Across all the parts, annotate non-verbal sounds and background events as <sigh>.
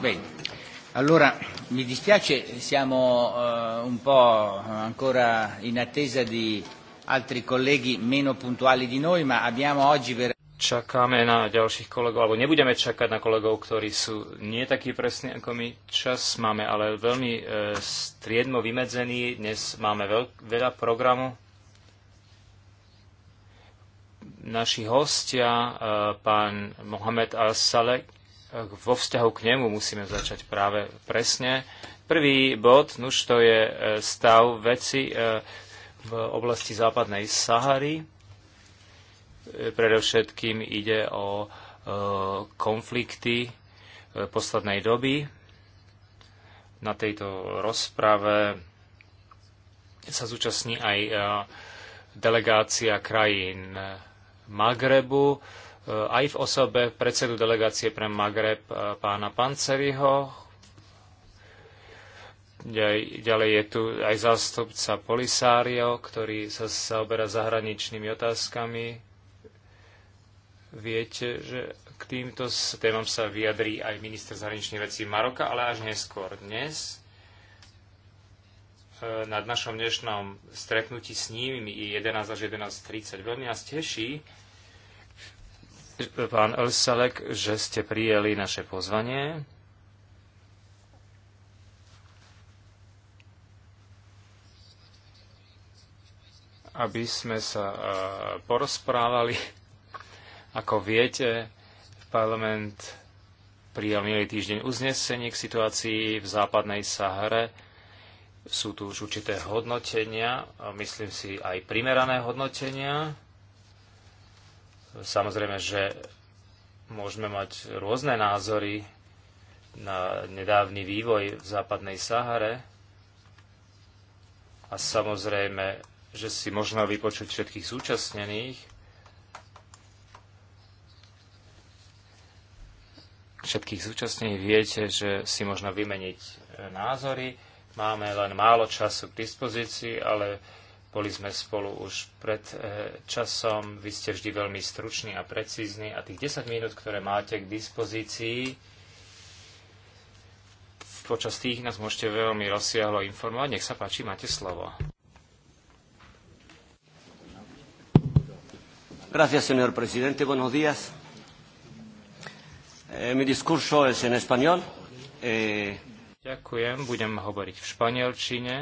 Bene. Allora, mi dispiace, siamo uh, un po' ancora in attesa di altri colleghi meno puntuali di noi, ma abbiamo oggi per... Čakáme na ďalších kolegov, alebo nebudeme čakať na kolegov, ktorí sú nie takí presní ako my. Čas máme ale veľmi e, striedmo vymedzený. Dnes máme veľ, veľa programu. Naši hostia, e, pán Mohamed Al-Saleh, vo vzťahu k nemu musíme začať práve presne. Prvý bod, nuž to je e, stav veci e, v oblasti západnej Sahary. E, predovšetkým ide o konflikty poslednej doby. Na tejto rozprave sa zúčastní aj delegácia krajín Magrebu, Eh, aj v osobe predsedu delegácie pre Magreb eh, pána Panceriho. Ďalej je tu aj zástupca Polisario, ktorý sa zaoberá zahraničnými otázkami. Viete, že k týmto témam sa vyjadrí aj minister zahraničných vecí Maroka, ale až neskôr dnes. Eh, Na našom dnešnom stretnutí s nimi je 11 až 11.30. Veľmi nás teší, pán Elsalek, že ste prijeli naše pozvanie. aby sme sa e, porozprávali. Ako viete, parlament prijal minulý týždeň uznesenie k situácii v západnej Sahare. Sú tu už určité hodnotenia, myslím si aj primerané hodnotenia Samozrejme, že môžeme mať rôzne názory na nedávny vývoj v západnej Sahare a samozrejme, že si možno vypočuť všetkých zúčastnených, všetkých zúčastnených viete, že si možno vymeniť názory. Máme len málo času k dispozícii, ale boli sme spolu už pred eh, časom, vy ste vždy veľmi struční a precízni a tých 10 minút, ktoré máte k dispozícii, počas tých nás môžete veľmi rozsiahlo informovať. Nech sa páči, máte slovo. Gracias, señor presidente. Buenos días. Eh, mi discurso es en español. Eh... Ďakujem, budem hovoriť v španielčine.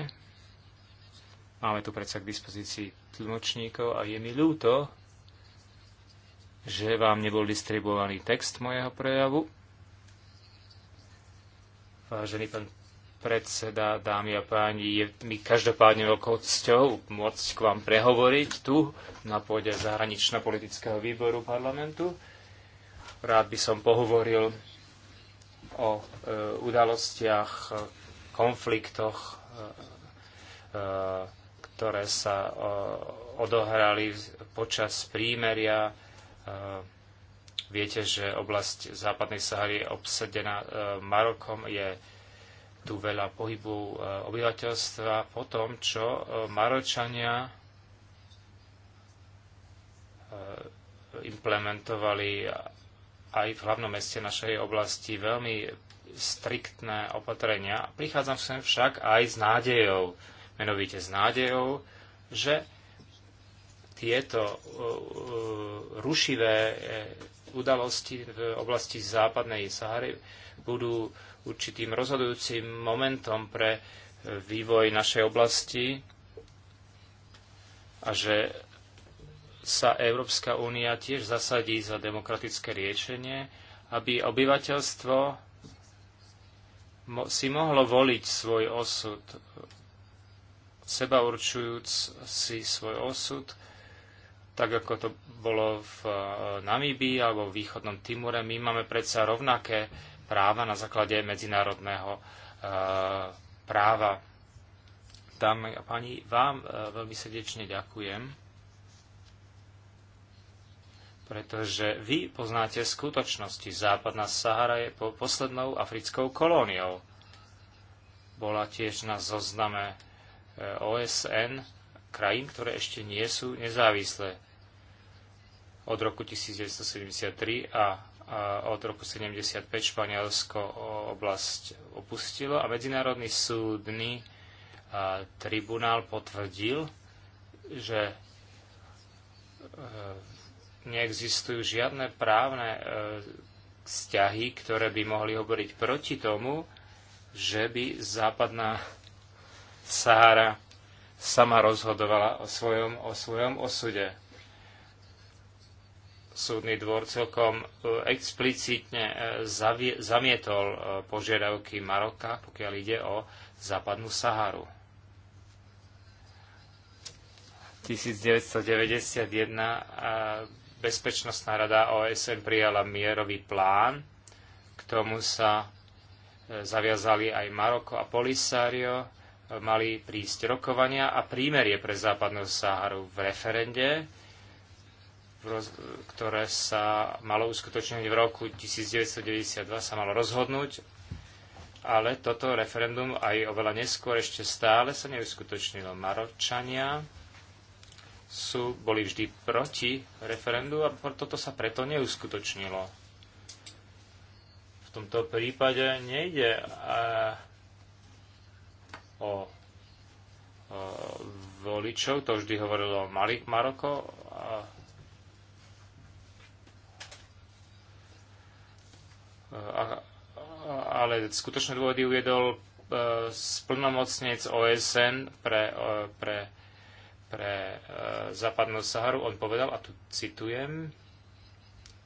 Máme tu predsa k dispozícii tlmočníkov a je mi ľúto, že vám nebol distribuovaný text mojeho prejavu. Vážený pán predseda, dámy a páni, je mi každopádne veľkou cťou môcť k vám prehovoriť tu na pôde zahranično-politického výboru parlamentu. Rád by som pohovoril o e, udalostiach, konfliktoch, e, e, ktoré sa odohrali počas prímeria. E, viete, že oblasť západnej Sahary je obsadená e, Marokom, je tu veľa pohybu e, obyvateľstva po tom, čo Maročania implementovali aj v hlavnom meste našej oblasti veľmi striktné opatrenia. Prichádzam sem však aj s nádejou, menovite s nádejou, že tieto e, e, rušivé e, udalosti v oblasti západnej Sahary budú určitým rozhodujúcim momentom pre vývoj našej oblasti a že sa Európska únia tiež zasadí za demokratické riešenie, aby obyvateľstvo si mohlo voliť svoj osud seba určujúc si svoj osud, tak ako to bolo v e, Namíbii alebo v východnom Timure. My máme predsa rovnaké práva na základe medzinárodného e, práva. Dámy a pani, vám e, veľmi srdečne ďakujem, pretože vy poznáte skutočnosti. Západná Sahara je po poslednou africkou kolóniou. Bola tiež na zozname Eh, OSN krajín, ktoré ešte nie sú nezávislé od roku 1973 a, a od roku 1975 Španielsko oblasť opustilo a Medzinárodný súdny a, tribunál potvrdil, že e, neexistujú žiadne právne e, vzťahy, ktoré by mohli hovoriť proti tomu, že by západná Sahara sama rozhodovala o svojom, o svojom osude. Súdny dvor celkom e, explicitne e, zamietol e, požiadavky Maroka, pokiaľ ide o západnú Saharu. 1991 Bezpečnostná rada OSN prijala mierový plán. K tomu sa zaviazali aj Maroko a Polisario mali prísť rokovania a prímerie pre západnú Saharu v referende, ktoré sa malo uskutočniť v roku 1992, sa malo rozhodnúť, ale toto referendum aj oveľa neskôr ešte stále sa neuskutočnilo. Maročania sú, boli vždy proti referendu a toto sa preto neuskutočnilo. V tomto prípade nejde a o voličov, to vždy hovorilo o Mali, Maroko. A, a, ale skutočné dôvody uviedol e, splnomocnec OSN pre, e, pre, pre e, západnú Saharu. On povedal, a tu citujem,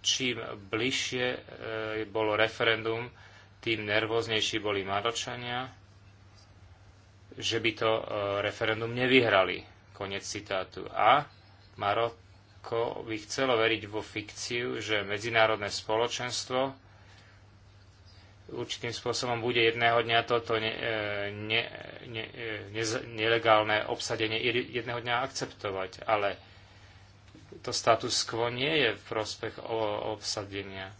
čím bližšie e, bolo referendum, tým nervóznejší boli Maročania že by to e, referendum nevyhrali. Konec citátu. A Maroko by chcelo veriť vo fikciu, že medzinárodné spoločenstvo určitým spôsobom bude jedného dňa toto ne, e, ne, ne, e, ne, nelegálne obsadenie jedného dňa akceptovať. Ale to status quo nie je v prospech obsadenia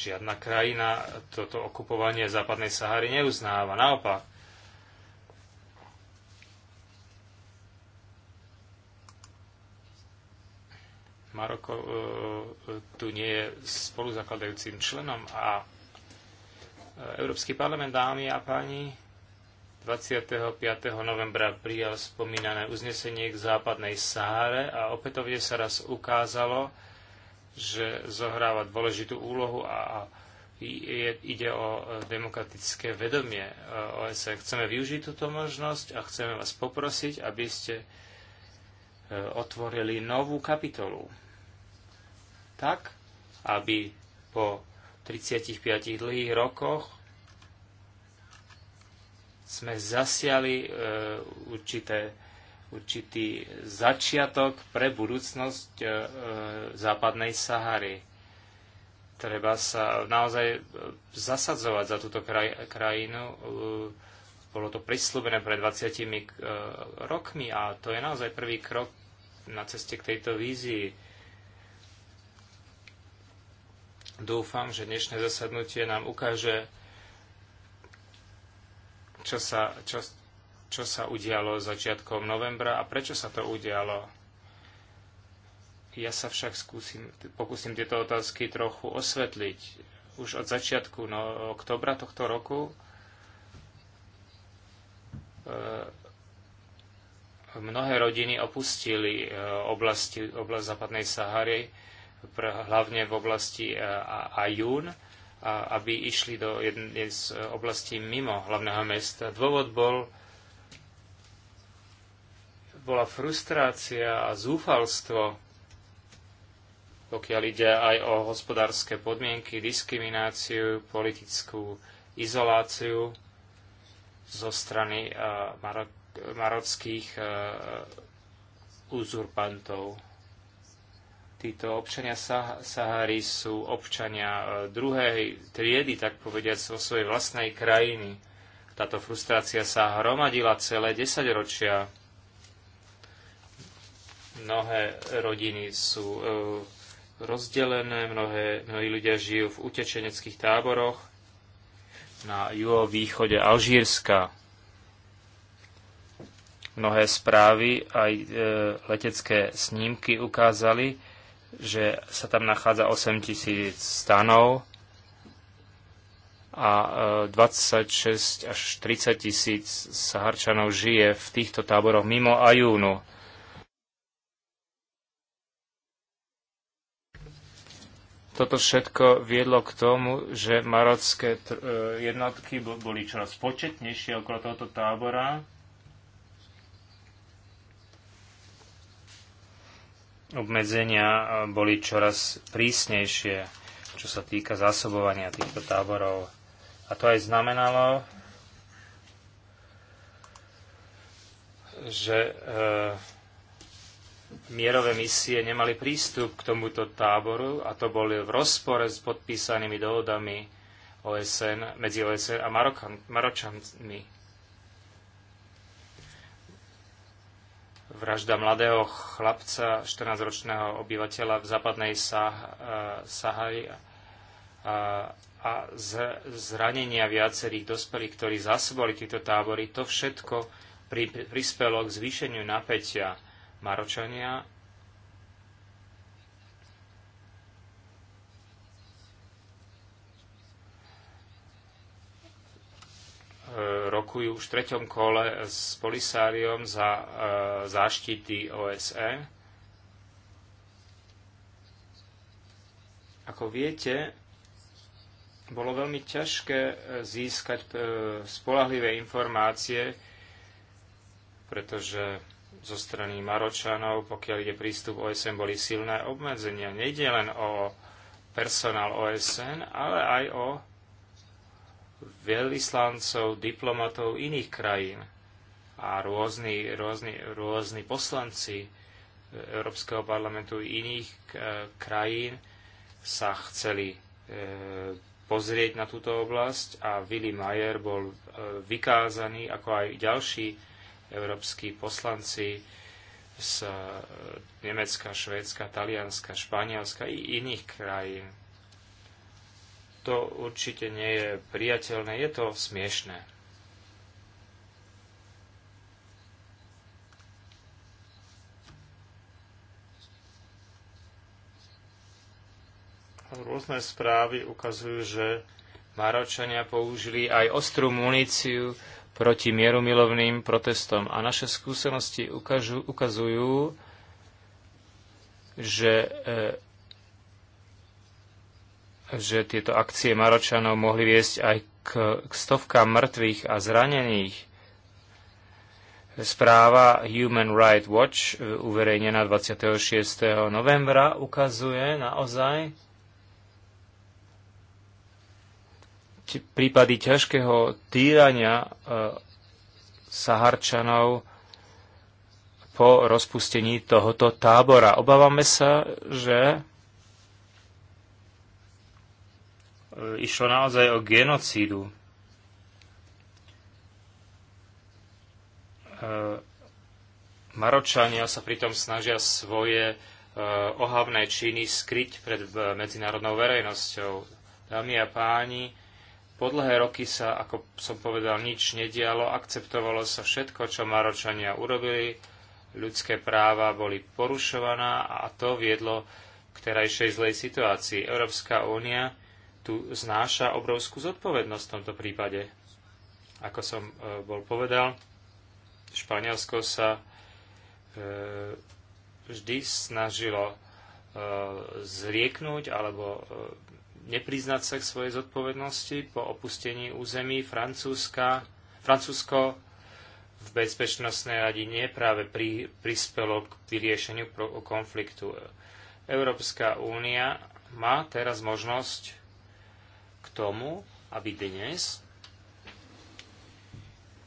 Žiadna krajina toto okupovanie západnej Sahary neuznáva. Naopak, Maroko uh, tu nie je spoluzakladajúcim členom a e, Európsky parlament, dámy a páni, 25. novembra prijal spomínané uznesenie k západnej Sahare a opätovne sa raz ukázalo, že zohráva dôležitú úlohu a, a je, ide o demokratické vedomie e, OSN. E. Chceme využiť túto možnosť a chceme vás poprosiť, aby ste e, otvorili novú kapitolu. Tak, aby po 35 dlhých rokoch sme zasiali určité určitý začiatok pre budúcnosť e, e, západnej Sahary. Treba sa naozaj e, zasadzovať za túto kraj, krajinu. E, bolo to prislúbené pred 20 e, rokmi a to je naozaj prvý krok na ceste k tejto vízii. Dúfam, že dnešné zasadnutie nám ukáže, čo sa, čo, čo sa udialo začiatkom novembra a prečo sa to udialo. Ja sa však skúsim, pokúsim tieto otázky trochu osvetliť. Už od začiatku no, oktobra tohto roku e, mnohé rodiny opustili e, oblasti, oblast západnej Sahary, hlavne v oblasti e, Ajún, aby išli do jednej z oblastí mimo hlavného mesta. Dôvod bol bola frustrácia a zúfalstvo, pokiaľ ide aj o hospodárske podmienky, diskrimináciu, politickú izoláciu zo strany marockých uzurpantov. Títo občania Sah- Sahary sú občania druhej triedy, tak povediať, vo svojej vlastnej krajiny. Táto frustrácia sa hromadila celé desaťročia. Mnohé rodiny sú e, rozdelené, mnohé, mnohí ľudia žijú v utečeneckých táboroch na juhovýchode Alžírska. Mnohé správy, aj e, letecké snímky ukázali, že sa tam nachádza 8 tisíc stanov a 26 e, až 30 tisíc Saharčanov žije v týchto táboroch mimo Ajúnu Toto všetko viedlo k tomu, že marocké e, jednotky boli čoraz početnejšie okolo tohoto tábora. Obmedzenia e, boli čoraz prísnejšie, čo sa týka zásobovania týchto táborov. A to aj znamenalo, že e, mierové misie nemali prístup k tomuto táboru a to boli v rozpore s podpísanými dohodami OSN, medzi OSN a Marokan, Maročanmi. Vražda mladého chlapca, 14-ročného obyvateľa v západnej Sah- eh, Sahari a, a z, zranenia viacerých dospelých, ktorí zasobali tieto tábory, to všetko pri, prispelo k zvýšeniu napätia Maročania e, rokujú už v treťom kole s Polisáriom za e, záštity OSE. Ako viete, bolo veľmi ťažké e, získať spolahlivé informácie, pretože zo strany Maročanov, pokiaľ ide prístup OSN, boli silné obmedzenia. Nejde len o personál OSN, ale aj o veľvyslancov, diplomatov iných krajín a rôzni, rôzni, rôzni poslanci Európskeho parlamentu iných e, krajín sa chceli e, pozrieť na túto oblasť a Willy Mayer bol e, vykázaný, ako aj ďalší európsky poslanci z e, Nemecka, Švédska, Talianska, Španielska i iných krajín. To určite nie je priateľné, je to smiešné. Rôzne správy ukazujú, že Maročania použili aj ostrú muníciu proti mierumilovným protestom. A naše skúsenosti ukažu, ukazujú, že, e, že tieto akcie Maročanov mohli viesť aj k, k stovkám mŕtvych a zranených. Správa Human Rights Watch, e, uverejnená 26. novembra, ukazuje naozaj, prípady ťažkého týrania e, Saharčanov po rozpustení tohoto tábora. Obávame sa, že išlo naozaj o genocídu. E, Maročania sa pritom snažia svoje e, ohavné činy skryť pred medzinárodnou verejnosťou. Dámy a páni, po dlhé roky sa, ako som povedal, nič nedialo, akceptovalo sa všetko, čo Maročania urobili, ľudské práva boli porušovaná a to viedlo k terajšej zlej situácii. Európska únia tu znáša obrovskú zodpovednosť v tomto prípade. Ako som e, bol povedal, Španielsko sa e, vždy snažilo e, zrieknúť alebo nepriznať sa k svojej zodpovednosti po opustení území Francúzska. Francúzsko v bezpečnostnej radine práve pri, prispelo k vyriešeniu konfliktu. Európska únia má teraz možnosť k tomu, aby dnes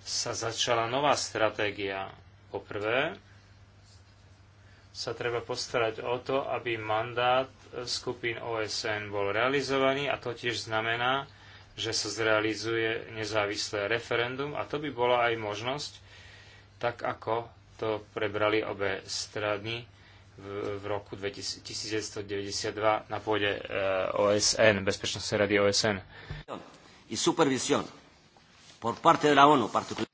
sa začala nová stratégia. Poprvé sa treba postarať o to, aby mandát skupín OSN bol realizovaný a to tiež znamená, že sa zrealizuje nezávislé referendum a to by bola aj možnosť, tak ako to prebrali obe strany v, v roku 2000, 1992 na pôde eh, OSN, Bezpečnostnej rady OSN. Y por parte de la ONU particular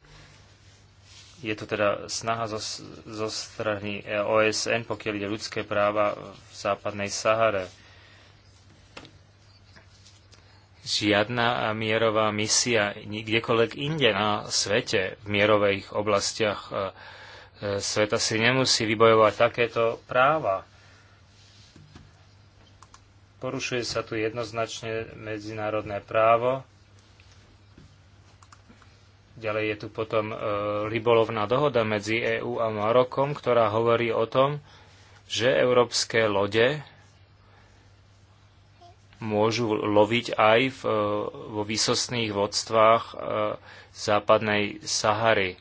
je to teda snaha zo, zo strany OSN, pokiaľ ide ľudské práva v západnej Sahare. Žiadna mierová misia nikdekoľvek inde na svete, v mierových oblastiach e, e, sveta si nemusí vybojovať takéto práva. Porušuje sa tu jednoznačne medzinárodné právo, Ďalej je tu potom e, rybolovná dohoda medzi EÚ a Marokom, ktorá hovorí o tom, že európske lode môžu loviť aj v, e, vo výsostných vodstvách e, západnej Sahary.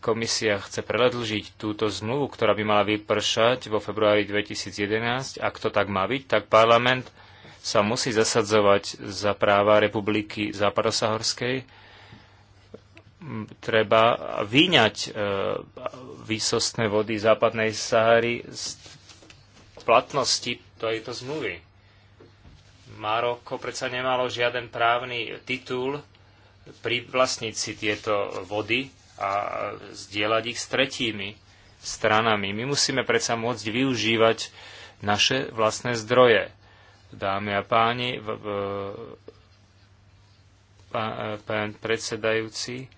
Komisia chce predlžiť túto zmluvu, ktorá by mala vypršať vo februári 2011. Ak to tak má byť, tak parlament sa musí zasadzovať za práva Republiky Západosahorskej, treba vyňať e, výsostné vody západnej Sahary z platnosti tejto zmluvy. Maroko predsa nemalo žiaden právny titul privlastniť si tieto vody a zdieľať ich s tretími stranami. My musíme predsa môcť využívať naše vlastné zdroje. Dámy a páni, v, v, pán, pán predsedajúci,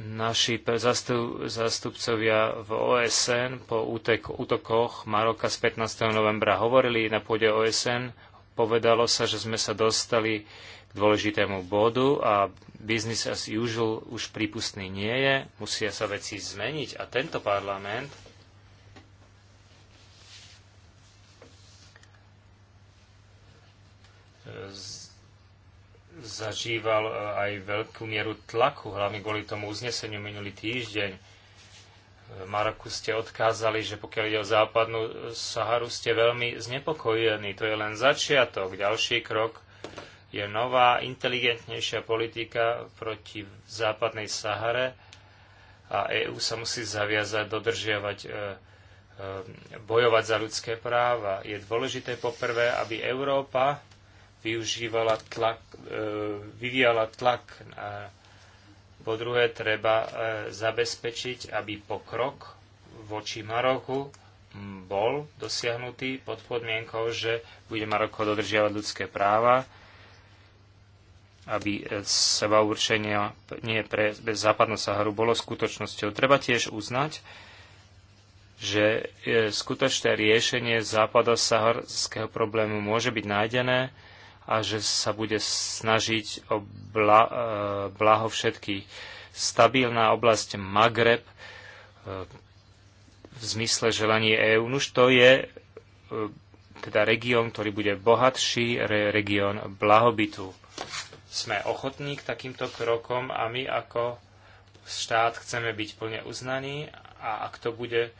Naši zastup, zastupcovia v OSN po útek, útokoch Maroka z 15. novembra hovorili na pôde OSN. Povedalo sa, že sme sa dostali k dôležitému bodu a business as usual už prípustný nie je. Musia sa veci zmeniť a tento parlament zažíval e, aj veľkú mieru tlaku, hlavne kvôli tomu uzneseniu minulý týždeň. Maroku ste odkázali, že pokiaľ ide o západnú Saharu, ste veľmi znepokojení. To je len začiatok. Ďalší krok je nová, inteligentnejšia politika proti západnej Sahare a EÚ sa musí zaviazať dodržiavať e, e, bojovať za ľudské práva. Je dôležité poprvé, aby Európa využívala tlak, e, vyvíjala tlak. Po druhé, treba e, zabezpečiť, aby pokrok voči Maroku bol dosiahnutý pod podmienkou, že bude Maroko dodržiavať ľudské práva, aby e, seba určenia nie pre bez západnú Saharu bolo skutočnosťou. Treba tiež uznať, že skutočné riešenie západa saharského problému môže byť nájdené a že sa bude snažiť o bla, e, blaho všetkých. Stabilná oblasť Magreb e, v zmysle želanie EÚ, už to je e, teda región, ktorý bude bohatší, re, región blahobytu. Sme ochotní k takýmto krokom a my ako štát chceme byť plne uznaní a ak to bude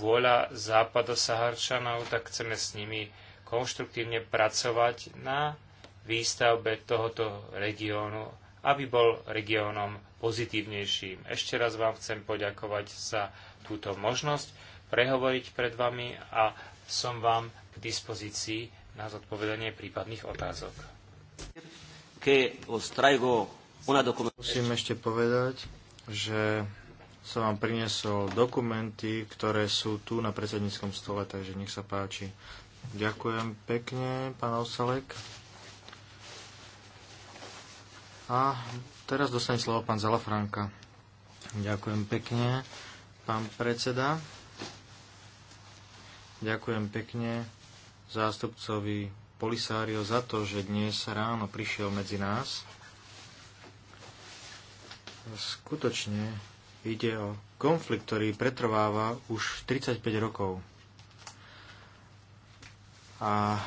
vôľa západosaharčanov, tak chceme s nimi konštruktívne pracovať na výstavbe tohoto regiónu, aby bol regiónom pozitívnejším. Ešte raz vám chcem poďakovať za túto možnosť prehovoriť pred vami a som vám k dispozícii na zodpovedanie prípadných otázok. Musím ešte povedať, že som vám priniesol dokumenty, ktoré sú tu na predsedníckom stole, takže nech sa páči. Ďakujem pekne, pán Oselek. A teraz dostane slovo pán Zalafranka. Ďakujem pekne, pán predseda. Ďakujem pekne zástupcovi Polisário za to, že dnes ráno prišiel medzi nás. Skutočne ide o konflikt, ktorý pretrváva už 35 rokov. A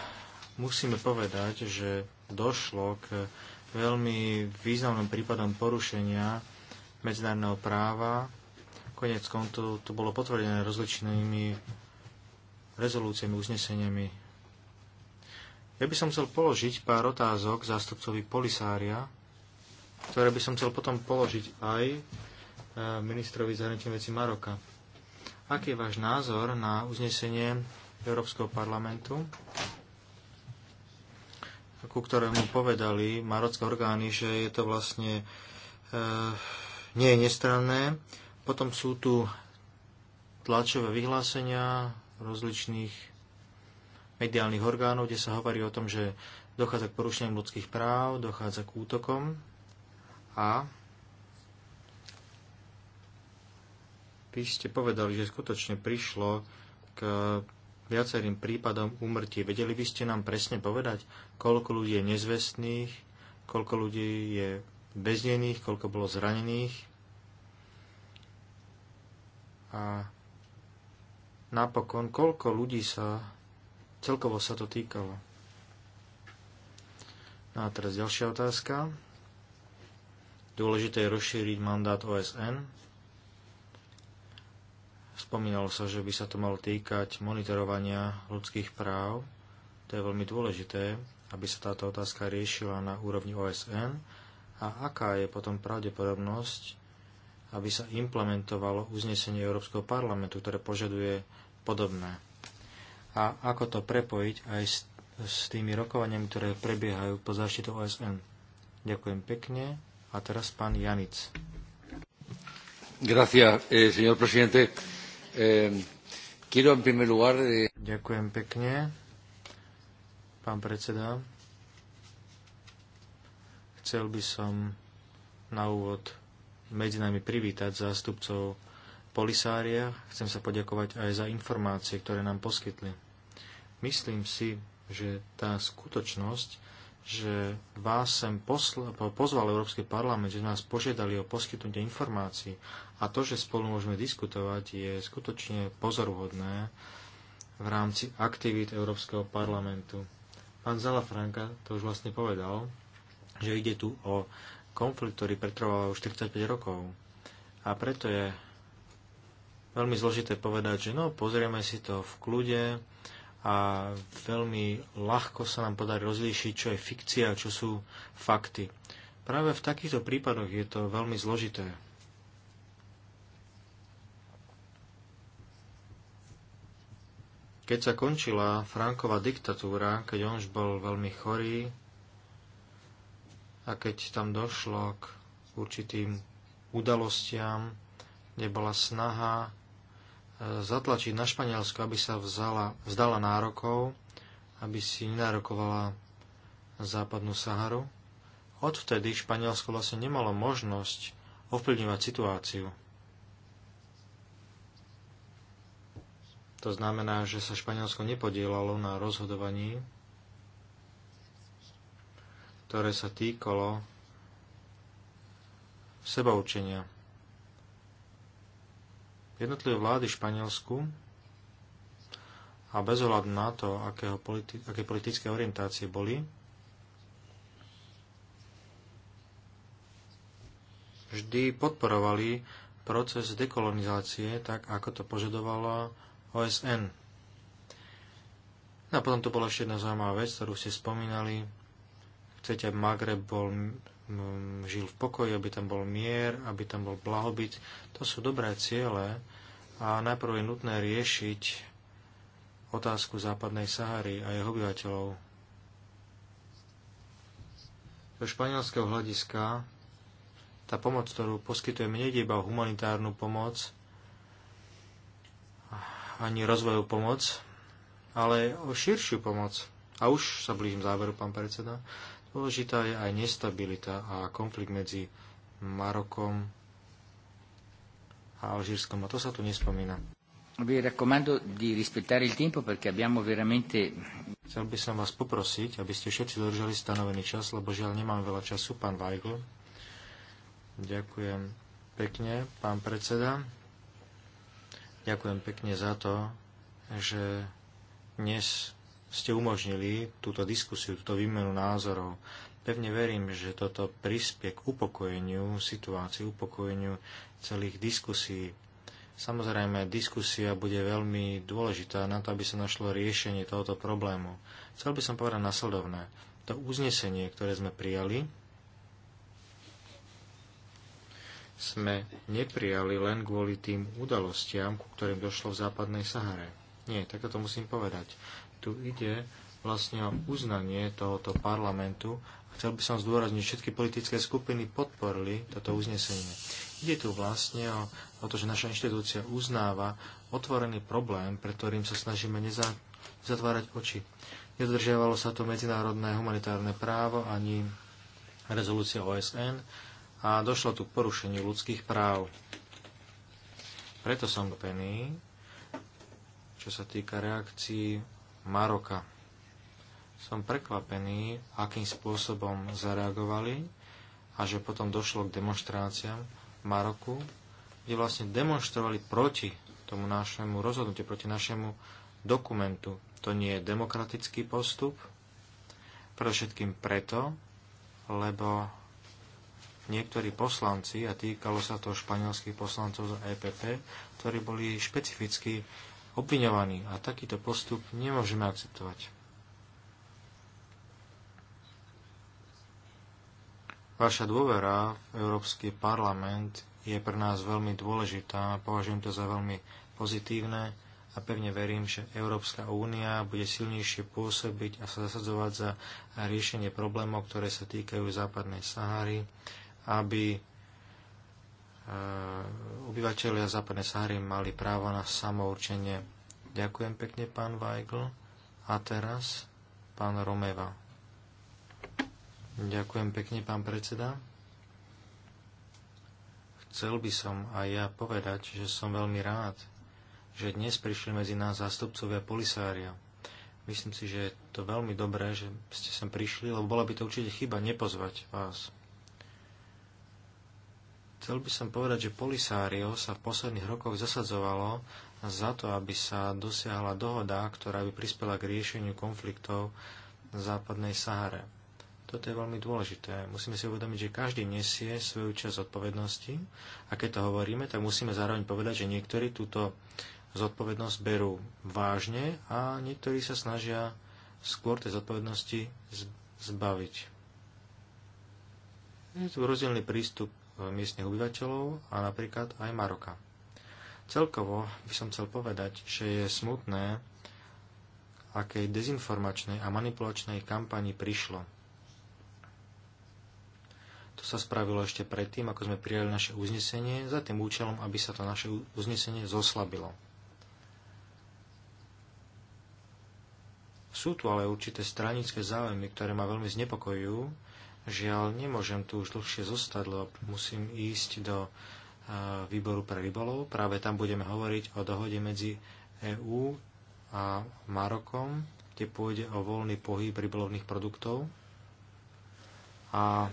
musíme povedať, že došlo k veľmi významným prípadom porušenia medzinárodného práva. Konec konto to bolo potvrdené rozličnými rezolúciami, uzneseniami. Ja by som chcel položiť pár otázok zástupcovi Polisária, ktoré by som chcel potom položiť aj e, ministrovi zahraničných vecí Maroka. Aký je váš názor na uznesenie Európskeho parlamentu, ku ktorému povedali marocké orgány, že je to vlastne e, nie je nestranné. Potom sú tu tlačové vyhlásenia rozličných mediálnych orgánov, kde sa hovorí o tom, že dochádza k porušeniam ľudských práv, dochádza k útokom a vy ste povedali, že skutočne prišlo k viacerým prípadom úmrtí. Vedeli by ste nám presne povedať, koľko ľudí je nezvestných, koľko ľudí je bezdených, koľko bolo zranených. A napokon, koľko ľudí sa, celkovo sa to týkalo. No a teraz ďalšia otázka. Dôležité je rozšíriť mandát OSN Spomínalo sa, že by sa to malo týkať monitorovania ľudských práv. To je veľmi dôležité, aby sa táto otázka riešila na úrovni OSN. A aká je potom pravdepodobnosť, aby sa implementovalo uznesenie Európskeho parlamentu, ktoré požaduje podobné? A ako to prepojiť aj s, tými rokovaniami, ktoré prebiehajú pod záštitou OSN? Ďakujem pekne. A teraz pán Janic. Gracias, eh, señor presidente. Eh, Ďakujem pekne, pán predseda. Chcel by som na úvod medzi nami privítať zástupcov Polisária. Chcem sa poďakovať aj za informácie, ktoré nám poskytli. Myslím si, že tá skutočnosť, že vás sem pozval Európsky parlament, že nás požiadali o poskytnutie informácií a to, že spolu môžeme diskutovať, je skutočne pozoruhodné v rámci aktivít Európskeho parlamentu. Pán Franka to už vlastne povedal, že ide tu o konflikt, ktorý pretrval už 45 rokov. A preto je veľmi zložité povedať, že no, pozrieme si to v kľude a veľmi ľahko sa nám podarí rozlíšiť, čo je fikcia a čo sú fakty. Práve v takýchto prípadoch je to veľmi zložité. Keď sa končila Franková diktatúra, keď on už bol veľmi chorý a keď tam došlo k určitým udalostiam, kde bola snaha e, zatlačiť na Španielsko, aby sa vzala, vzdala nárokov, aby si nenárokovala západnú Saharu. Odvtedy Španielsko vlastne nemalo možnosť ovplyvňovať situáciu. To znamená, že sa Španielsko nepodielalo na rozhodovaní, ktoré sa týkalo sebaučenia. Jednotlivé vlády v Španielsku a bez ohľadu na to, akého politi- aké politické orientácie boli, vždy podporovali proces dekolonizácie, tak ako to požadovala OSN. No a potom tu bola ešte jedna zaujímavá vec, ktorú ste spomínali. Chcete, aby Magreb bol, žil v pokoji, aby tam bol mier, aby tam bol blahobyt. To sú dobré ciele a najprv je nutné riešiť otázku západnej Sahary a jeho obyvateľov. Do španielského hľadiska tá pomoc, ktorú poskytujeme, nejde iba humanitárnu pomoc, ani rozvojovú pomoc, ale o širšiu pomoc. A už sa blížim záveru, pán predseda. Dôležitá je aj nestabilita a konflikt medzi Marokom a Alžírskom. A to sa tu nespomína. Vi raccomando di rispettare il tempo perché abbiamo veramente... Chcel by som vás poprosiť, aby ste všetci dodržali stanovený čas, lebo žiaľ nemám veľa času, pán Weigl. Ďakujem pekne, pán predseda. Ďakujem pekne za to, že dnes ste umožnili túto diskusiu, túto výmenu názorov. Pevne verím, že toto prispie k upokojeniu situácie, upokojeniu celých diskusí. Samozrejme, diskusia bude veľmi dôležitá na to, aby sa našlo riešenie tohoto problému. Chcel by som povedať nasledovné. To uznesenie, ktoré sme prijali, sme neprijali len kvôli tým udalostiam, ku ktorým došlo v západnej Sahare. Nie, takto to musím povedať. Tu ide vlastne o uznanie tohoto parlamentu a chcel by som zdôrazniť, že všetky politické skupiny podporili toto uznesenie. Ide tu vlastne o, o to, že naša inštitúcia uznáva otvorený problém, pre ktorým sa snažíme nezatvárať oči. Nedodržiavalo sa to medzinárodné humanitárne právo ani rezolúcia OSN, a došlo tu k porušeniu ľudských práv. Preto som pený, čo sa týka reakcií Maroka. Som prekvapený, akým spôsobom zareagovali a že potom došlo k demonstráciám v Maroku, kde vlastne demonstrovali proti tomu našemu rozhodnutiu, proti našemu dokumentu. To nie je demokratický postup, predovšetkým preto, lebo niektorí poslanci, a týkalo sa to španielských poslancov za EPP, ktorí boli špecificky obviňovaní a takýto postup nemôžeme akceptovať. Vaša dôvera v Európsky parlament je pre nás veľmi dôležitá považujem to za veľmi pozitívne a pevne verím, že Európska únia bude silnejšie pôsobiť a sa zasadzovať za riešenie problémov, ktoré sa týkajú západnej Sahary aby e, obyvateľia západnej Sahary mali právo na samourčenie. Ďakujem pekne, pán Weigl. A teraz pán Romeva. Ďakujem pekne, pán predseda. Chcel by som aj ja povedať, že som veľmi rád, že dnes prišli medzi nás zástupcovia Polisária. Myslím si, že je to veľmi dobré, že ste sem prišli, lebo bola by to určite chyba nepozvať vás. Chcel by som povedať, že Polisario sa v posledných rokoch zasadzovalo za to, aby sa dosiahla dohoda, ktorá by prispela k riešeniu konfliktov v západnej Sahare. Toto je veľmi dôležité. Musíme si uvedomiť, že každý nesie svoju časť zodpovednosti a keď to hovoríme, tak musíme zároveň povedať, že niektorí túto zodpovednosť berú vážne a niektorí sa snažia skôr tej zodpovednosti zbaviť. Je tu rozdielný prístup miestnych obyvateľov a napríklad aj Maroka. Celkovo by som chcel povedať, že je smutné, akej dezinformačnej a manipulačnej kampani prišlo. To sa spravilo ešte predtým, ako sme prijali naše uznesenie, za tým účelom, aby sa to naše uznesenie zoslabilo. Sú tu ale určité stranické záujmy, ktoré ma veľmi znepokojujú, Žiaľ, nemôžem tu už dlhšie zostať, lebo musím ísť do e, výboru pre rybolov. Práve tam budeme hovoriť o dohode medzi EÚ a Marokom, kde pôjde o voľný pohyb rybolovných produktov. A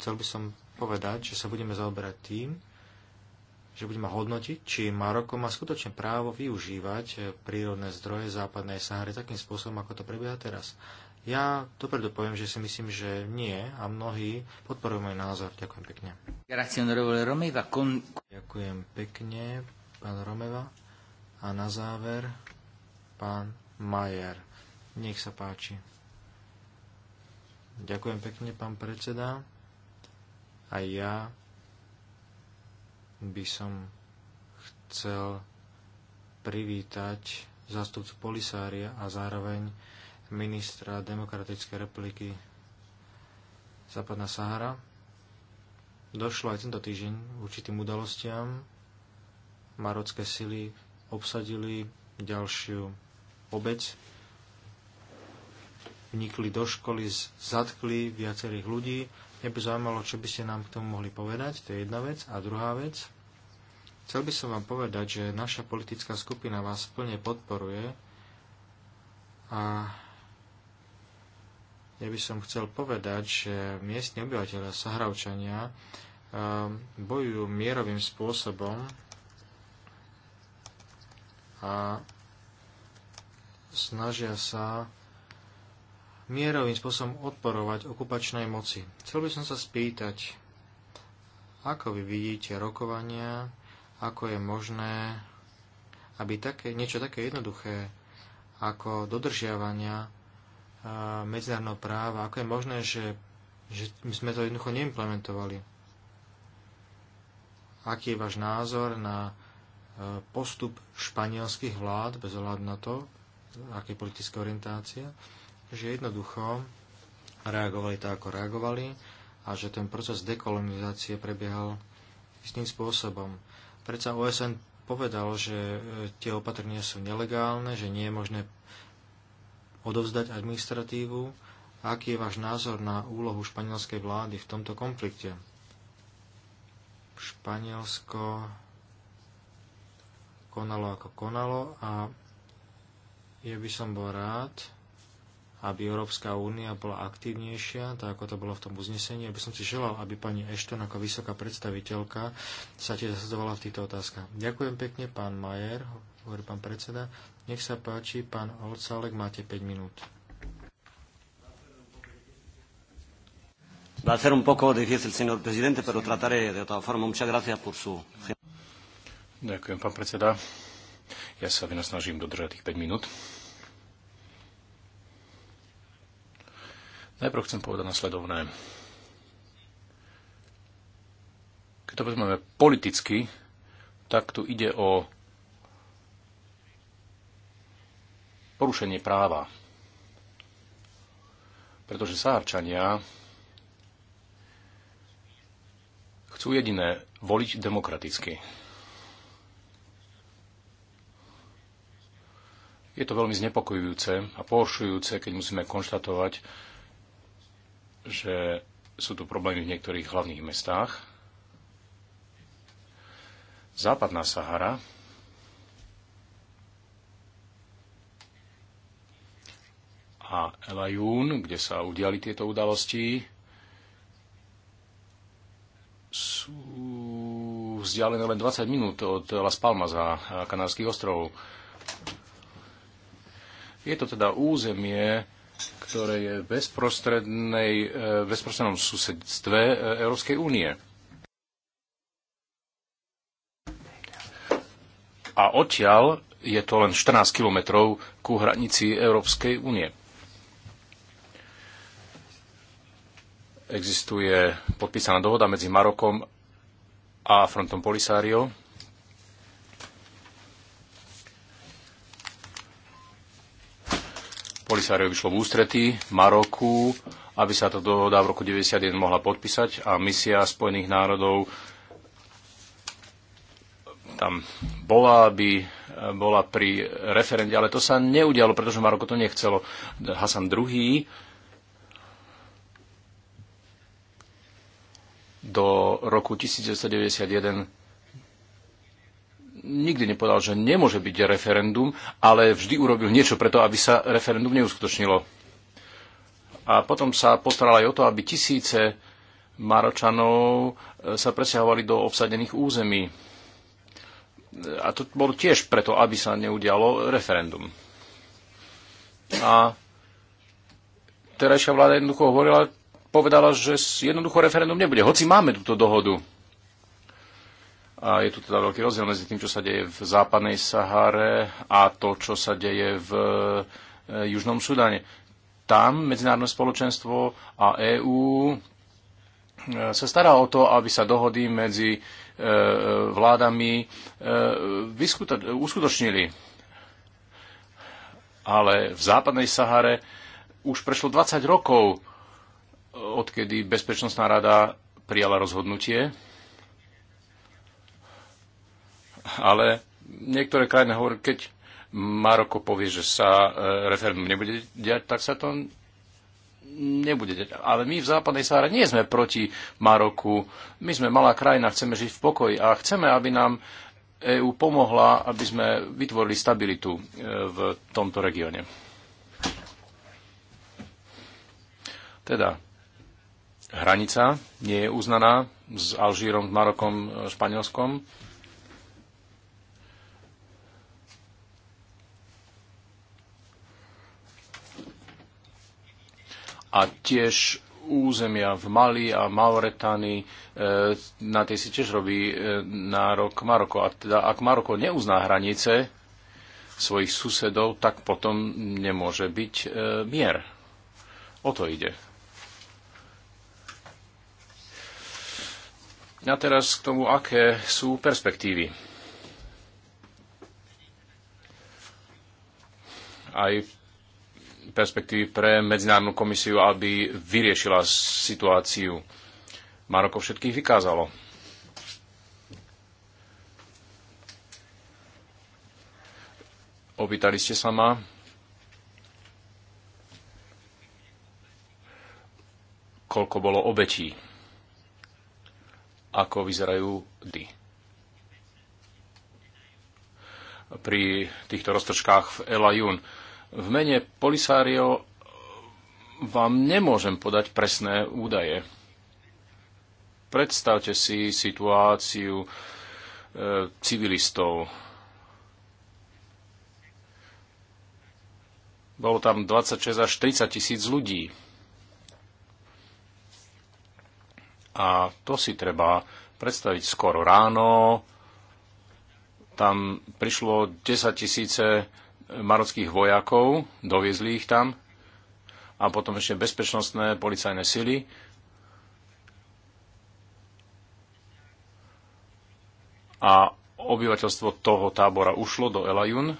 chcel by som povedať, že sa budeme zaoberať tým, že budeme hodnotiť, či Maroko má skutočne právo využívať e, prírodné zdroje západnej Sahary takým spôsobom, ako to prebieha teraz. Ja dopredu poviem, že si myslím, že nie a mnohí podporujú môj názor. Ďakujem pekne. Ďakujem pekne, pán Romeva. A na záver, pán Majer. Nech sa páči. Ďakujem pekne, pán predseda. A ja by som chcel privítať zástupcu Polisária a zároveň ministra Demokratickej republiky Západná Sahara. Došlo aj tento týždeň určitým udalostiam. Marocké sily obsadili ďalšiu obec, vnikli do školy, zatkli viacerých ľudí. Mňa by zaujímalo, čo by ste nám k tomu mohli povedať, to je jedna vec. A druhá vec, chcel by som vám povedať, že naša politická skupina vás plne podporuje a ja by som chcel povedať, že miestni obyvateľia Sahravčania um, bojujú mierovým spôsobom a snažia sa mierovým spôsobom odporovať okupačnej moci. Chcel by som sa spýtať, ako vy vidíte rokovania, ako je možné, aby také, niečo také jednoduché ako dodržiavania medzinárodného práva. Ako je možné, že, že my sme to jednoducho neimplementovali? Aký je váš názor na e, postup španielských vlád, bez ohľadu na to, aké politická orientácia, že jednoducho reagovali tak, ako reagovali a že ten proces dekolonizácie prebiehal istým spôsobom. Predsa OSN povedal, že e, tie opatrenia sú nelegálne, že nie je možné odovzdať administratívu aký je váš názor na úlohu španielskej vlády v tomto konflikte. Španielsko konalo ako konalo a ja by som bol rád, aby Európska únia bola aktívnejšia, tak ako to bolo v tom uznesení. Ja by som si želal, aby pani Ešton ako vysoká predstaviteľka sa tiež zasadovala v týchto otázkach. Ďakujem pekne, pán Majer, hovorí pán predseda. Nech sa páči, pán Olcálek, máte 5 minút. Ďakujem, pán predseda. Ja sa vynasnažím dodržať tých 5 minút. Najprv chcem povedať nasledovné. Keď to vezmeme politicky, tak tu ide o porušenie práva. Pretože sárčania chcú jediné voliť demokraticky. Je to veľmi znepokojujúce a pohoršujúce, keď musíme konštatovať, že sú tu problémy v niektorých hlavných mestách. Západná Sahara a Elajún, kde sa udiali tieto udalosti, sú vzdialené len 20 minút od Las Palmas a Kanárskych ostrovov. Je to teda územie, ktoré je v e, bezprostrednom susedstve e, Európskej únie. A odtiaľ je to len 14 kilometrov ku hranici Európskej únie. Existuje podpísaná dohoda medzi Marokom a frontom Polisario. Polisario vyšlo v ústretí Maroku, aby sa tá dohoda v roku 1991 mohla podpísať a misia Spojených národov tam bola, aby eh, bola pri referende, ale to sa neudialo, pretože Maroko to nechcelo. Hasan II do roku 1991 nikdy nepovedal, že nemôže byť referendum, ale vždy urobil niečo preto, aby sa referendum neuskutočnilo. A potom sa postaral aj o to, aby tisíce Maročanov e, sa presiahovali do obsadených území. E, a to bolo tiež preto, aby sa neudialo referendum. A terajšia vláda jednoducho hovorila, povedala, že jednoducho referendum nebude, hoci máme túto dohodu. A je tu teda veľký rozdiel medzi tým, čo sa deje v západnej Sahare a to, čo sa deje v e, Južnom Sudáne. Tam medzinárodné spoločenstvo a EÚ e, sa stará o to, aby sa dohody medzi e, vládami uskutočnili. Ale v západnej Sahare už prešlo 20 rokov odkedy Bezpečnostná rada prijala rozhodnutie, ale niektoré krajiny hovorí, keď Maroko povie, že sa e, referendum nebude diať, tak sa to nebude deť. Ale my v západnej Sáre nie sme proti Maroku. My sme malá krajina, chceme žiť v pokoji a chceme, aby nám EÚ pomohla, aby sme vytvorili stabilitu e, v tomto regióne. Teda, hranica nie je uznaná s Alžírom, s Marokom, e, Španielskom. A tiež územia v Mali a Mauretánii, e, na tie si tiež robí e, nárok Maroko. A teda ak Maroko neuzná hranice svojich susedov, tak potom nemôže byť mier. O to ide. A teraz k tomu, aké sú perspektívy. Aj perspektívy pre Medzinárodnú komisiu, aby vyriešila situáciu. Maroko všetkých vykázalo. Opýtali ste sa ma, koľko bolo obetí ako vyzerajú dy. Pri týchto roztržkách v Elajun. V mene Polisario vám nemôžem podať presné údaje. Predstavte si situáciu e, civilistov. Bolo tam 26 až 30 tisíc ľudí. A to si treba predstaviť skoro ráno. Tam prišlo 10 tisíce marockých vojakov, doviezli ich tam a potom ešte bezpečnostné policajné sily. A obyvateľstvo toho tábora ušlo do Elajun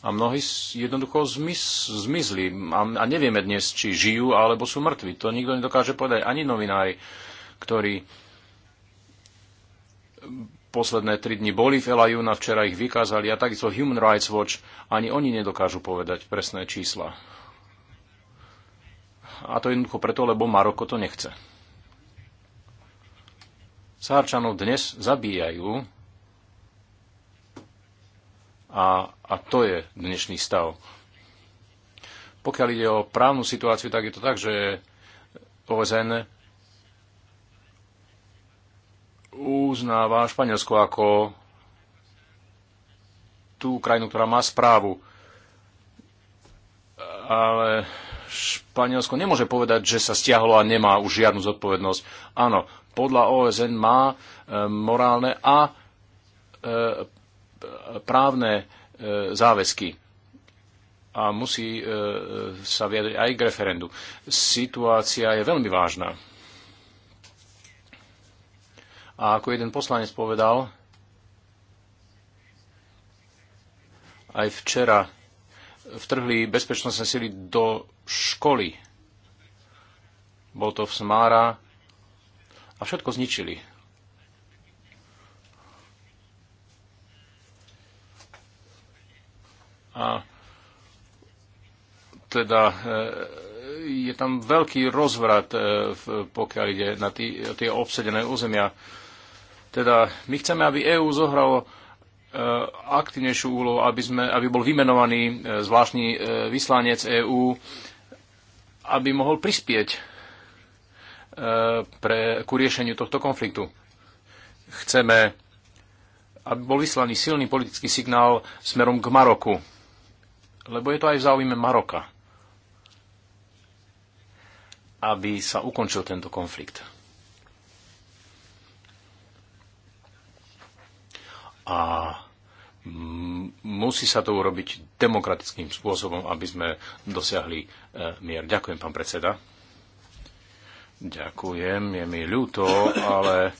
a mnohí jednoducho zmiz, zmizli a, a nevieme dnes, či žijú alebo sú mŕtvi. To nikto nedokáže povedať. Ani novinári, ktorí posledné tri dni boli v Elajuna, včera ich vykázali a takisto Human Rights Watch, ani oni nedokážu povedať presné čísla. A to jednoducho preto, lebo Maroko to nechce. Sárčanov dnes zabíjajú a, a to je dnešný stav. Pokiaľ ide o právnu situáciu, tak je to tak, že OSN uznáva Španielsko ako tú krajinu, ktorá má správu. Ale Španielsko nemôže povedať, že sa stiahlo a nemá už žiadnu zodpovednosť. Áno, podľa OSN má e, morálne a e, právne e, záväzky a musí e, sa vyjadriť aj k referendu. Situácia je veľmi vážna. A ako jeden poslanec povedal, aj včera vtrhli bezpečnostné sily do školy. Bol to v Smára a všetko zničili. a teda e, je tam veľký rozvrat, e, pokiaľ ide na tie, tie obsedené územia. Teda my chceme, aby EÚ zohralo e, aktívnejšiu úlohu, aby, sme, aby bol vymenovaný zvláštny vyslanec EÚ, aby mohol prispieť pre, ku riešeniu tohto konfliktu. Chceme, aby bol vyslaný silný politický signál smerom k Maroku lebo je to aj v záujme Maroka, aby sa ukončil tento konflikt. A musí sa to urobiť demokratickým spôsobom, aby sme dosiahli e, mier. Ďakujem, pán predseda. Ďakujem, je mi ľúto, ale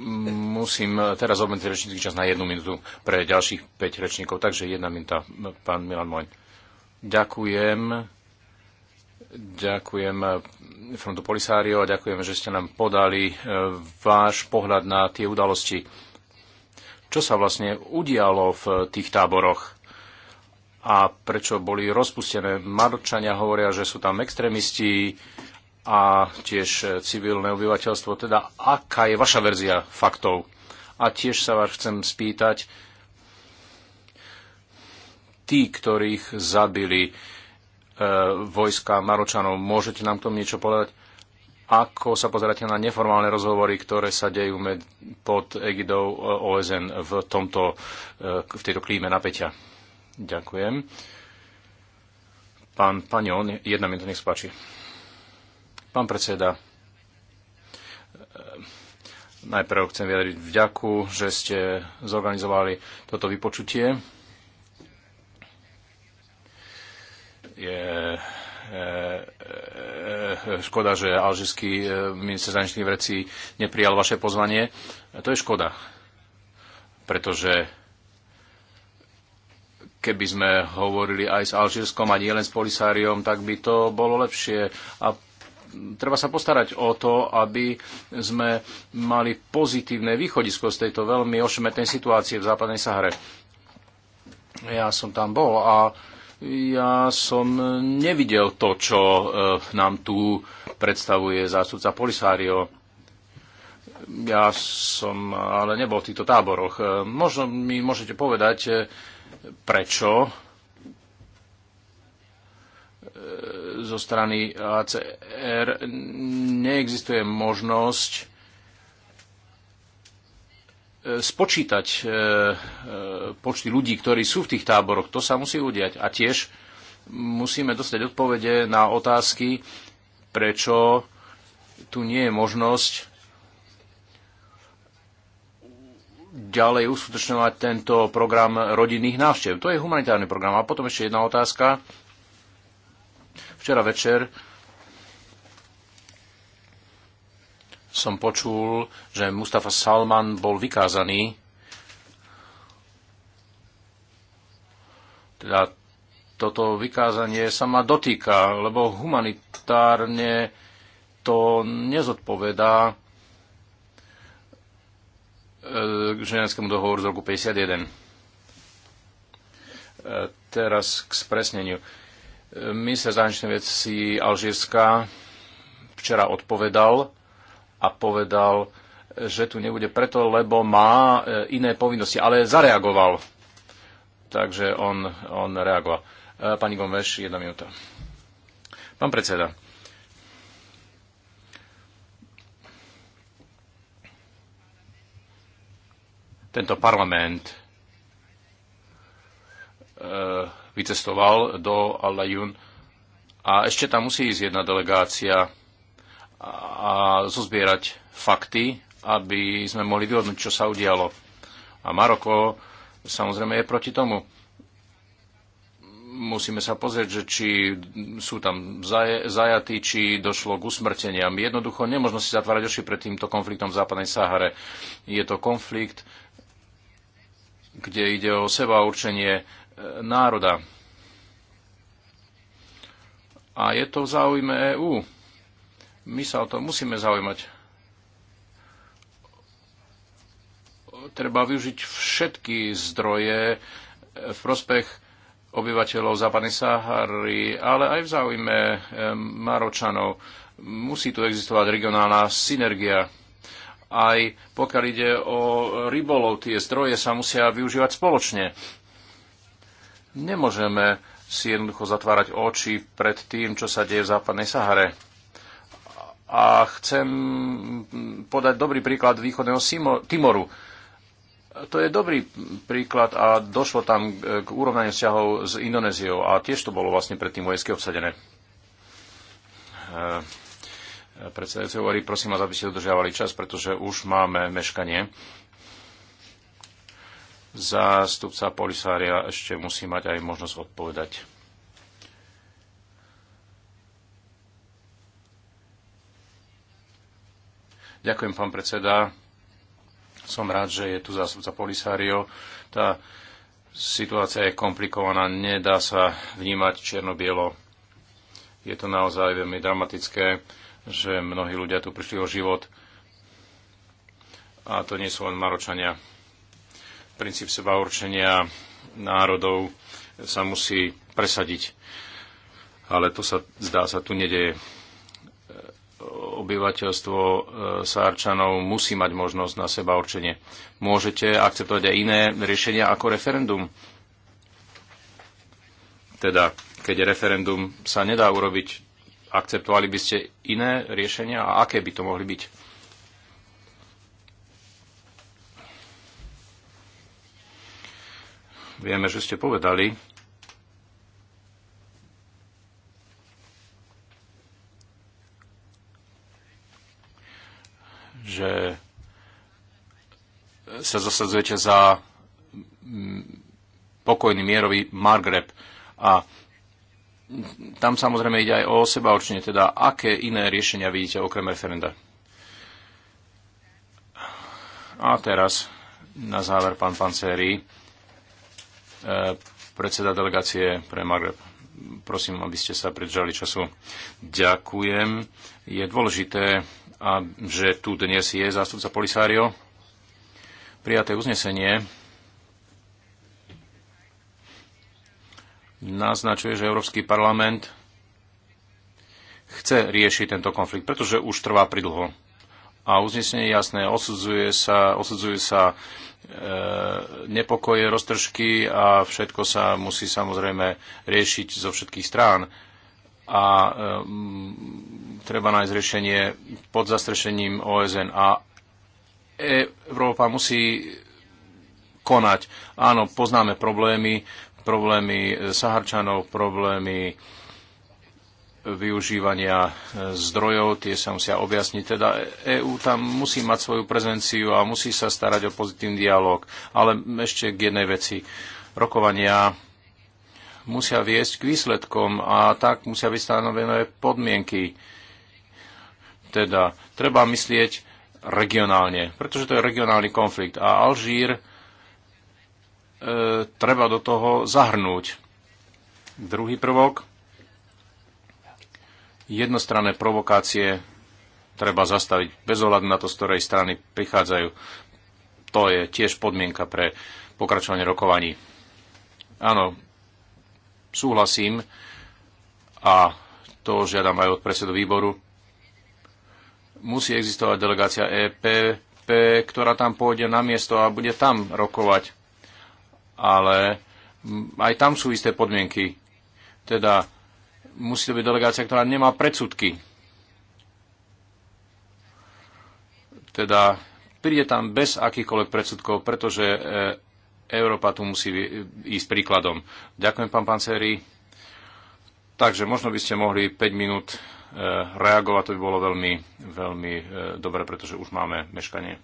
Musím teraz obmedziť rečnícky čas na jednu minútu pre ďalších 5 rečníkov, takže jedna minúta, pán Milan Moň. Ďakujem. Ďakujem eh, Frontu Polisario a ďakujem, že ste nám podali eh, váš pohľad na tie udalosti. Čo sa vlastne udialo v tých táboroch a prečo boli rozpustené? Marčania hovoria, že sú tam extrémisti, a tiež e, civilné obyvateľstvo. Teda aká je vaša verzia faktov? A tiež sa vás chcem spýtať, tí, ktorých zabili e, vojska Maročanov, môžete nám k tomu niečo povedať? Ako sa pozeráte na neformálne rozhovory, ktoré sa dejú med, pod egidou e, OSN v, tomto, e, v tejto klíme napäťa? Ďakujem. Pán Panion, jedna minúta, nech sa páči. Pán predseda, najprv chcem vyjadriť vďaku, že ste zorganizovali toto vypočutie. Je e, e, e, škoda, že alžírsky minister zahraničných vecí neprijal vaše pozvanie. To je škoda, pretože keby sme hovorili aj s Alžírskom a nie len s Polisáriom, tak by to bolo lepšie. A treba sa postarať o to, aby sme mali pozitívne východisko z tejto veľmi ošmetnej situácie v západnej Sahare. Ja som tam bol a ja som nevidel to, čo eh, nám tu predstavuje zástupca Polisario. Ja som ale nebol v týchto táboroch. Eh, možno mi môžete povedať, eh, prečo E, zo strany ACR neexistuje možnosť e, spočítať e, počty ľudí, ktorí sú v tých táboroch. To sa musí udiať. A tiež musíme dostať odpovede na otázky, prečo tu nie je možnosť ďalej uskutočňovať tento program rodinných návštev. To je humanitárny program. A potom ešte jedna otázka, Včera večer som počul, že Mustafa Salman bol vykázaný. Teda toto vykázanie sa ma dotýka, lebo humanitárne to nezodpovedá e, ženevskému dohovoru z roku 51. E, teraz k spresneniu. Minister zahraničnej veci Alžírska včera odpovedal a povedal, že tu nebude preto, lebo má e, iné povinnosti, ale zareagoval. Takže on, on reagoval. E, pani Gomeš, jedna minúta. Pán predseda. Tento parlament e, vycestoval do al a ešte tam musí ísť jedna delegácia a zozbierať fakty, aby sme mohli vyhodnúť, čo sa udialo. A Maroko samozrejme je proti tomu. Musíme sa pozrieť, že či sú tam zajatí, či došlo k usmrteniam. Jednoducho nemôžno si zatvárať oči pred týmto konfliktom v západnej Sahare. Je to konflikt, kde ide o seba určenie národa. A je to v záujme EÚ. My sa o to musíme zaujímať. Treba využiť všetky zdroje v prospech obyvateľov západnej Sahary, ale aj v záujme Maročanov. Musí tu existovať regionálna synergia. Aj pokiaľ ide o rybolov, tie zdroje sa musia využívať spoločne Nemôžeme si jednoducho zatvárať oči pred tým, čo sa deje v západnej Sahare. A chcem podať dobrý príklad východného Timoru. To je dobrý príklad a došlo tam k úrovnaniu vzťahov s Indonéziou a tiež to bolo vlastne predtým vojenské obsadené. Ehm, predsedajúci hovorí, prosím vás, aby ste dodržiavali čas, pretože už máme meškanie zástupca polisária ešte musí mať aj možnosť odpovedať. Ďakujem, pán predseda. Som rád, že je tu zástupca polisário. Tá situácia je komplikovaná, nedá sa vnímať čierno-bielo. Je to naozaj veľmi dramatické, že mnohí ľudia tu prišli o život. A to nie sú len Maročania princíp seba určenia národov sa musí presadiť. Ale to sa zdá sa tu nedeje. Obyvateľstvo e, Sárčanov musí mať možnosť na seba určenie. Môžete akceptovať aj iné riešenia ako referendum. Teda, keď referendum sa nedá urobiť, akceptovali by ste iné riešenia a aké by to mohli byť? Vieme, že ste povedali, že sa zasadzujete za mm, pokojný mierový Margreb. A tam samozrejme ide aj o seba určenie, teda aké iné riešenia vidíte okrem referenda. A teraz na záver pán Pancéry Eh, predseda delegácie pre Magreb. Prosím, aby ste sa predržali času. Ďakujem. Je dôležité, že tu dnes je zástupca Polisario. Prijaté uznesenie naznačuje, že Európsky parlament chce riešiť tento konflikt, pretože už trvá pridlho. A uznesenie je jasné, osudzuje sa, osudzuje sa E, nepokoje, roztržky a všetko sa musí samozrejme riešiť zo všetkých strán. A e, treba nájsť riešenie pod zastrešením OSN. A e, Európa musí konať. Áno, poznáme problémy, problémy Saharčanov, problémy e, využívania e, zdrojov, tie sa musia objasniť. Teda EÚ tam musí mať svoju prezenciu a musí sa starať o pozitívny dialog. Ale ešte k jednej veci. Rokovania musia viesť k výsledkom a tak musia byť stanovené podmienky. Teda treba myslieť regionálne, pretože to je regionálny konflikt a Alžír e, treba do toho zahrnúť. Druhý prvok jednostranné provokácie treba zastaviť bez ohľadu na to, z ktorej strany prichádzajú. To je tiež podmienka pre pokračovanie rokovaní. Áno, súhlasím a to žiadam aj od predsedu výboru. Musí existovať delegácia EPP, ktorá tam pôjde na miesto a bude tam rokovať. Ale aj tam sú isté podmienky. Teda musí to byť delegácia, ktorá nemá predsudky. Teda príde tam bez akýchkoľvek predsudkov, pretože e, Európa tu musí ísť príkladom. Ďakujem, pán Panceri. Takže možno by ste mohli 5 minút e, reagovať, to by bolo veľmi, veľmi e, dobre, pretože už máme meškanie.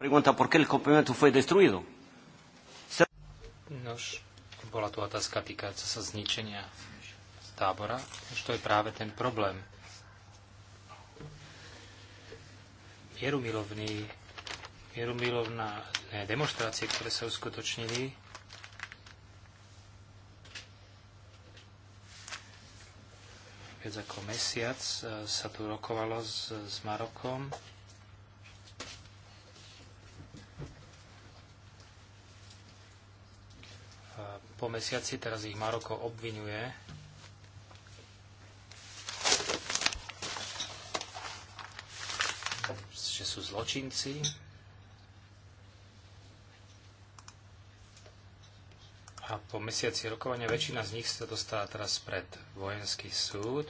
Pregunta, ¿por qué el campamento fue destruido? Nož, bola tu otázka týkajúca sa zničenia tábora. Už to je práve ten problém. Mierumilovný, mierumilovná ne, demonstrácie, ktoré sa uskutočnili, viac ako mesiac e, sa tu rokovalo s, s Marokom. po mesiaci, teraz ich Maroko obvinuje. Že sú zločinci. A po mesiaci rokovania väčšina z nich sa dostala teraz pred vojenský súd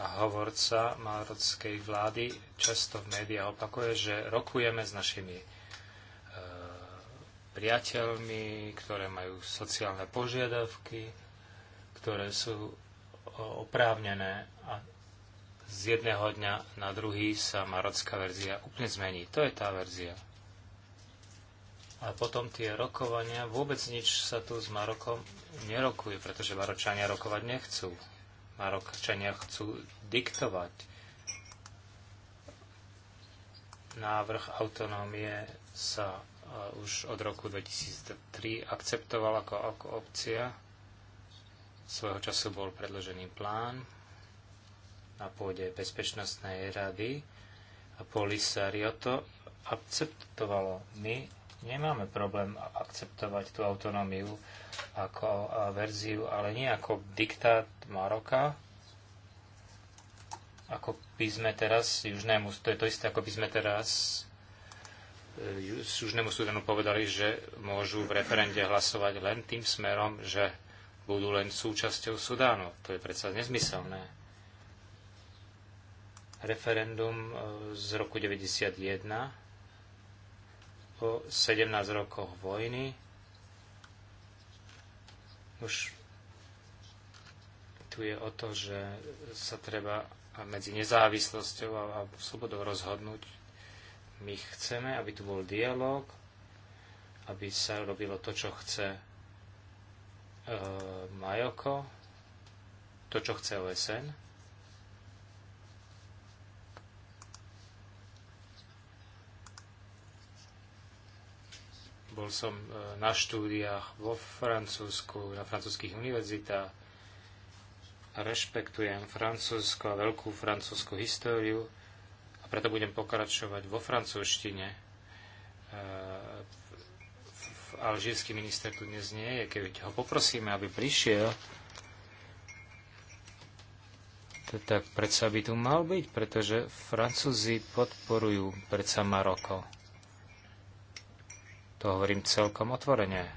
a hovorca marockej vlády často v médiách opakuje, že rokujeme s našimi priateľmi, ktoré majú sociálne požiadavky, ktoré sú oprávnené a z jedného dňa na druhý sa marocká verzia úplne zmení. To je tá verzia. A potom tie rokovania, vôbec nič sa tu s Marokom nerokuje, pretože Maročania rokovať nechcú. Marokčania chcú diktovať návrh autonómie sa už od roku 2003 akceptoval ako, ako opcia. Svojho času bol predložený plán na pôde Bezpečnostnej rady a Polisario to akceptovalo. My nemáme problém akceptovať tú autonómiu ako verziu, ale nie ako diktát Maroka, ako by sme teraz južnému, to je to isté, ako by sme teraz súžnemu eh, súdenu povedali, že môžu v referende hlasovať len tým smerom, že budú len súčasťou Sudánu. To je predsa nezmyselné. Referendum eh, z roku 1991 po 17 rokoch vojny už tu je o to, že sa treba medzi nezávislosťou a slobodou rozhodnúť, my chceme, aby tu bol dialog, aby sa robilo to, čo chce e, Majoko, to, čo chce OSN. Bol som e, na štúdiách vo Francúzsku, na francúzských univerzitách. Rešpektujem Francúzsko a veľkú francúzsku históriu preto budem pokračovať vo francúzštine. E, alžírsky minister tu dnes nie je, keď ho poprosíme, aby prišiel, tak predsa by tu mal byť, pretože Francúzi podporujú predsa Maroko. To hovorím celkom otvorene.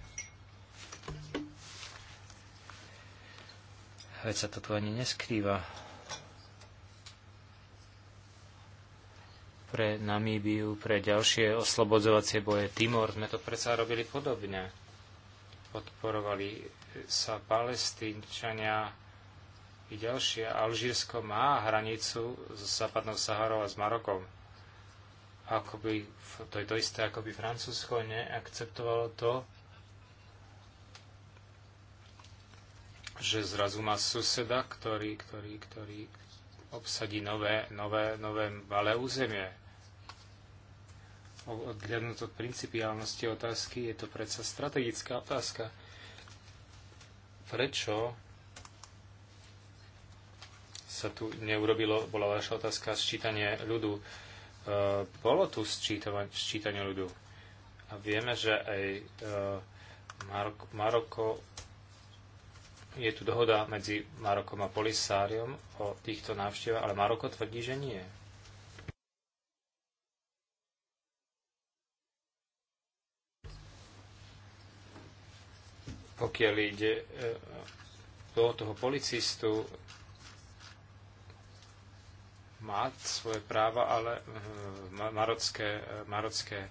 Veď sa to tu ani neskrýva. pre Namíbiu, pre ďalšie oslobodzovacie boje Timor sme to predsa robili podobne. Podporovali sa palestínčania i ďalšie. Alžírsko má hranicu s západnou Saharou a s Marokom. Akoby, to je to isté, ako by Francúzsko neakceptovalo to, že zrazu má suseda, ktorý, ktorý, ktorý obsadí nové, nové, nové malé územie odhľadnúť od principiálnosti otázky, je to predsa strategická otázka. Prečo sa tu neurobilo, bola vaša otázka, sčítanie ľudu. E, bolo tu sčítanie, ľudu. A vieme, že aj e, Maroko, Maroko je tu dohoda medzi Marokom a Polisáriom o týchto návštevách, ale Maroko tvrdí, že nie. pokiaľ ide e, do toho policistu, má svoje práva, ale e, marocké, e, marocké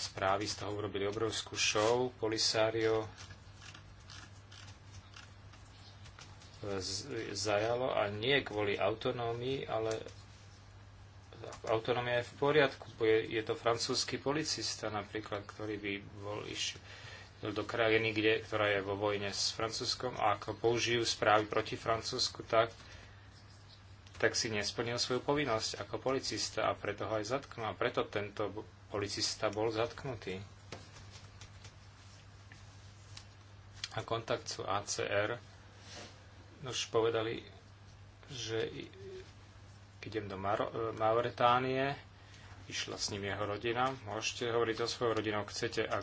správy z toho urobili obrovskú show. Polisario zajalo a nie kvôli autonómii, ale autonómia je v poriadku. Je, je to francúzsky policista napríklad, ktorý by bol iš, do krajiny, kde, ktorá je vo vojne s Francúzskom a ako použijú správy proti Francúzsku, tak, tak si nesplnil svoju povinnosť ako policista a preto ho aj zatknú. A preto tento policista bol zatknutý. A kontakt sú ACR už povedali, že idem do Mar- e, Mauretánie, išla s ním jeho rodina. Môžete hovoriť o svojou rodinou, chcete, ak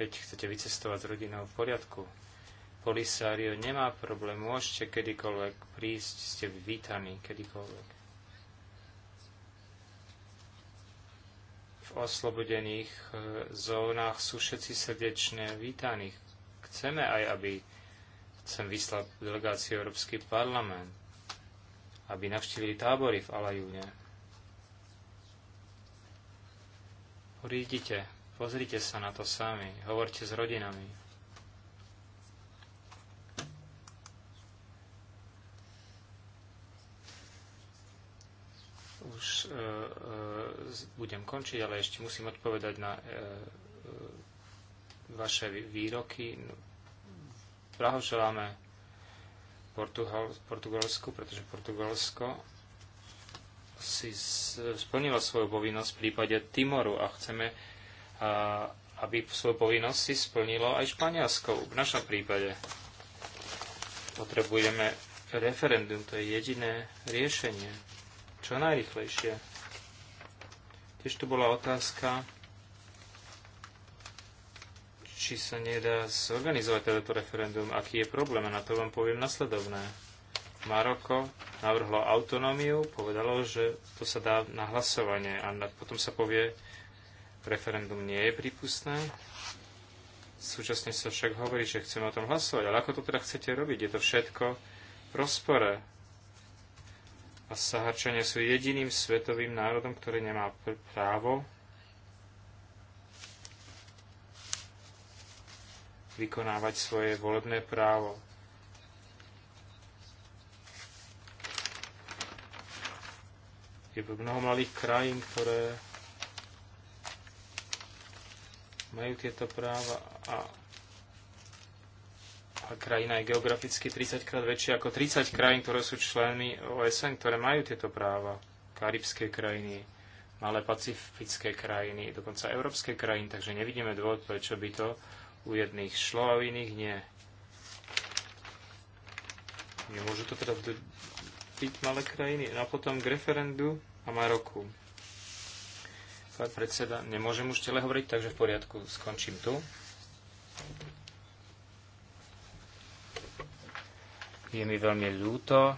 keď chcete vycestovať s rodinou v poriadku. Polisario nemá problém, môžete kedykoľvek prísť, ste vítaní kedykoľvek. V oslobodených e, zónach sú všetci srdečne vítaní. Chceme aj, aby sem vyslal delegáciu Európsky parlament, aby navštívili tábory v Alajúne. Prídite, Pozrite sa na to sami, hovorte s rodinami. Už uh, uh, budem končiť, ale ešte musím odpovedať na uh, uh, vaše výroky. Prahoželáme no, Portugal, Portugalsku, pretože Portugalsko si splnilo svoju povinnosť v prípade Timoru a chceme aby svoje povinnosť splnilo aj Španielsko. V našom prípade potrebujeme referendum, to je jediné riešenie. Čo najrychlejšie. Tiež tu bola otázka, či sa nedá zorganizovať toto referendum, aký je problém. A na to vám poviem nasledovné. Maroko navrhlo autonómiu, povedalo, že to sa dá na hlasovanie a potom sa povie, referendum nie je prípustné. Súčasne sa však hovorí, že chceme o tom hlasovať. Ale ako to teda chcete robiť? Je to všetko v rozpore. A Saharčania sú jediným svetovým národom, ktorý nemá právo vykonávať svoje volebné právo. Je mnoho malých krajín, ktoré majú tieto práva a, a krajina je geograficky 30 krát väčšia ako 30 krajín, ktoré sú členmi OSN, ktoré majú tieto práva. Karibské krajiny, malé pacifické krajiny, dokonca európske krajiny, takže nevidíme dôvod, prečo by to u jedných šlo a u iných nie. Nemôžu to teda byť malé krajiny. No a potom k referendu a Maroku pán predseda. Nemôžem už tele hovoriť, takže v poriadku, skončím tu. Je mi veľmi ľúto,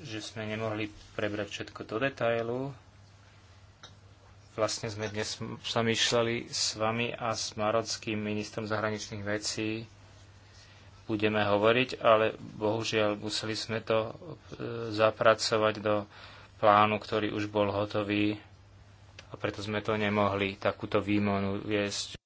že sme nemohli prebrať všetko do detailu. Vlastne sme dnes sa myšľali s vami a s marockým ministrom zahraničných vecí. Budeme hovoriť, ale bohužiaľ museli sme to e, zapracovať do plánu, ktorý už bol hotový a preto sme to nemohli takúto výmonu viesť.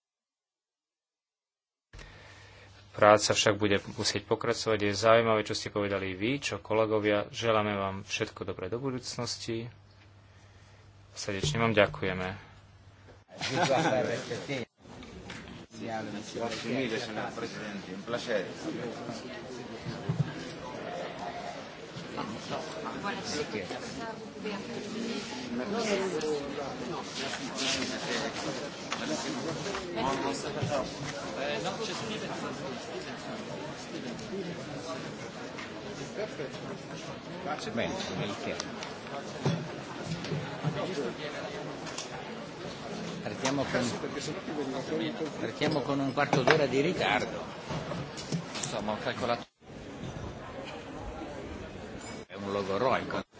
Práca však bude musieť pokračovať. Je zaujímavé, čo ste povedali vy, čo kolegovia. Želáme vám všetko dobré do budúcnosti. Srdečne vám ďakujeme. Grazie Perfetto. Partiamo con, partiamo con un quarto d'ora di ritardo. Insomma, ho calcolato homologo ROI.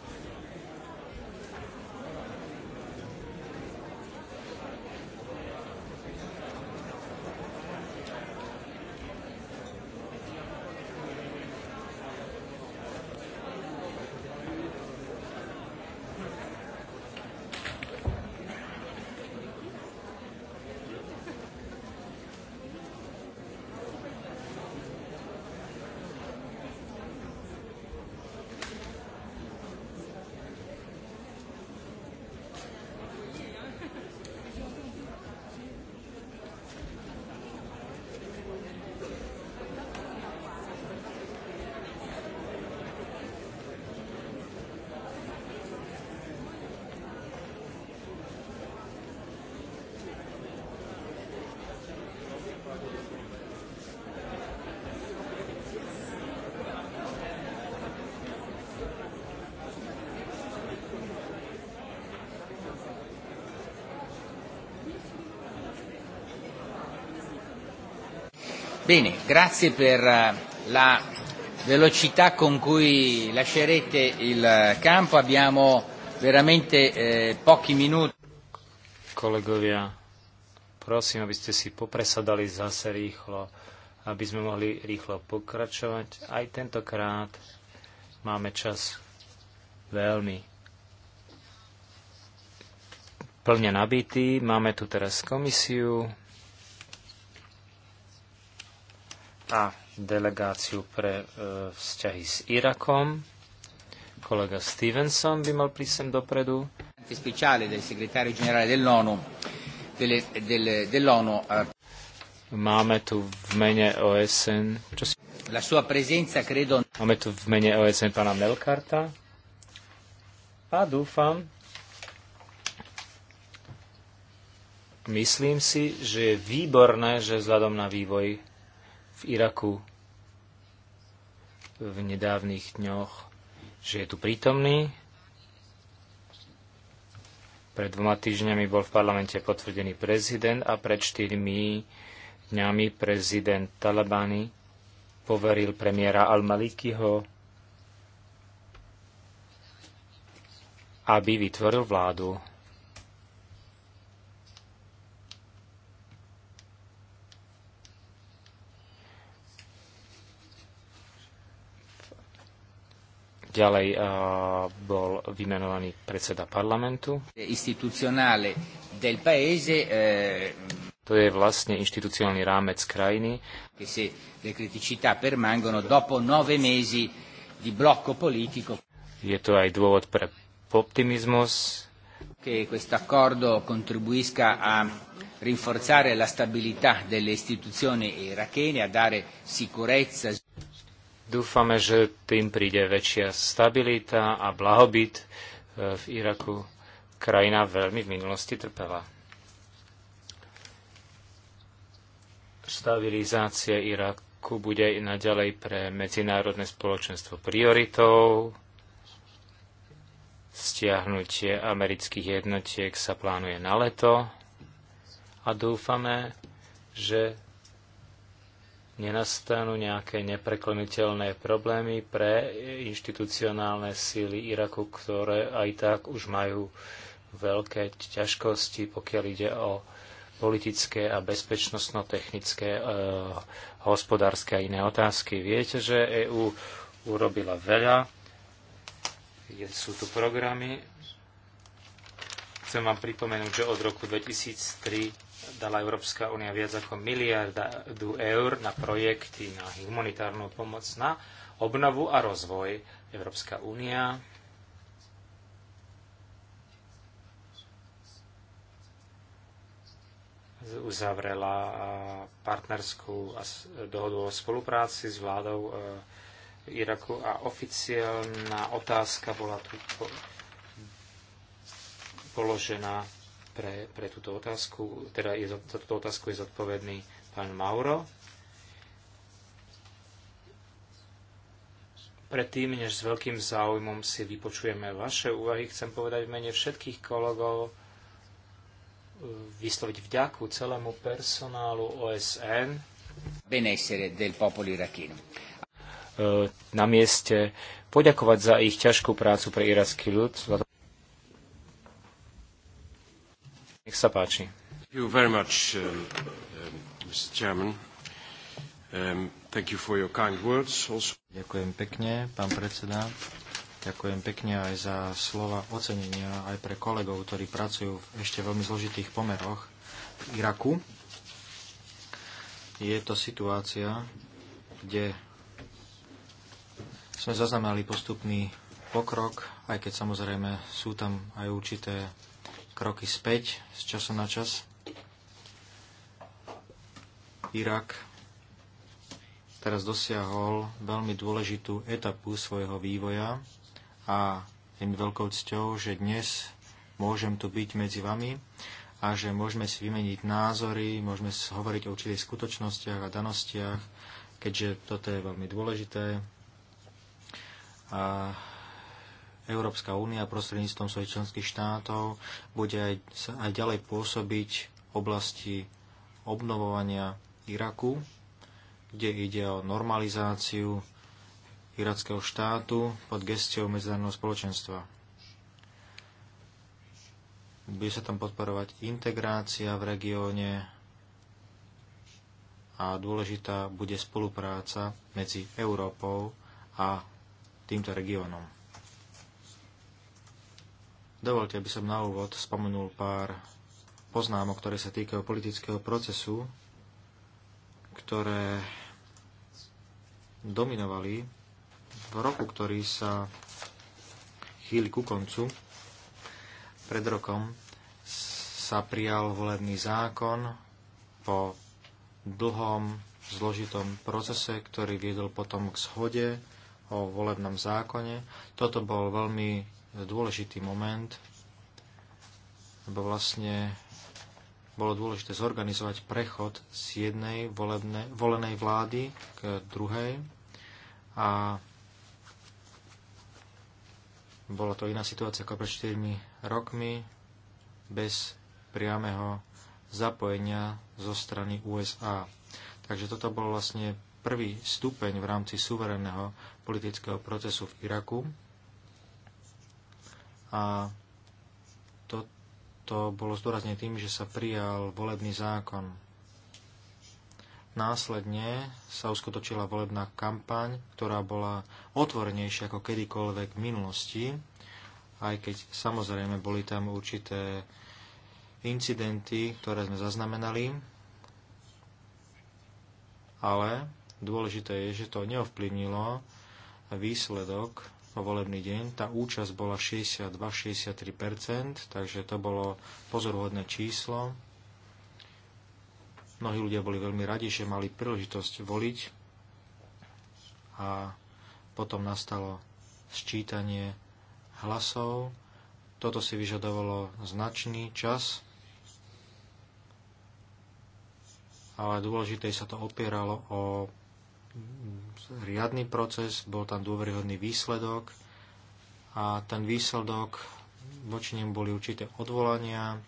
Bene, grazie per eh, la velocità con cui lascerete il eh, campo. Abbiamo veramente eh, pochi minuti. Kolegovia, prosím, aby ste si popresadali zase rýchlo, aby sme mohli rýchlo pokračovať. Aj tentokrát máme čas veľmi plne nabitý. Máme tu teraz komisiu, a delegáciu pre e, vzťahy s Irakom. Kolega Stevenson by mal prísť sem dopredu. Eh. Máme tu v mene OSN... Čo si... La sua presenza, credo... Máme tu v mene OSN pána Melkarta. A dúfam, myslím si, že je výborné, že vzhľadom na vývoj v Iraku v nedávnych dňoch, že je tu prítomný. Pred dvoma týždňami bol v parlamente potvrdený prezident a pred štyrmi dňami prezident Talabani poveril premiéra Al-Malikiho, aby vytvoril vládu. Ďalej uh, bol vymenovaný predseda parlamentu. del Paese, eh... To je vlastne inštitucionálny rámec krajiny. Je to aj dôvod pre optimismus. Che questo accordo contribuisca a rinforzare la stabilità delle istituzioni irachene, a dare sicurezza. Dúfame, že tým príde väčšia stabilita a blahobyt e, v Iraku. Krajina veľmi v minulosti trpela. Stabilizácia Iraku bude i naďalej pre medzinárodné spoločenstvo prioritou. Stiahnutie amerických jednotiek sa plánuje na leto a dúfame, že nenastanú nejaké neprekleniteľné problémy pre inštitucionálne síly Iraku, ktoré aj tak už majú veľké ťažkosti, pokiaľ ide o politické a bezpečnostno-technické, e, hospodárske a iné otázky. Viete, že EÚ urobila veľa, Je, sú tu programy. Chcem vám pripomenúť, že od roku 2003 dala Európska únia viac ako miliardu eur na projekty na humanitárnu pomoc, na obnovu a rozvoj. Európska únia uzavrela partnerskú dohodu o spolupráci s vládou e, Iraku a oficiálna otázka bola tu položená pre, pre túto otázku, teda je, za túto otázku je zodpovedný pán Mauro. Predtým, než s veľkým záujmom si vypočujeme vaše úvahy, chcem povedať v mene všetkých kolegov e, vysloviť vďaku celému personálu OSN e, na mieste, poďakovať za ich ťažkú prácu pre iracký ľud, za to, Nech sa páči. Um, um, um, Ďakujem pekne, pán predseda. Ďakujem pekne aj za slova ocenenia aj pre kolegov, ktorí pracujú v ešte veľmi zložitých pomeroch v Iraku. Je to situácia, kde sme zaznamenali postupný pokrok, aj keď samozrejme sú tam aj určité kroky späť z času na čas. Irak teraz dosiahol veľmi dôležitú etapu svojho vývoja a je mi veľkou cťou, že dnes môžem tu byť medzi vami a že môžeme si vymeniť názory, môžeme hovoriť o určitých skutočnostiach a danostiach, keďže toto je veľmi dôležité. A Európska únia prostredníctvom svojich členských štátov bude aj, aj ďalej pôsobiť v oblasti obnovovania Iraku, kde ide o normalizáciu irackého štátu pod gestiou medzinárodného spoločenstva. Bude sa tam podporovať integrácia v regióne a dôležitá bude spolupráca medzi Európou a týmto regiónom. Dovolte, aby som na úvod spomenul pár poznámok, ktoré sa týkajú politického procesu, ktoré dominovali v roku, ktorý sa chýli ku koncu. Pred rokom sa prijal volebný zákon po dlhom, zložitom procese, ktorý viedol potom k shode o volebnom zákone. Toto bol veľmi dôležitý moment, lebo vlastne bolo dôležité zorganizovať prechod z jednej volebne, volenej vlády k druhej a bola to iná situácia ako pred 4 rokmi bez priameho zapojenia zo strany USA. Takže toto bol vlastne prvý stupeň v rámci suverénneho politického procesu v Iraku a toto bolo zdôraznené tým, že sa prijal volebný zákon. Následne sa uskutočila volebná kampaň, ktorá bola otvorenejšia ako kedykoľvek v minulosti, aj keď samozrejme boli tam určité incidenty, ktoré sme zaznamenali, ale dôležité je, že to neovplyvnilo výsledok volebný deň. Tá účasť bola 62-63%, takže to bolo pozorhodné číslo. Mnohí ľudia boli veľmi radi, že mali príležitosť voliť a potom nastalo sčítanie hlasov. Toto si vyžadovalo značný čas, ale dôležité sa to opieralo o riadny proces, bol tam dôveryhodný výsledok a ten výsledok, voči nemu boli určité odvolania,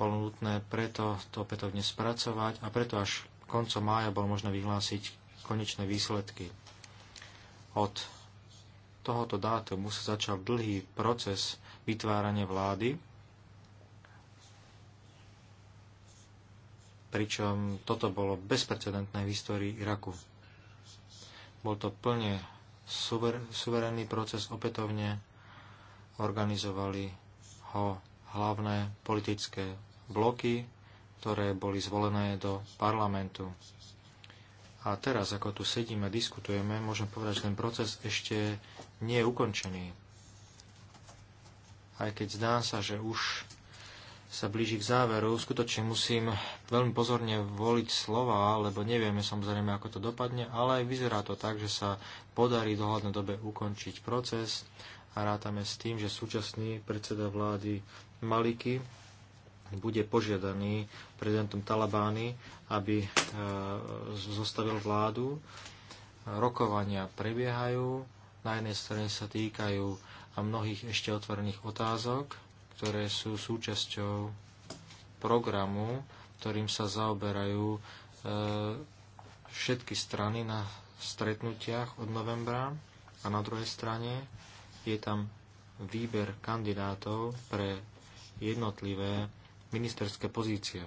bolo nutné preto to opätovne spracovať a preto až koncom mája bolo možné vyhlásiť konečné výsledky. Od tohoto dátumu sa začal dlhý proces vytvárania vlády, pričom toto bolo bezprecedentné v histórii Iraku. Bol to plne suver, suverénny proces, opätovne organizovali ho hlavné politické bloky, ktoré boli zvolené do parlamentu. A teraz, ako tu sedíme, diskutujeme, môžem povedať, že ten proces ešte nie je ukončený. Aj keď zdá sa, že už sa blíži k záveru. Skutočne musím veľmi pozorne voliť slova, lebo nevieme samozrejme, ako to dopadne, ale aj vyzerá to tak, že sa podarí v dohľadnej dobe ukončiť proces a rátame s tým, že súčasný predseda vlády Maliky bude požiadaný prezidentom Talabány, aby e, zostavil vládu. Rokovania prebiehajú, na jednej strane sa týkajú a mnohých ešte otvorených otázok, ktoré sú súčasťou programu, ktorým sa zaoberajú e, všetky strany na stretnutiach od novembra a na druhej strane je tam výber kandidátov pre jednotlivé ministerské pozície.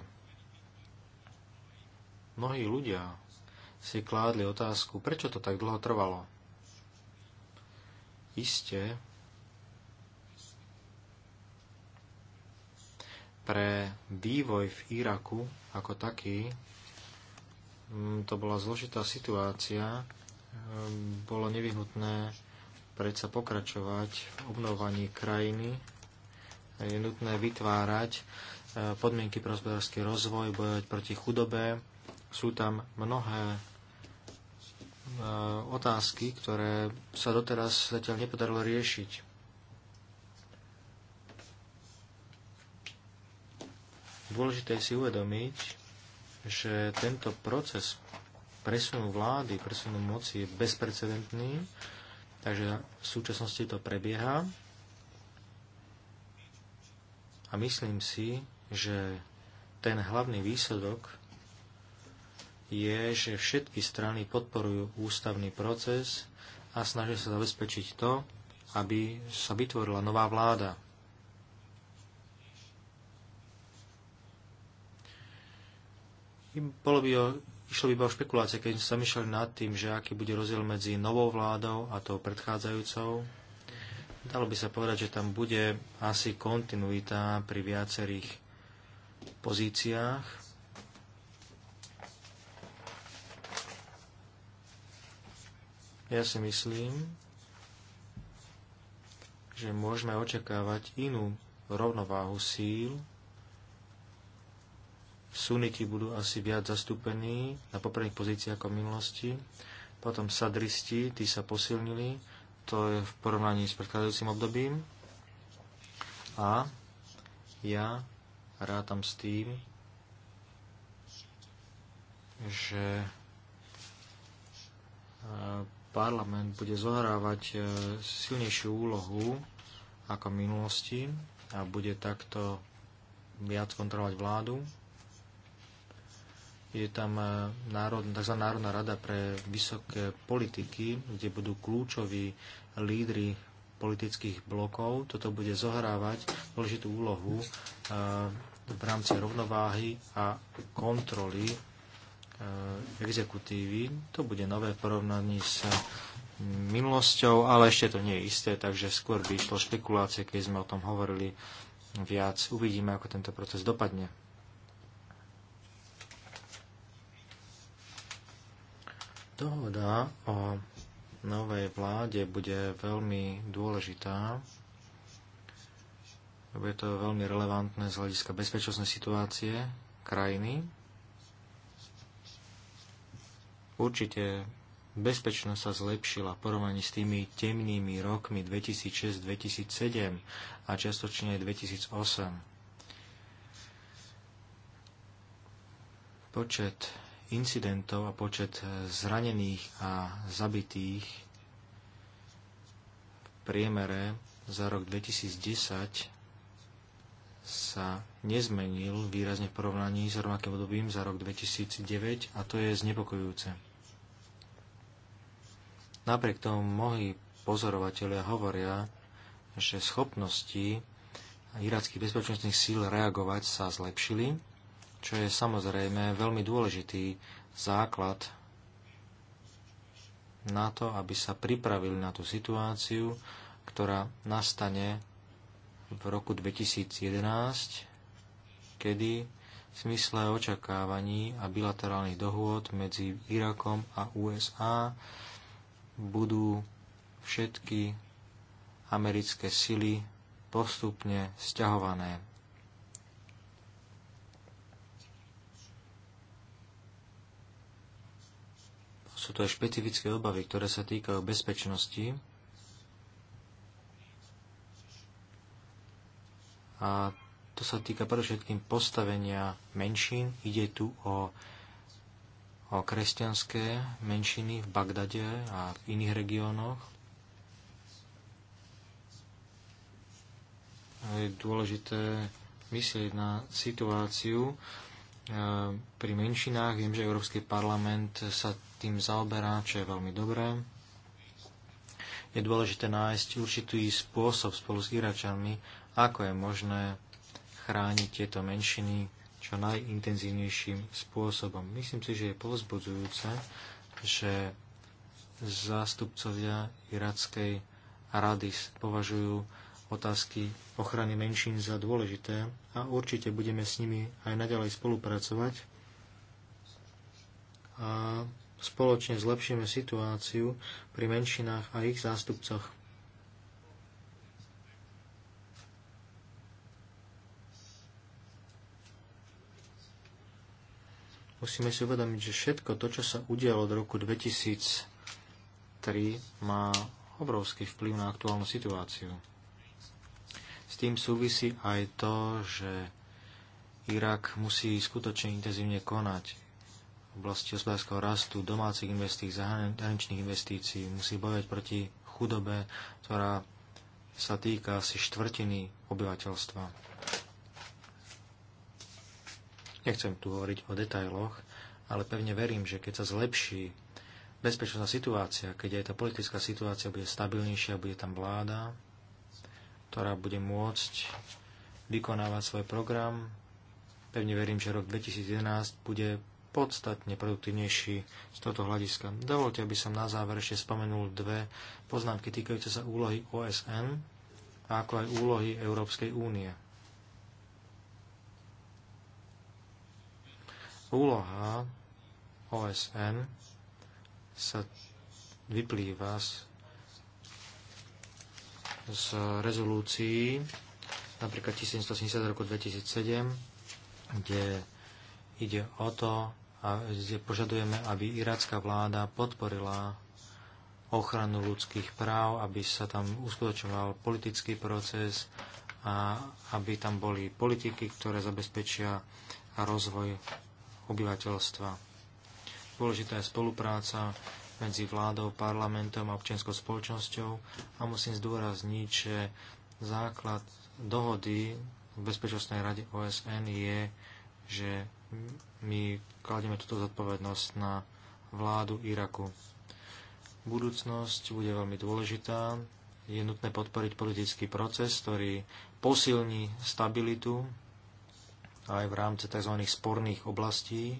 Mnohí ľudia si kládli otázku, prečo to tak dlho trvalo. Isté, pre vývoj v Iraku ako taký. Mm, to bola zložitá situácia. Ehm, bolo nevyhnutné predsa pokračovať v obnovovaní krajiny. Je nutné vytvárať e, podmienky pre hospodársky rozvoj, bojovať proti chudobe. Sú tam mnohé e, otázky, ktoré sa doteraz zatiaľ nepodarilo riešiť. Dôležité je si uvedomiť, že tento proces presunu vlády, presunu moci je bezprecedentný, takže v súčasnosti to prebieha a myslím si, že ten hlavný výsledok je, že všetky strany podporujú ústavný proces a snažia sa zabezpečiť to, aby sa vytvorila nová vláda. bolo by o, išlo by iba o špekulácie, keď sa myšľali nad tým, že aký bude rozdiel medzi novou vládou a tou predchádzajúcou. Dalo by sa povedať, že tam bude asi kontinuita pri viacerých pozíciách. Ja si myslím, že môžeme očakávať inú rovnováhu síl suniti budú asi viac zastúpení na popredných pozíciách ako v minulosti. Potom sadristi, tí sa posilnili, to je v porovnaní s predchádzajúcim obdobím. A ja rátam s tým, že e, parlament bude zohrávať e, silnejšiu úlohu ako v minulosti a bude takto viac kontrolovať vládu je tam e, národ, tzv. Národná rada pre vysoké politiky, kde budú kľúčoví lídry politických blokov. Toto bude zohrávať dôležitú úlohu e, v rámci rovnováhy a kontroly e, exekutívy. To bude nové porovnaní s minulosťou, ale ešte to nie je isté, takže skôr by išlo špekulácie, keď sme o tom hovorili viac. Uvidíme, ako tento proces dopadne. Dohoda o novej vláde bude veľmi dôležitá. Bude to veľmi relevantné z hľadiska bezpečnostnej situácie krajiny. Určite bezpečnosť sa zlepšila v porovnaní s tými temnými rokmi 2006-2007 a čiastočne aj 2008. Počet incidentov a počet e, zranených a zabitých v priemere za rok 2010 sa nezmenil výrazne v porovnaní s rovnakým obdobím za rok 2009 a to je znepokojujúce. Napriek tomu mnohí pozorovatelia hovoria, že schopnosti irackých bezpečnostných síl reagovať sa zlepšili, čo je samozrejme veľmi dôležitý základ na to, aby sa pripravili na tú situáciu, ktorá nastane v roku 2011, kedy v smysle očakávaní a bilaterálnych dohôd medzi Irakom a USA budú všetky americké sily postupne sťahované sú to aj špecifické obavy, ktoré sa týkajú bezpečnosti. A to sa týka predovšetkým postavenia menšín. Ide tu o, o kresťanské menšiny v Bagdade a v iných regiónoch. Je dôležité myslieť na situáciu pri menšinách. Viem, že Európsky parlament sa tým zaoberá, čo je veľmi dobré. Je dôležité nájsť určitý spôsob spolu s Iračanmi, ako je možné chrániť tieto menšiny čo najintenzívnejším spôsobom. Myslím si, že je povzbudzujúce, že zástupcovia Irackej rady považujú otázky ochrany menšín za dôležité a určite budeme s nimi aj naďalej spolupracovať a spoločne zlepšíme situáciu pri menšinách a ich zástupcoch. Musíme si uvedomiť, že všetko to, čo sa udialo od roku 2003, má obrovský vplyv na aktuálnu situáciu tým súvisí aj to, že Irak musí skutočne intenzívne konať v oblasti hospodárskeho rastu, domácich investícií, zahraničných investícií, musí bojovať proti chudobe, ktorá sa týka asi štvrtiny obyvateľstva. Nechcem tu hovoriť o detailoch, ale pevne verím, že keď sa zlepší bezpečnostná situácia, keď aj tá politická situácia bude stabilnejšia, bude tam vláda, ktorá bude môcť vykonávať svoj program. Pevne verím, že rok 2011 bude podstatne produktívnejší z tohto hľadiska. Dovolte, aby som na záver ešte spomenul dve poznámky týkajúce sa úlohy OSN a ako aj úlohy Európskej únie. Úloha OSN sa vyplýva z z rezolúcií, napríklad 1180 roku 2007, kde ide o to, a kde požadujeme, aby iracká vláda podporila ochranu ľudských práv, aby sa tam uskutočoval politický proces a aby tam boli politiky, ktoré zabezpečia rozvoj obyvateľstva. Dôležitá je spolupráca medzi vládou, parlamentom a občianskou spoločnosťou a musím zdôrazniť, že základ dohody v Bezpečnostnej rade OSN je, že my kladieme túto zodpovednosť na vládu Iraku. Budúcnosť bude veľmi dôležitá. Je nutné podporiť politický proces, ktorý posilní stabilitu aj v rámci tzv. sporných oblastí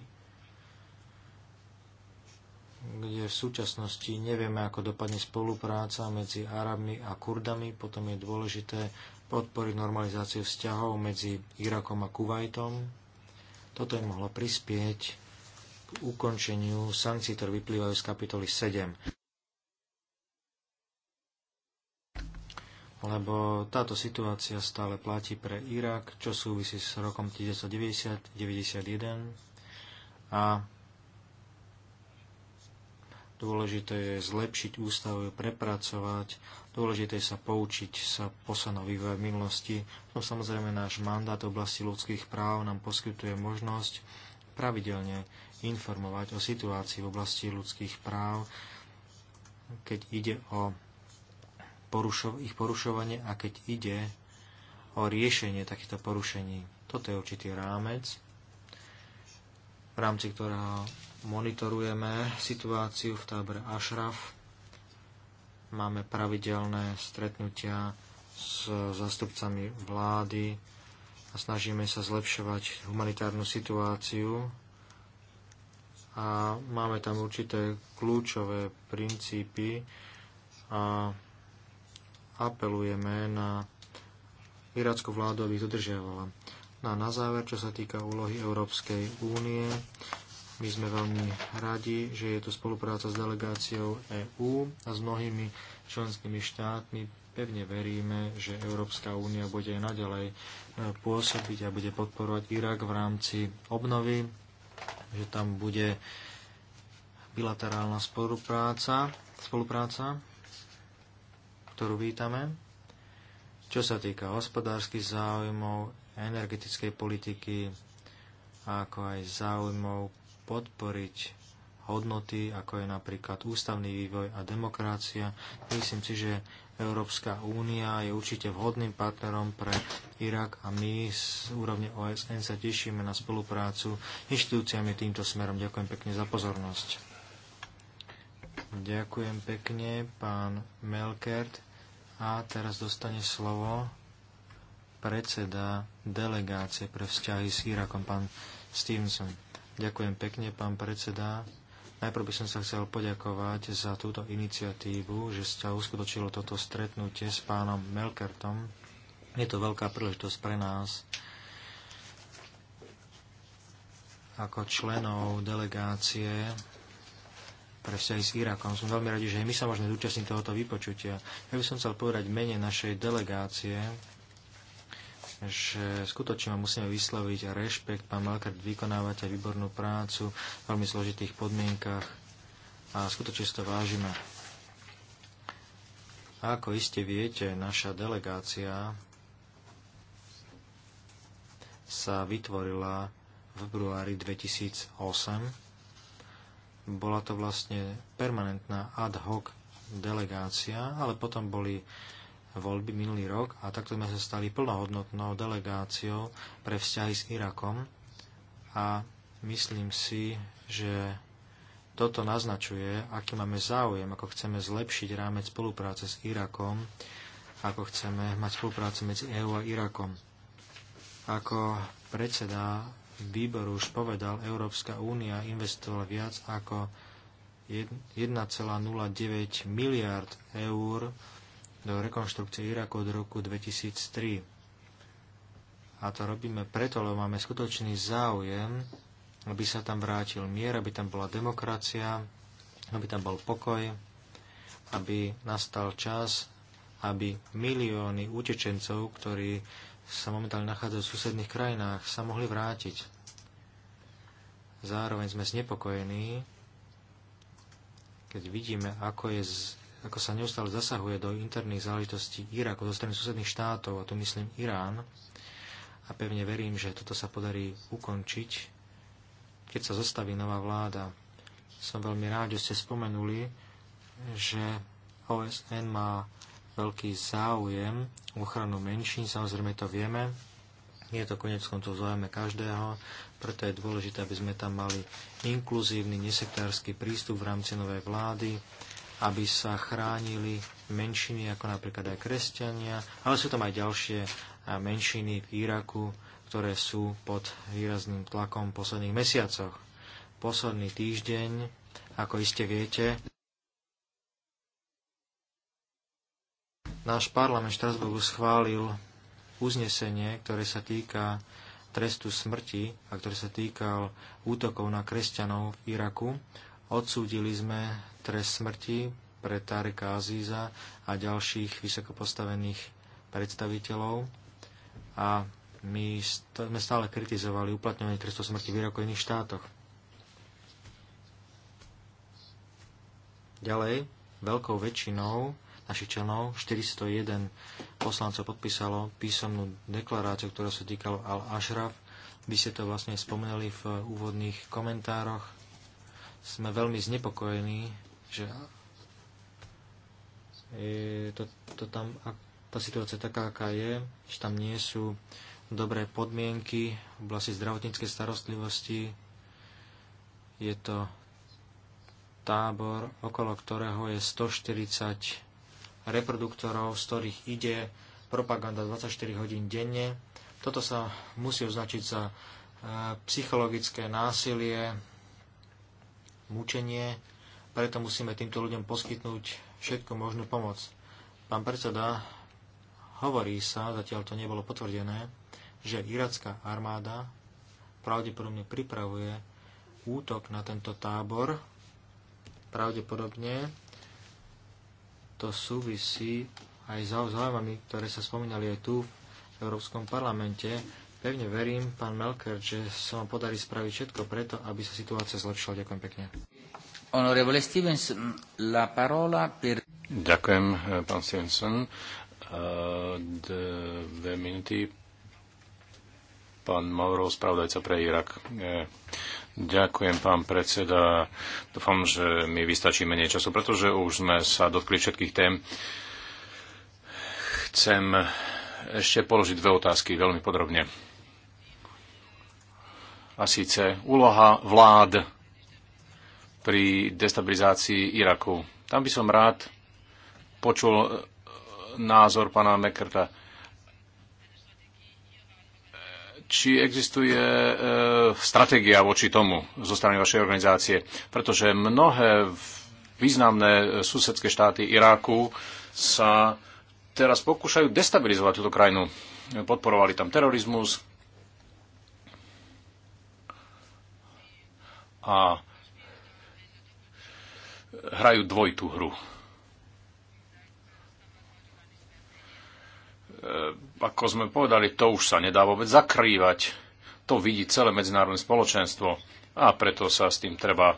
kde v súčasnosti nevieme, ako dopadne spolupráca medzi Arabmi a Kurdami. Potom je dôležité podporiť normalizáciu vzťahov medzi Irakom a Kuwaitom. Toto je mohlo prispieť k ukončeniu sankcií, ktoré vyplývajú z kapitoly 7. Lebo táto situácia stále platí pre Irak, čo súvisí s rokom 1990-91 a dôležité je zlepšiť ústavu, prepracovať, dôležité je sa poučiť sa posledného vývoja v minulosti. No samozrejme náš mandát v oblasti ľudských práv nám poskytuje možnosť pravidelne informovať o situácii v oblasti ľudských práv, keď ide o porušo- ich porušovanie a keď ide o riešenie takýchto porušení. Toto je určitý rámec, v rámci ktorého monitorujeme situáciu v tábore Ašraf. Máme pravidelné stretnutia s zastupcami vlády a snažíme sa zlepšovať humanitárnu situáciu. A máme tam určité kľúčové princípy a apelujeme na irackú vládu, aby ich dodržiavala. No a na záver, čo sa týka úlohy Európskej únie, my sme veľmi radi, že je tu spolupráca s delegáciou EÚ a s mnohými členskými štátmi. Pevne veríme, že Európska únia bude aj naďalej e, pôsobiť a bude podporovať Irak v rámci obnovy, že tam bude bilaterálna spolupráca, spolupráca ktorú vítame. Čo sa týka hospodárskych záujmov, energetickej politiky, ako aj záujmov podporiť hodnoty, ako je napríklad ústavný vývoj a demokracia. Myslím si, že Európska únia je určite vhodným partnerom pre Irak a my z úrovne OSN sa tešíme na spoluprácu inštitúciami týmto smerom. Ďakujem pekne za pozornosť. Ďakujem pekne, pán Melkert. A teraz dostane slovo predseda delegácie pre vzťahy s Irakom, pán Stevenson. Ďakujem pekne, pán predseda. Najprv by som sa chcel poďakovať za túto iniciatívu, že ste uskutočilo toto stretnutie s pánom Melkertom. Je to veľká príležitosť pre nás ako členov delegácie pre vzťahy s Irakom. Som veľmi radi, že my sa môžeme zúčastniť tohoto vypočutia. Ja by som chcel povedať mene našej delegácie, že skutočne musíme vysloviť a rešpekt. Pán Malkart, vykonávate výbornú prácu v veľmi zložitých podmienkach a skutočne si to vážime. A ako iste viete, naša delegácia sa vytvorila v februári 2008. Bola to vlastne permanentná ad hoc delegácia, ale potom boli voľby minulý rok a takto sme sa stali plnohodnotnou delegáciou pre vzťahy s Irakom a myslím si, že toto naznačuje, aký máme záujem, ako chceme zlepšiť rámec spolupráce s Irakom, ako chceme mať spoluprácu medzi EÚ a Irakom. Ako predseda výboru už povedal, Európska únia investovala viac ako 1,09 miliard eur do rekonštrukcie Iraku od roku 2003. A to robíme preto, lebo máme skutočný záujem, aby sa tam vrátil mier, aby tam bola demokracia, aby tam bol pokoj, aby nastal čas, aby milióny utečencov, ktorí sa momentálne nachádzajú v susedných krajinách, sa mohli vrátiť. Zároveň sme znepokojení, keď vidíme, ako je ako sa neustále zasahuje do interných záležitostí Iraku zo strany susedných štátov, a tu myslím Irán, a pevne verím, že toto sa podarí ukončiť, keď sa zostaví nová vláda. Som veľmi rád, že ste spomenuli, že OSN má veľký záujem ochranu menšín, samozrejme to vieme, je to konec koncov záujme každého, preto je dôležité, aby sme tam mali inkluzívny, nesektársky prístup v rámci novej vlády, aby sa chránili menšiny, ako napríklad aj kresťania, ale sú tam aj ďalšie menšiny v Iraku, ktoré sú pod výrazným tlakom v posledných mesiacoch. Posledný týždeň, ako iste viete, náš parlament Štrasburgu schválil uznesenie, ktoré sa týka trestu smrti a ktorý sa týkal útokov na kresťanov v Iraku. Odsúdili sme trest smrti pre Tareka Azíza a ďalších vysokopostavených predstaviteľov. A my sme stále kritizovali uplatňovanie trestu smrti v Iraku iných štátoch. Ďalej, veľkou väčšinou našich členov, 401 poslancov podpísalo písomnú deklaráciu, ktorá sa týkala Al-Ashraf. Vy ste to vlastne spomenuli v úvodných komentároch. Sme veľmi znepokojení že je to, to tam, tá situácia je taká, aká je, že tam nie sú dobré podmienky v oblasti zdravotníckej starostlivosti. Je to tábor, okolo ktorého je 140 reproduktorov, z ktorých ide propaganda 24 hodín denne. Toto sa musí označiť za e, psychologické násilie, mučenie, preto musíme týmto ľuďom poskytnúť všetku možnú pomoc. Pán predseda, hovorí sa, zatiaľ to nebolo potvrdené, že iracká armáda pravdepodobne pripravuje útok na tento tábor. Pravdepodobne to súvisí aj s záujmami, ktoré sa spomínali aj tu v Európskom parlamente. Pevne verím, pán Melker, že sa vám podarí spraviť všetko preto, aby sa situácia zlepšila. Ďakujem pekne. Ďakujem, eh, pán Stevenson. Eh, dve minúty. Pán Mauro, spravodajca pre Irak. Eh, ďakujem, pán predseda. Dúfam, že mi vystačí menej času, pretože už sme sa dotkli všetkých tém. Chcem ešte položiť dve otázky veľmi podrobne. A síce úloha vlád pri destabilizácii Iraku. Tam by som rád počul e, názor pána Mekrta. Či existuje e, stratégia voči tomu zo strany vašej organizácie? Pretože mnohé významné e, susedské štáty Iráku sa teraz pokúšajú destabilizovať túto krajinu. Podporovali tam terorizmus a hrajú dvojitú hru. E, ako sme povedali, to už sa nedá vôbec zakrývať. To vidí celé medzinárodné spoločenstvo a preto sa s tým treba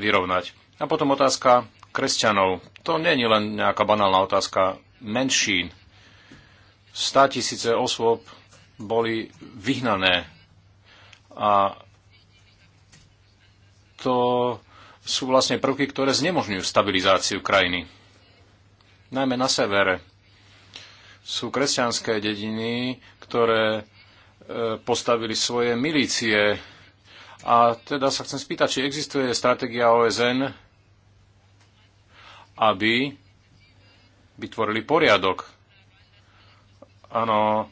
vyrovnať. A potom otázka kresťanov. To nie je len nejaká banálna otázka menšín. 100 tisíce osôb boli vyhnané a to sú vlastne prvky, ktoré znemožňujú stabilizáciu krajiny. Najmä na severe sú kresťanské dediny, ktoré e, postavili svoje milície. A teda sa chcem spýtať, či existuje stratégia OSN, aby vytvorili poriadok. Áno,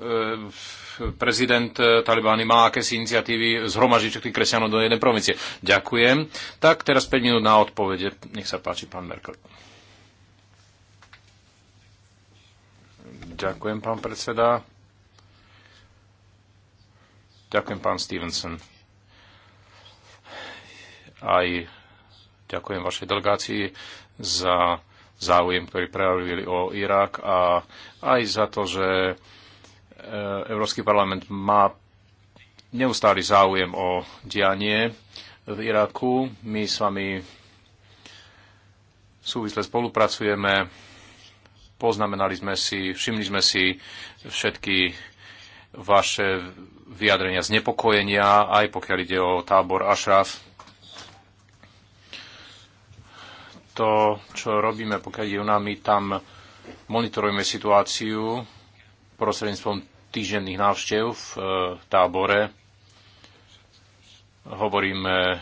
E, prezident e, Talibány má akési iniciatívy zhromažiť všetkých kresťanov do jednej provincie. Ďakujem. Tak teraz 5 minút na odpovede. Nech sa páči, pán Merkel. Ďakujem, pán predseda. Ďakujem, pán Stevenson. Aj ďakujem vašej delegácii za záujem, ktorý prejavili o Irak a aj za to, že E, Európsky parlament má neustály záujem o dianie v Iraku. My s vami súvisle spolupracujeme, poznamenali sme si, všimli sme si všetky vaše vyjadrenia znepokojenia, aj pokiaľ ide o tábor Ašraf. To, čo robíme, pokiaľ ide o nami, tam monitorujeme situáciu prostredníctvom týždenných návštev v e, tábore. Hovoríme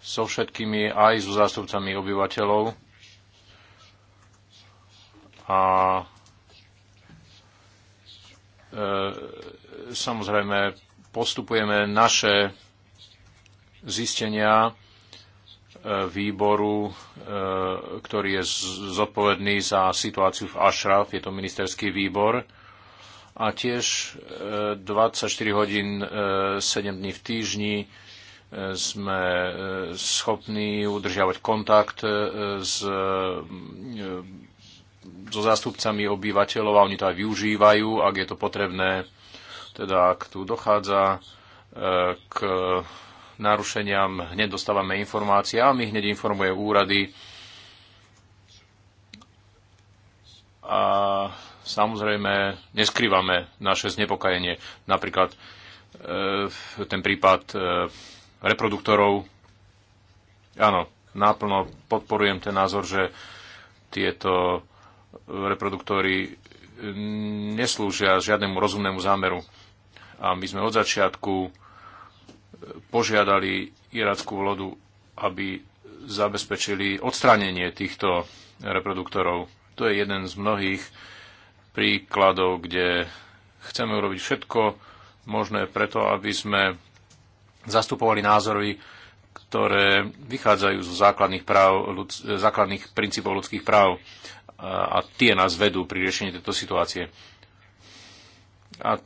so všetkými, aj so zástupcami obyvateľov. A e, samozrejme postupujeme naše zistenia e, výboru, e, ktorý je zodpovedný za situáciu v Ašraf, je to ministerský výbor, a tiež 24 e, hodín 7 e, dní v týždni e, sme schopní udržiavať kontakt s, so zástupcami obyvateľov a oni to aj využívajú, ak je to potrebné, teda ak tu dochádza k narušeniam, hneď dostávame informácie a my hneď informuje úrady a Samozrejme, neskrývame naše znepokajenie. Napríklad e, ten prípad e, reproduktorov. Áno, náplno podporujem ten názor, že tieto reproduktory e, neslúžia žiadnemu rozumnému zámeru. A my sme od začiatku požiadali irackú vlodu, aby zabezpečili odstránenie týchto reproduktorov. To je jeden z mnohých príkladov, kde chceme urobiť všetko možné preto, aby sme zastupovali názory, ktoré vychádzajú zo základných, práv, ľud, základných princípov ľudských práv a, a tie nás vedú pri riešení tejto situácie. A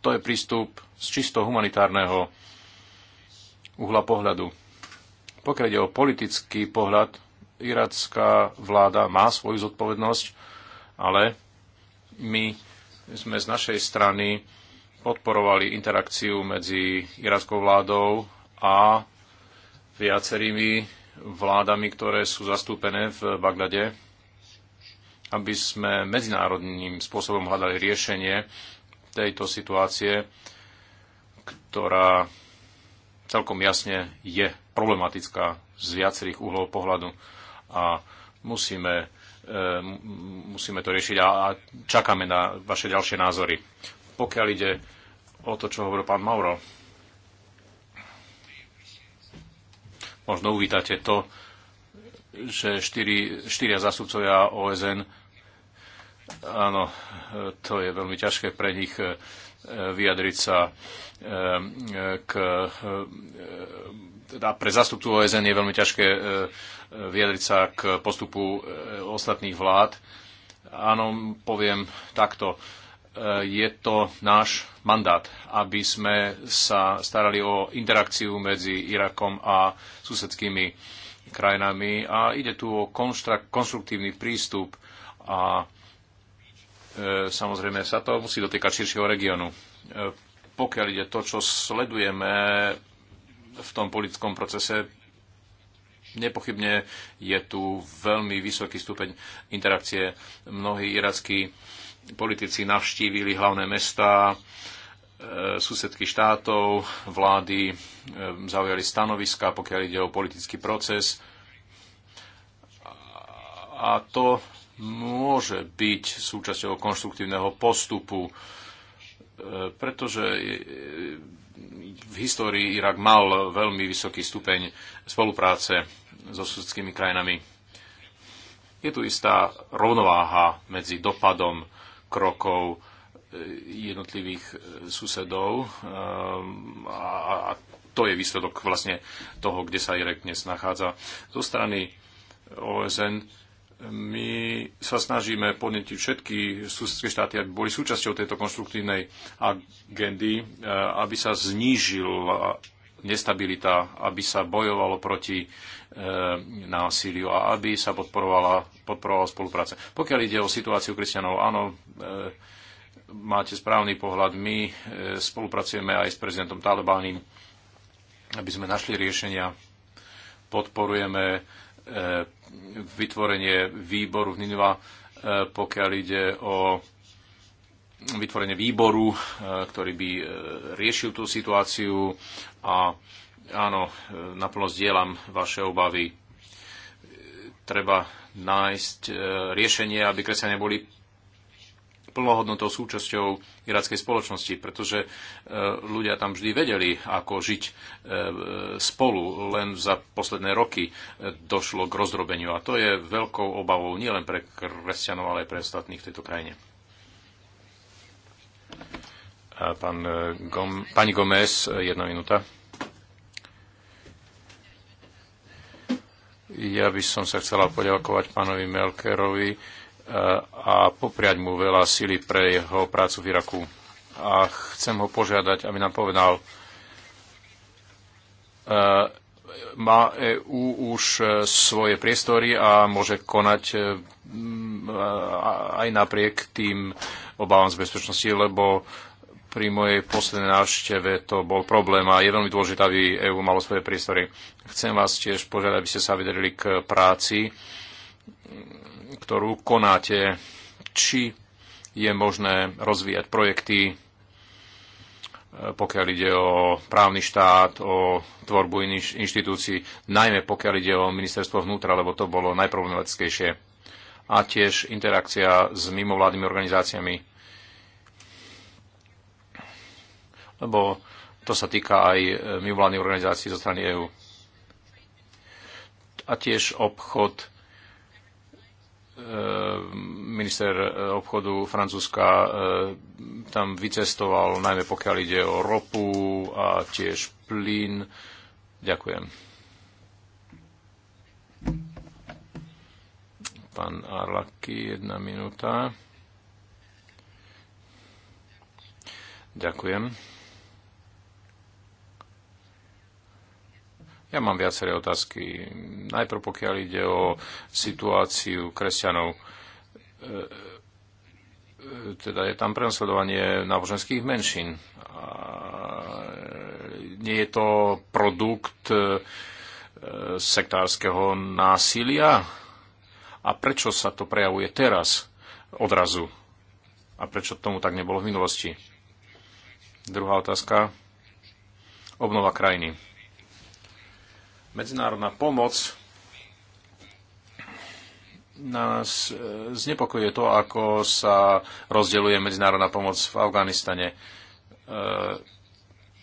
to je prístup z čisto humanitárneho uhla pohľadu. Pokiaľ ide o politický pohľad, iracká vláda má svoju zodpovednosť, ale my sme z našej strany podporovali interakciu medzi irackou vládou a viacerými vládami, ktoré sú zastúpené v Bagdade, aby sme medzinárodným spôsobom hľadali riešenie tejto situácie, ktorá celkom jasne je problematická z viacerých uhlov pohľadu a musíme Eh, musíme to riešiť a čakáme na vaše ďalšie názory. Pokiaľ ide o to, čo hovoril pán Mauro, možno uvítate to, že štyri, štyria zastupcovia OSN, áno, to je veľmi ťažké pre nich eh, vyjadriť sa eh, k, teda pre zastupcu OSN je veľmi ťažké vyjadriť sa k postupu e, ostatných vlád. Áno, poviem takto. E, je to náš mandát, aby sme sa starali o interakciu medzi Irakom a susedskými krajinami a ide tu o konstruktívny prístup a e, samozrejme sa to musí dotýkať širšieho regiónu. pokiaľ ide to, čo sledujeme v tom politickom procese Nepochybne je tu veľmi vysoký stupeň interakcie. Mnohí irackí politici navštívili hlavné mesta, e, susedky štátov, vlády e, zaujali stanoviska, pokiaľ ide o politický proces. A to môže byť súčasťou konštruktívneho postupu, e, pretože v histórii Irak mal veľmi vysoký stupeň spolupráce so susedskými krajinami. Je tu istá rovnováha medzi dopadom krokov eh, jednotlivých eh, susedov eh, a to je výsledok vlastne toho, kde sa IREK dnes nachádza. Zo strany OSN my sa snažíme podnetiť všetky susedské štáty, aby boli súčasťou tejto konštruktívnej agendy, aby sa znížil nestabilita, aby sa bojovalo proti e, násiliu a aby sa podporovala, podporovala spolupráca. Pokiaľ ide o situáciu kresťanov, áno, e, máte správny pohľad. My e, spolupracujeme aj s prezidentom Talibánim, aby sme našli riešenia. Podporujeme e, vytvorenie výboru v Ninva, e, pokiaľ ide o vytvorenie výboru, e, ktorý by e, riešil tú situáciu a áno, e, naplno zdieľam vaše obavy. Treba nájsť riešenie, aby kresťania boli plnohodnotou súčasťou irackej spoločnosti, pretože ľudia tam vždy vedeli, ako žiť spolu. Len za posledné roky došlo k rozdrobeniu a to je veľkou obavou nielen pre kresťanov, ale aj pre ostatných v tejto krajine. Pán e, Gom, pani Gomez, e, jedna minúta. Ja by som sa chcela poďakovať pánovi Melkerovi e, a popriať mu veľa síly pre jeho prácu v Iraku. A chcem ho požiadať, aby nám povedal, má EU už e, svoje priestory a môže konať e, aj napriek tým obávam z bezpečnosti, lebo pri mojej poslednej návšteve to bol problém a je veľmi dôležité, aby EU malo svoje priestory. Chcem vás tiež požiadať, aby ste sa vydarili k práci, ktorú konáte. Či je možné rozvíjať projekty pokiaľ ide o právny štát, o tvorbu iných inštitúcií, najmä pokiaľ ide o ministerstvo vnútra, lebo to bolo najproblematickejšie. A tiež interakcia s mimovládnymi organizáciami, lebo to sa týka aj e, mimovládnych organizácií zo strany EÚ. A tiež obchod Eh, minister eh, obchodu Francúzska eh, tam vycestoval, najmä pokiaľ ide o ropu a tiež plyn. Ďakujem. Pán Arlaky, jedna minúta. Ďakujem. Ja mám viaceré otázky. Najprv pokiaľ ide o situáciu kresťanov, e, e, teda je tam prenasledovanie náboženských menšín. A nie je to produkt e, sektárskeho násilia? A prečo sa to prejavuje teraz odrazu? A prečo tomu tak nebolo v minulosti? Druhá otázka. Obnova krajiny Medzinárodná pomoc nás e, znepokojuje to, ako sa rozdeľuje medzinárodná pomoc v Afganistane. E,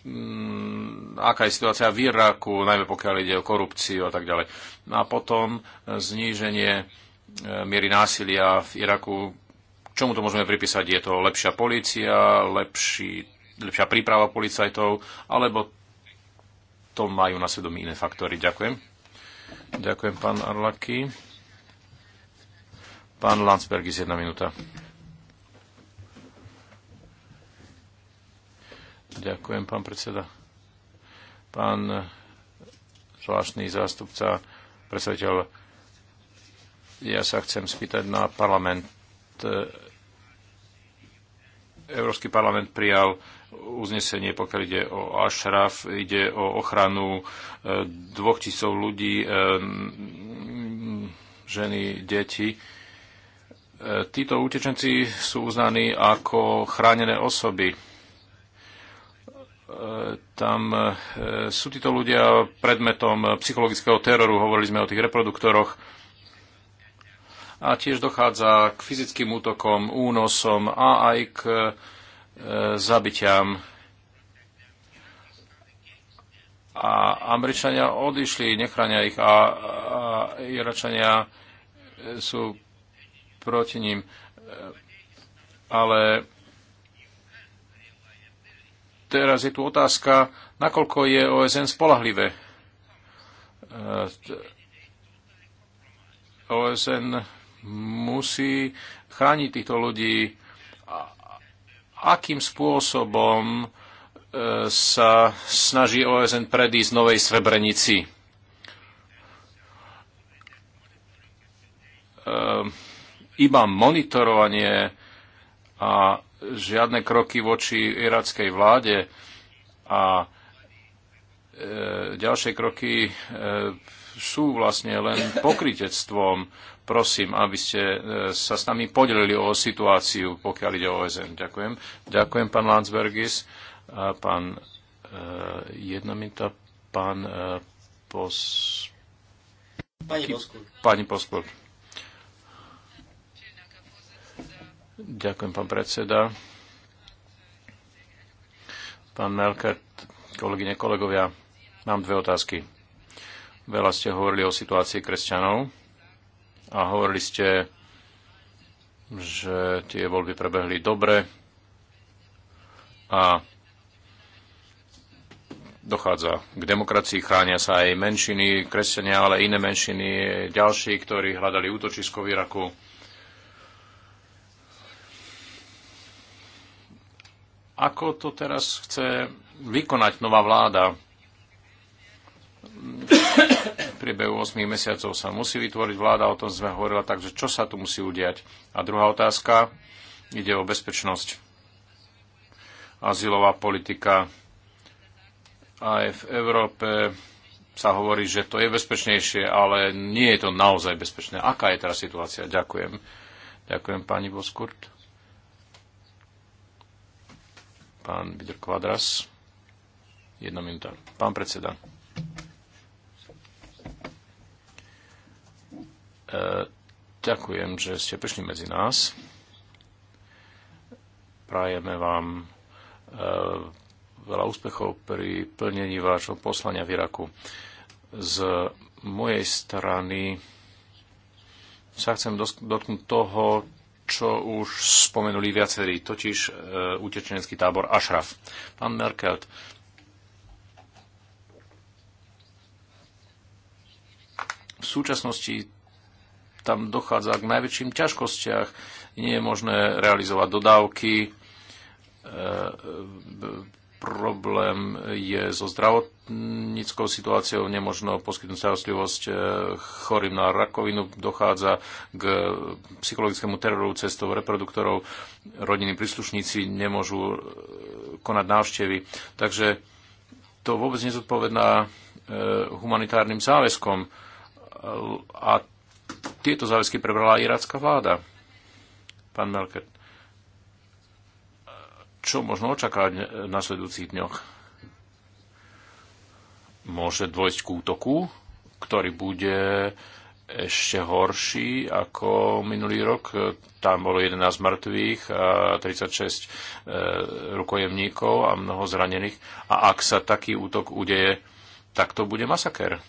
mm, aká je situácia v Iraku, najmä pokiaľ ide o korupciu a tak ďalej. No a potom e, zníženie miery násilia v Iraku. Čomu to môžeme pripísať? Je to lepšia polícia, lepší, lepšia príprava policajtov, alebo to majú na svedomí iné faktory. Ďakujem. Ďakujem, pán Arlaky. Pán Landsberg, z jedna minúta. Ďakujem, pán predseda. Pán zvláštny zástupca, predstaviteľ, ja sa chcem spýtať na parlament. Európsky parlament prijal uznesenie, pokiaľ ide o Ashraf, ide o ochranu e, dvoch tisov ľudí, e, ženy, deti. E, títo utečenci sú uznaní ako chránené osoby. Tam sú títo ľudia predmetom psychologického teroru, hovorili sme o tých reproduktoroch. A tiež dochádza k fyzickým útokom, únosom a aj k E, zabitiam. A Američania odišli, nechránia ich a, a Iračania e, sú proti ním. E, ale teraz je tu otázka, nakoľko je OSN spolahlivé. OSN musí chrániť týchto ľudí akým spôsobom e, sa snaží OSN predísť novej Srebrenici. E, iba monitorovanie a žiadne kroky voči irackej vláde a e, ďalšie kroky sú vlastne len pokritectvom Prosím, aby ste e, sa s nami podelili o situáciu, pokiaľ ide o OSN. Ďakujem. Ďakujem, pán Landsbergis. A pán, e, jedna minúta, pán e, pos... Pani Poskúr. Pani Ďakujem, pán predseda. Pán Melkert, kolegyne, kolegovia, mám dve otázky. Veľa ste hovorili o situácii kresťanov a hovorili ste, že tie voľby prebehli dobre a dochádza k demokracii, chránia sa aj menšiny, kresťania, ale iné menšiny, ďalší, ktorí hľadali útočisko v Iraku. Ako to teraz chce vykonať nová vláda? priebehu 8 mesiacov sa musí vytvoriť vláda, o tom sme hovorili. takže čo sa tu musí udiať? A druhá otázka ide o bezpečnosť. Azylová politika. Aj v Európe sa hovorí, že to je bezpečnejšie, ale nie je to naozaj bezpečné. Aká je teraz situácia? Ďakujem. Ďakujem, pani Boskurt. Pán Bidr Kvadras. Jedna minúta. Pán predseda. Ďakujem, že ste prišli medzi nás. Prajeme vám e, veľa úspechov pri plnení vášho poslania v Iraku. Z mojej strany sa chcem dotknúť toho, čo už spomenuli viacerí, totiž e, utečenecký tábor Ašraf. Pán Merkelt, v súčasnosti tam dochádza k najväčším ťažkostiach. Nie je možné realizovať dodávky, e, problém je so zdravotníckou situáciou, nemožno poskytnúť starostlivosť e, chorým na rakovinu, dochádza k psychologickému teroru cestou reproduktorov, rodiny príslušníci nemôžu e, konať návštevy. Takže to vôbec nezodpovedná e, humanitárnym záväzkom a tieto záväzky prebrala iracká vláda. Pán Melker, čo možno očakávať v nasledujúcich dňoch? Môže dôjsť k útoku, ktorý bude ešte horší ako minulý rok. Tam bolo 11 mŕtvych a 36 e, rukojemníkov a mnoho zranených. A ak sa taký útok udeje, tak to bude masaker.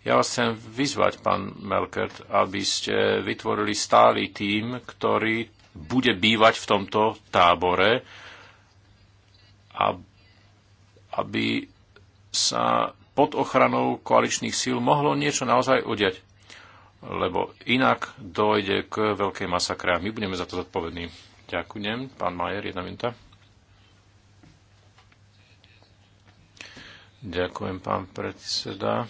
Ja vás chcem vyzvať, pán Melkert, aby ste vytvorili stály tým, ktorý bude bývať v tomto tábore, aby sa pod ochranou koaličných síl mohlo niečo naozaj udiať. Lebo inak dojde k veľkej masakre a my budeme za to zodpovední. Ďakujem. Pán Majer, jedna minúta. Ďakujem, pán predseda.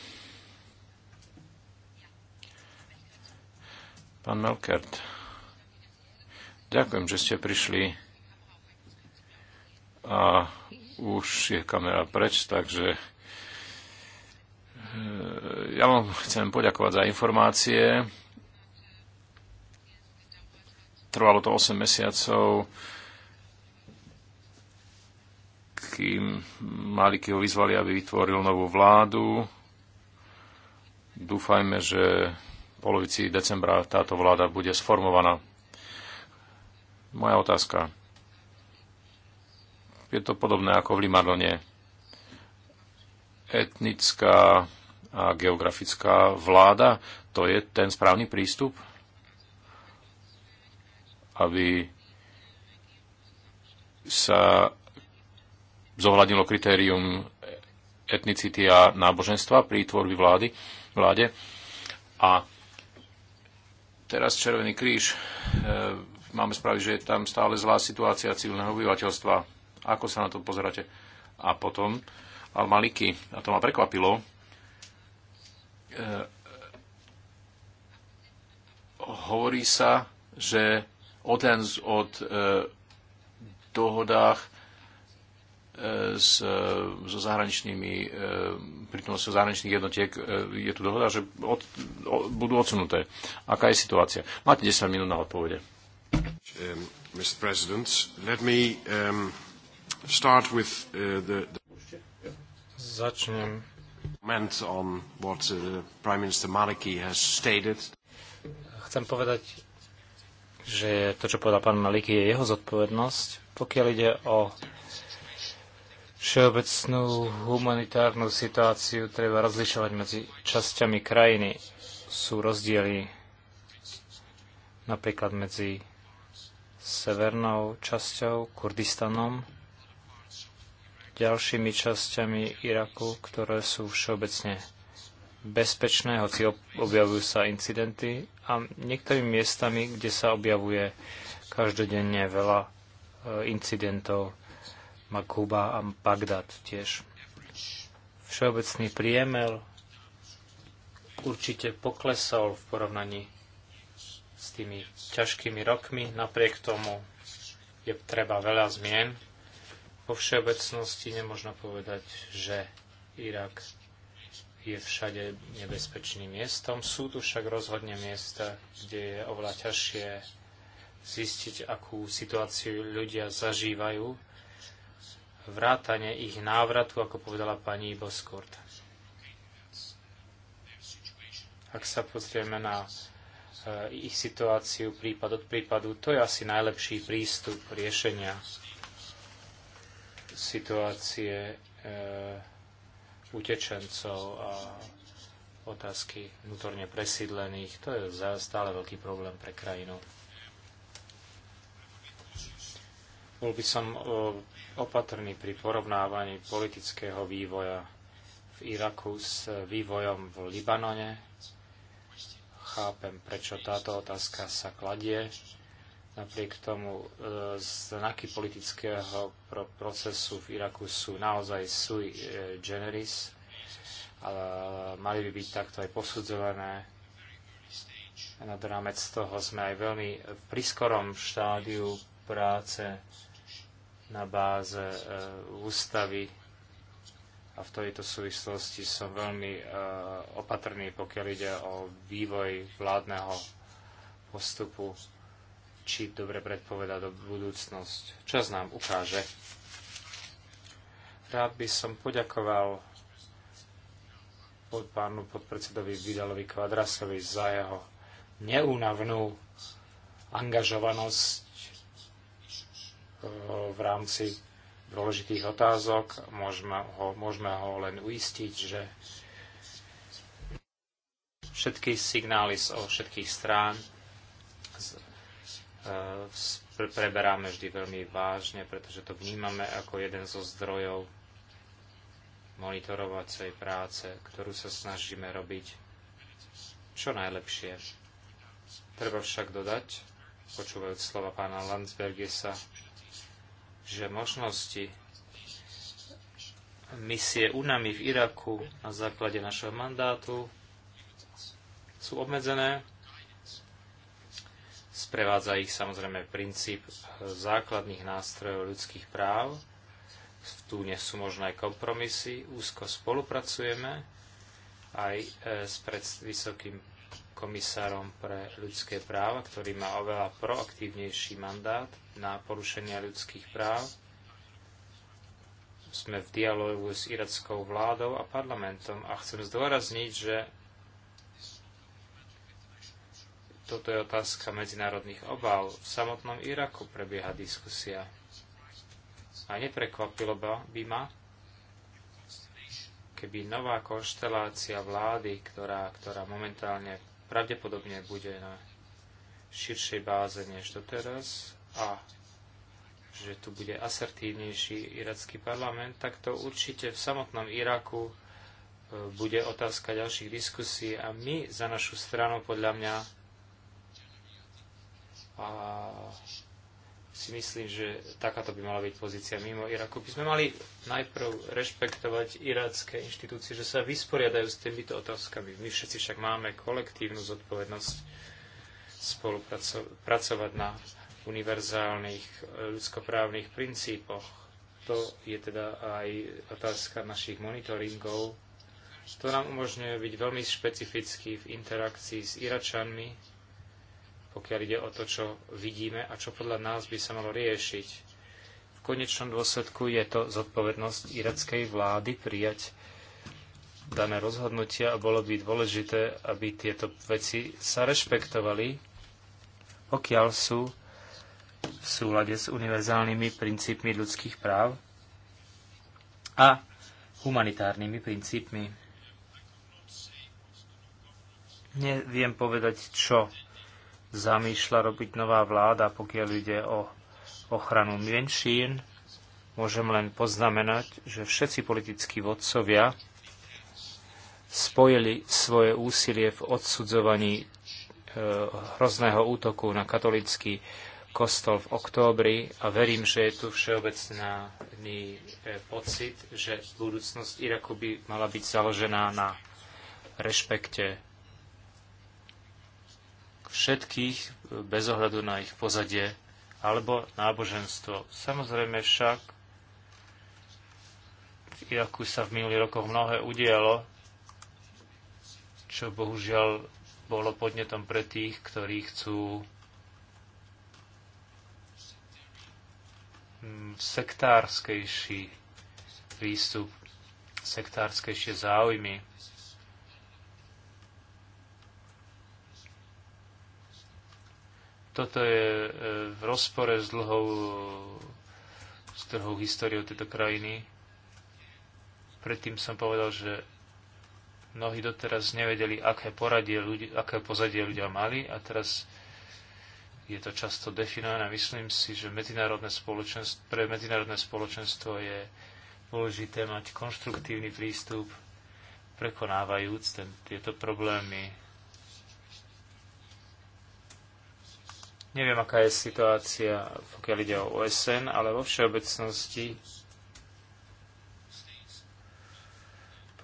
Pán Melkert, ďakujem, že ste prišli a už je kamera preč, takže e, ja vám chcem poďakovať za informácie. Trvalo to 8 mesiacov, kým Maliky ho vyzvali, aby vytvoril novú vládu. Dúfajme, že polovici decembra táto vláda bude sformovaná. Moja otázka. Je to podobné ako v Limadone. Etnická a geografická vláda, to je ten správny prístup, aby sa zohľadnilo kritérium etnicity a náboženstva pri tvorbi vlády, vláde. A Teraz Červený kríž. E, máme spraviť, že je tam stále zlá situácia civilného obyvateľstva. Ako sa na to pozeráte? A potom Al-Maliki. A to ma prekvapilo. E, hovorí sa, že odlen od e, dohodách s, e, so zahraničnými, e, prítomnosťou zahraničných jednotiek e, je tu dohoda, že od, o, budú odsunuté. Aká je situácia? Máte 10 minút na odpovede. Um, Mr. President, let me um, start with uh, the, the... Začnem. Comment on what uh, Prime Minister Maliki has stated. Chcem povedať, že to, čo povedal pán Maliki, je jeho zodpovednosť. Pokiaľ ide o Všeobecnú humanitárnu situáciu treba rozlišovať medzi časťami krajiny. Sú rozdiely napríklad medzi severnou časťou, Kurdistanom, ďalšími časťami Iraku, ktoré sú všeobecne bezpečné, hoci objavujú sa incidenty a niektorými miestami, kde sa objavuje každodenne veľa e, incidentov Makuba a Bagdad tiež. Všeobecný priemel určite poklesol v porovnaní s tými ťažkými rokmi. Napriek tomu je treba veľa zmien. Vo všeobecnosti nemôžno povedať, že Irak je všade nebezpečným miestom. Sú tu však rozhodne miesta, kde je oveľa ťažšie zistiť, akú situáciu ľudia zažívajú vrátane ich návratu, ako povedala pani Boskort. Ak sa pozrieme na eh, ich situáciu prípad od prípadu, to je asi najlepší prístup riešenia situácie e, utečencov a otázky vnútorne presídlených. To je stále veľký problém pre krajinu. Bol by som eh, opatrní pri porovnávaní politického vývoja v Iraku s vývojom v Libanone. Chápem, prečo táto otázka sa kladie. Napriek tomu e, znaky politického procesu v Iraku sú naozaj sui e, generis, ale mali by byť takto aj posudzované. Nad rámec toho sme aj veľmi v priskorom štádiu práce na báze eh, ústavy a v tejto súvislosti som veľmi eh, opatrný, pokiaľ ide o vývoj vládneho postupu, či dobre predpoveda do budúcnosť. Čas nám ukáže. Rád by som poďakoval pod pánu podpredsedovi Vidalovi Kvadrasovi za jeho neúnavnú angažovanosť v rámci dôležitých otázok. Môžeme ho, môžeme ho len uistiť, že všetky signály z o všetkých strán e, preberáme vždy veľmi vážne, pretože to vnímame ako jeden zo zdrojov monitorovacej práce, ktorú sa snažíme robiť čo najlepšie. Treba však dodať, počúvajúc slova pána Landsbergesa, že možnosti misie UNAMI v Iraku na základe našeho mandátu sú obmedzené. Sprevádza ich samozrejme princíp základných nástrojov ľudských práv. Tu nie sú možné kompromisy. Úzko spolupracujeme aj e, s pred vysokým komisárom pre ľudské práva, ktorý má oveľa proaktívnejší mandát na porušenia ľudských práv. Sme v dialogu s irackou vládou a parlamentom a chcem zdôrazniť, že toto je otázka medzinárodných obáv. V samotnom Iraku prebieha diskusia. A neprekvapilo by ma, keby nová konštelácia vlády, ktorá, ktorá momentálne pravdepodobne bude na širšej báze než doteraz a že tu bude asertívnejší iracký parlament, tak to určite v samotnom Iraku e, bude otázka ďalších diskusí a my za našu stranu podľa mňa a si myslím, že takáto by mala byť pozícia mimo Iraku. By sme mali najprv rešpektovať irácké inštitúcie, že sa vysporiadajú s týmito otázkami. My všetci však máme kolektívnu zodpovednosť spolupracovať na univerzálnych e, ľudskoprávnych princípoch. To je teda aj otázka našich monitoringov. To nám umožňuje byť veľmi špecifický v interakcii s Iračanmi, pokiaľ ide o to, čo vidíme a čo podľa nás by sa malo riešiť. V konečnom dôsledku je to zodpovednosť irackej vlády prijať dané rozhodnutia a bolo by dôležité, aby tieto veci sa rešpektovali, pokiaľ sú v súlade s univerzálnymi princípmi ľudských práv a humanitárnymi princípmi. Neviem povedať, čo zamýšľa robiť nová vláda, pokiaľ ide o ochranu menšín. Môžem len poznamenať, že všetci politickí vodcovia spojili svoje úsilie v odsudzovaní e, hrozného útoku na katolický kostol v októbri a verím, že je tu všeobecný e, pocit, že budúcnosť Iraku by mala byť založená na rešpekte všetkých e, bez ohľadu na ich pozadie alebo náboženstvo. Samozrejme však, ako sa v minulých rokoch mnohé udialo, čo bohužiaľ bolo podnetom pre tých, ktorí chcú mm, sektárskejší prístup, sektárskejšie záujmy Toto je e, v rozpore s dlhou, s dlhou históriou tejto krajiny. Predtým som povedal, že mnohí doteraz nevedeli, aké, poradie ľudia, aké pozadie ľudia mali a teraz je to často definované. Myslím si, že medzinárodné spoločenstvo, pre medzinárodné spoločenstvo je dôležité mať konštruktívny prístup, prekonávajúc ten, tieto problémy. Neviem, aká je situácia, pokiaľ ide o OSN, ale vo všeobecnosti,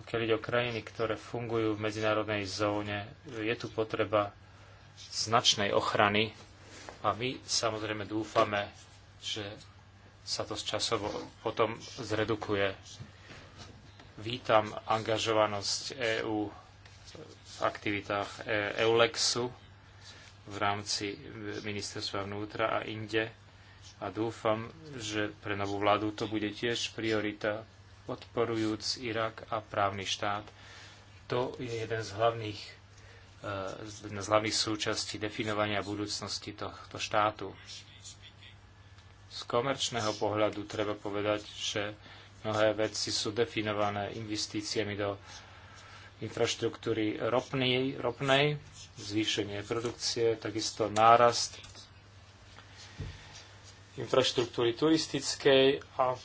pokiaľ ide o krajiny, ktoré fungujú v medzinárodnej zóne, je tu potreba značnej ochrany a my samozrejme dúfame, že sa to časovo potom zredukuje. Vítam angažovanosť EÚ v aktivitách e- EULEXu v rámci ministerstva vnútra a inde a dúfam, že pre novú vládu to bude tiež priorita, podporujúc Irak a právny štát. To je jeden z hlavných, eh, jedna z hlavných súčastí definovania budúcnosti tohto štátu. Z komerčného pohľadu treba povedať, že mnohé veci sú definované investíciami do infraštruktúry ropnej, ropnej zvýšenie produkcie, takisto nárast infraštruktúry turistickej a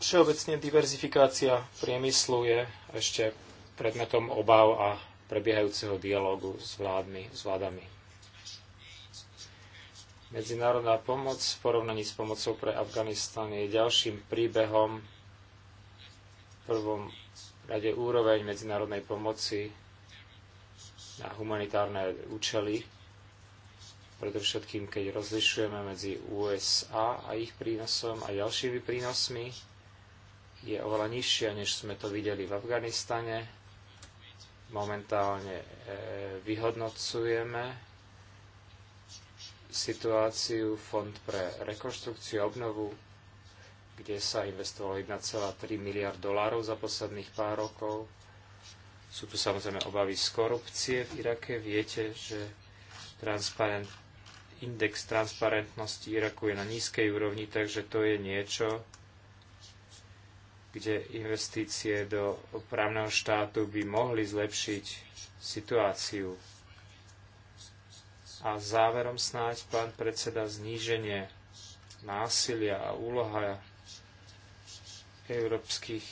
všeobecne diverzifikácia priemyslu je ešte predmetom obav a prebiehajúceho dialógu s, vládmi, s vládami. Medzinárodná pomoc v porovnaní s pomocou pre Afganistan je ďalším príbehom v prvom rade úroveň medzinárodnej pomoci na humanitárne účely, predovšetkým keď rozlišujeme medzi USA a ich prínosom a ďalšími prínosmi, je oveľa nižšia, než sme to videli v Afganistane. Momentálne e, vyhodnocujeme situáciu Fond pre rekonstrukciu a obnovu kde sa investovalo 1,3 miliard dolárov za posledných pár rokov. Sú tu samozrejme obavy z korupcie v Irake. Viete, že transparent, index transparentnosti Iraku je na nízkej úrovni, takže to je niečo, kde investície do právneho štátu by mohli zlepšiť situáciu. A záverom snáď, pán predseda, zníženie násilia a úloha európskych,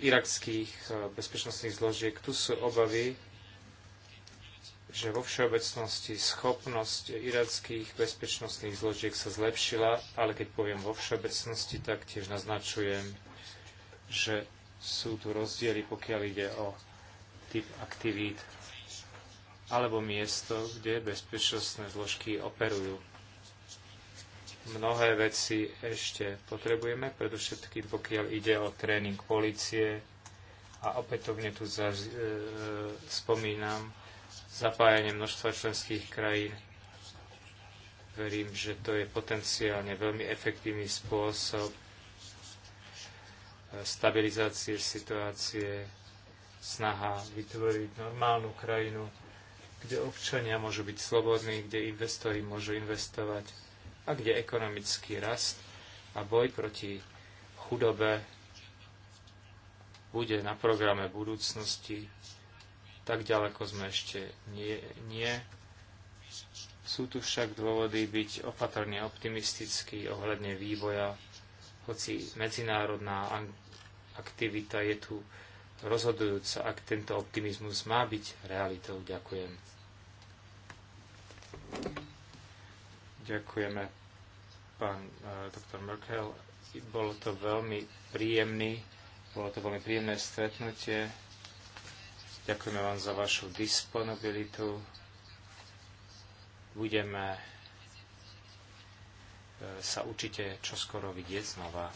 irakských e, bezpečnostných zložiek. Tu sú obavy, že vo všeobecnosti schopnosť irackých bezpečnostných zložiek sa zlepšila, ale keď poviem vo všeobecnosti, tak tiež naznačujem, že sú tu rozdiely, pokiaľ ide o typ aktivít alebo miesto, kde bezpečnostné zložky operujú. Mnohé veci ešte potrebujeme, predovšetkým pokiaľ ide o tréning policie a opätovne tu za, e, spomínam zapájanie množstva členských krajín. Verím, že to je potenciálne veľmi efektívny spôsob e, stabilizácie situácie, snaha vytvoriť normálnu krajinu, kde občania môžu byť slobodní, kde investori môžu investovať a kde ekonomický rast a boj proti chudobe bude na programe budúcnosti. Tak ďaleko sme ešte nie. nie. Sú tu však dôvody byť opatrne optimistický ohľadne vývoja, hoci medzinárodná aktivita je tu rozhodujúca, ak tento optimizmus má byť realitou. Ďakujem. Ďakujeme pán eh, doktor Merkel. Bolo to veľmi príjemný, bolo to veľmi príjemné stretnutie. Ďakujeme vám za vašu disponibilitu. Budeme eh, sa určite čoskoro vidieť znova.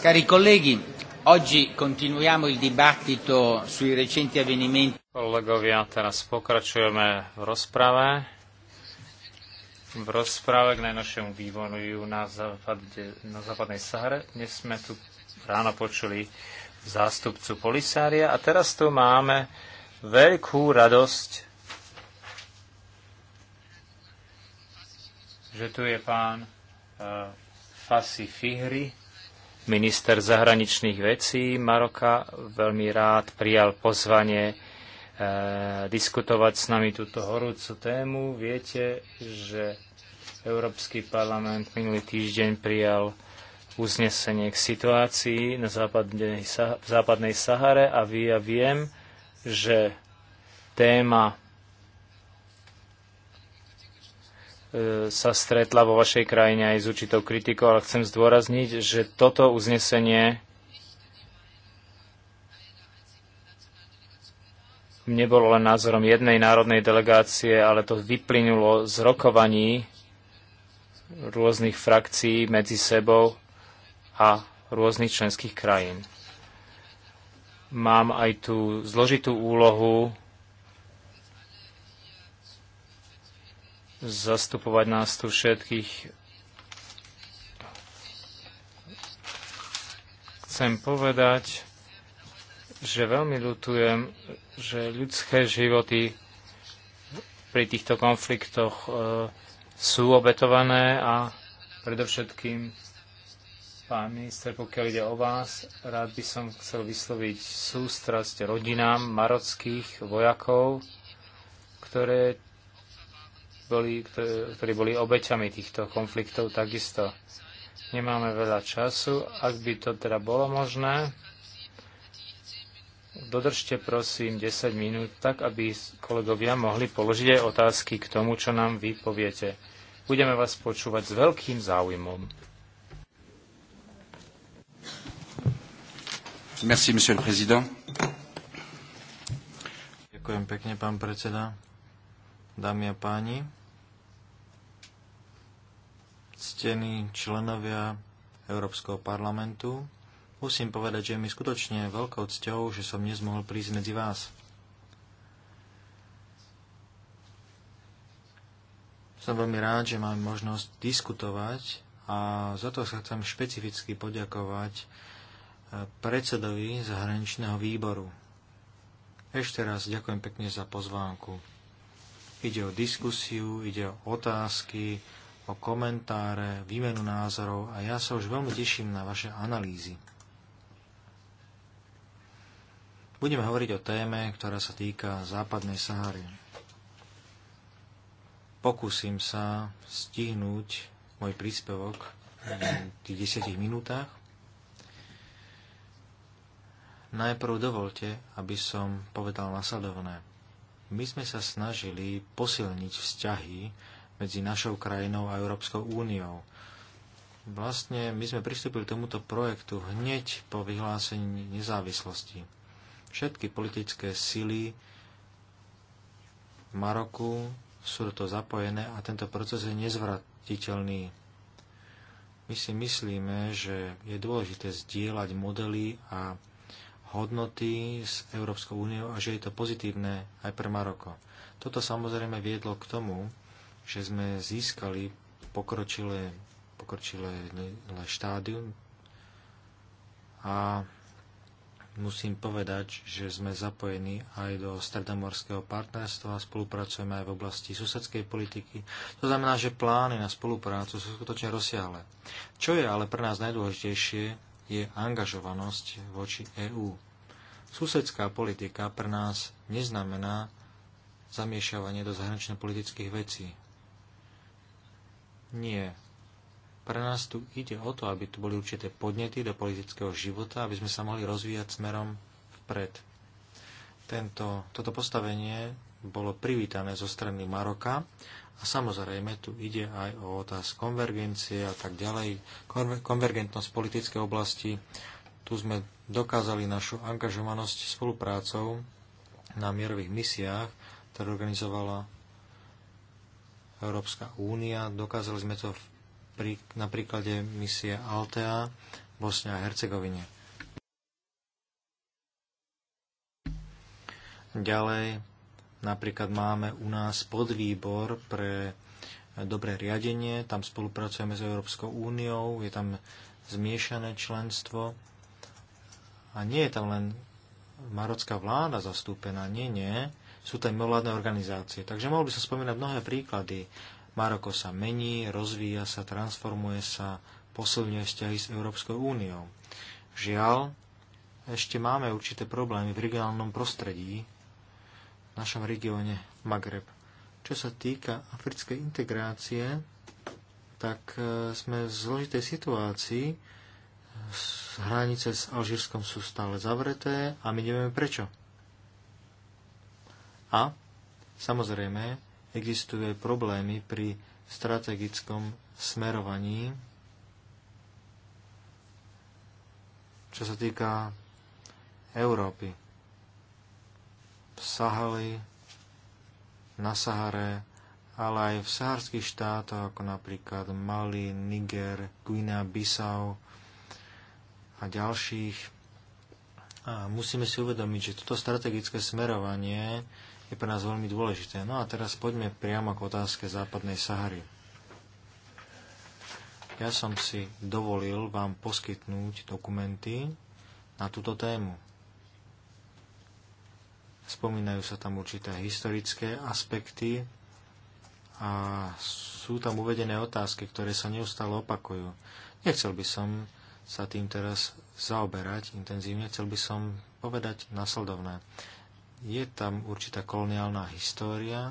Cari colleghi, oggi continuiamo il dibattito sui recenti avvenimenti. Kolegovia, teraz pokračujeme v rozprave. V rozprave k najnovšiemu vývoju na, západe, na západnej Sahare. Dnes sme tu ráno počuli zástupcu Polisária a teraz tu máme veľkú radosť, že tu je pán uh, Fasi Fihri, Minister zahraničných vecí Maroka veľmi rád prijal pozvanie e, diskutovať s nami túto horúcu tému. Viete, že Európsky parlament minulý týždeň prijal uznesenie k situácii na západnej, v západnej Sahare a ja viem, že téma E, sa stretla vo vašej krajine aj s určitou kritikou, ale chcem zdôrazniť, že toto uznesenie nebolo len názorom jednej národnej delegácie, ale to vyplynulo z rokovaní rôznych frakcií medzi sebou a rôznych členských krajín. Mám aj tú zložitú úlohu zastupovať nás tu všetkých. Chcem povedať, že veľmi ľutujem, že ľudské životy pri týchto konfliktoch e, sú obetované a predovšetkým, pán minister, pokiaľ ide o vás, rád by som chcel vysloviť sústrasť rodinám marockých vojakov, ktoré boli, ktorí boli obeťami týchto konfliktov takisto. Nemáme veľa času. Ak by to teda bolo možné, dodržte prosím 10 minút, tak aby kolegovia mohli položiť aj otázky k tomu, čo nám vy poviete. Budeme vás počúvať s veľkým záujmom. Merci, monsieur le président. Ďakujem pekne, pán predseda. Dámy a páni, ctení členovia Európskeho parlamentu. Musím povedať, že je mi skutočne veľkou cťou, že som dnes mohol prísť medzi vás. Som veľmi rád, že mám možnosť diskutovať a za to sa chcem špecificky poďakovať eh, predsedovi zahraničného výboru. Ešte raz ďakujem pekne za pozvánku. Ide o diskusiu, ide o otázky, o komentáre, výmenu názorov a ja sa už veľmi teším na vaše analýzy. Budeme hovoriť o téme, ktorá sa týka západnej Sahary. Pokúsim sa stihnúť môj príspevok v tých 10 minútach. Najprv dovolte, aby som povedal nasledovné. My sme sa snažili posilniť vzťahy medzi našou krajinou a Európskou úniou. Vlastne my sme pristúpili k tomuto projektu hneď po vyhlásení nezávislosti. Všetky politické sily v Maroku sú do toho zapojené a tento proces je nezvratiteľný. My si myslíme, že je dôležité zdieľať modely a hodnoty s Európskou úniou a že je to pozitívne aj pre Maroko. Toto samozrejme viedlo k tomu, že sme získali pokročilé, pokročilé štádium a musím povedať, že sme zapojení aj do stredomorského partnerstva, a spolupracujeme aj v oblasti susedskej politiky. To znamená, že plány na spoluprácu sú skutočne rozsiahle. Čo je ale pre nás najdôležitejšie, je angažovanosť voči EÚ. Susedská politika pre nás neznamená zamiešavanie do zahranično-politických vecí. Nie. Pre nás tu ide o to, aby tu boli určité podnety do politického života, aby sme sa mohli rozvíjať smerom vpred. Tento, toto postavenie bolo privítané zo strany Maroka a samozrejme tu ide aj o otázku konvergencie a tak ďalej, konvergentnosť politickej oblasti. Tu sme dokázali našu angažovanosť spoluprácou na mierových misiách, ktoré organizovala Európska únia. Dokázali sme to pri, na príklade misie Altea v Bosne a Hercegovine. Ďalej napríklad máme u nás podvýbor pre dobré riadenie, tam spolupracujeme s Európskou úniou, je tam zmiešané členstvo a nie je tam len marocká vláda zastúpená, nie, nie sú aj mimovládne organizácie. Takže mohol by som spomínať mnohé príklady. Maroko sa mení, rozvíja sa, transformuje sa, posilňuje vzťahy s Európskou úniou. Žiaľ, ešte máme určité problémy v regionálnom prostredí, v našom regióne Magreb. Čo sa týka africkej integrácie, tak e, sme v zložitej situácii. Hranice s Alžírskom sú stále zavreté a my nevieme prečo. A samozrejme existujú aj problémy pri strategickom smerovaní, čo sa týka Európy. V Sahali, na Sahare, ale aj v sahárských štátoch, ako napríklad Mali, Niger, Guinea, Bissau a ďalších. A musíme si uvedomiť, že toto strategické smerovanie je pre nás veľmi dôležité. No a teraz poďme priamo k otázke západnej Sahary. Ja som si dovolil vám poskytnúť dokumenty na túto tému. Spomínajú sa tam určité historické aspekty a sú tam uvedené otázky, ktoré sa neustále opakujú. Nechcel by som sa tým teraz zaoberať intenzívne, chcel by som povedať nasledovné. Je tam určitá koloniálna história.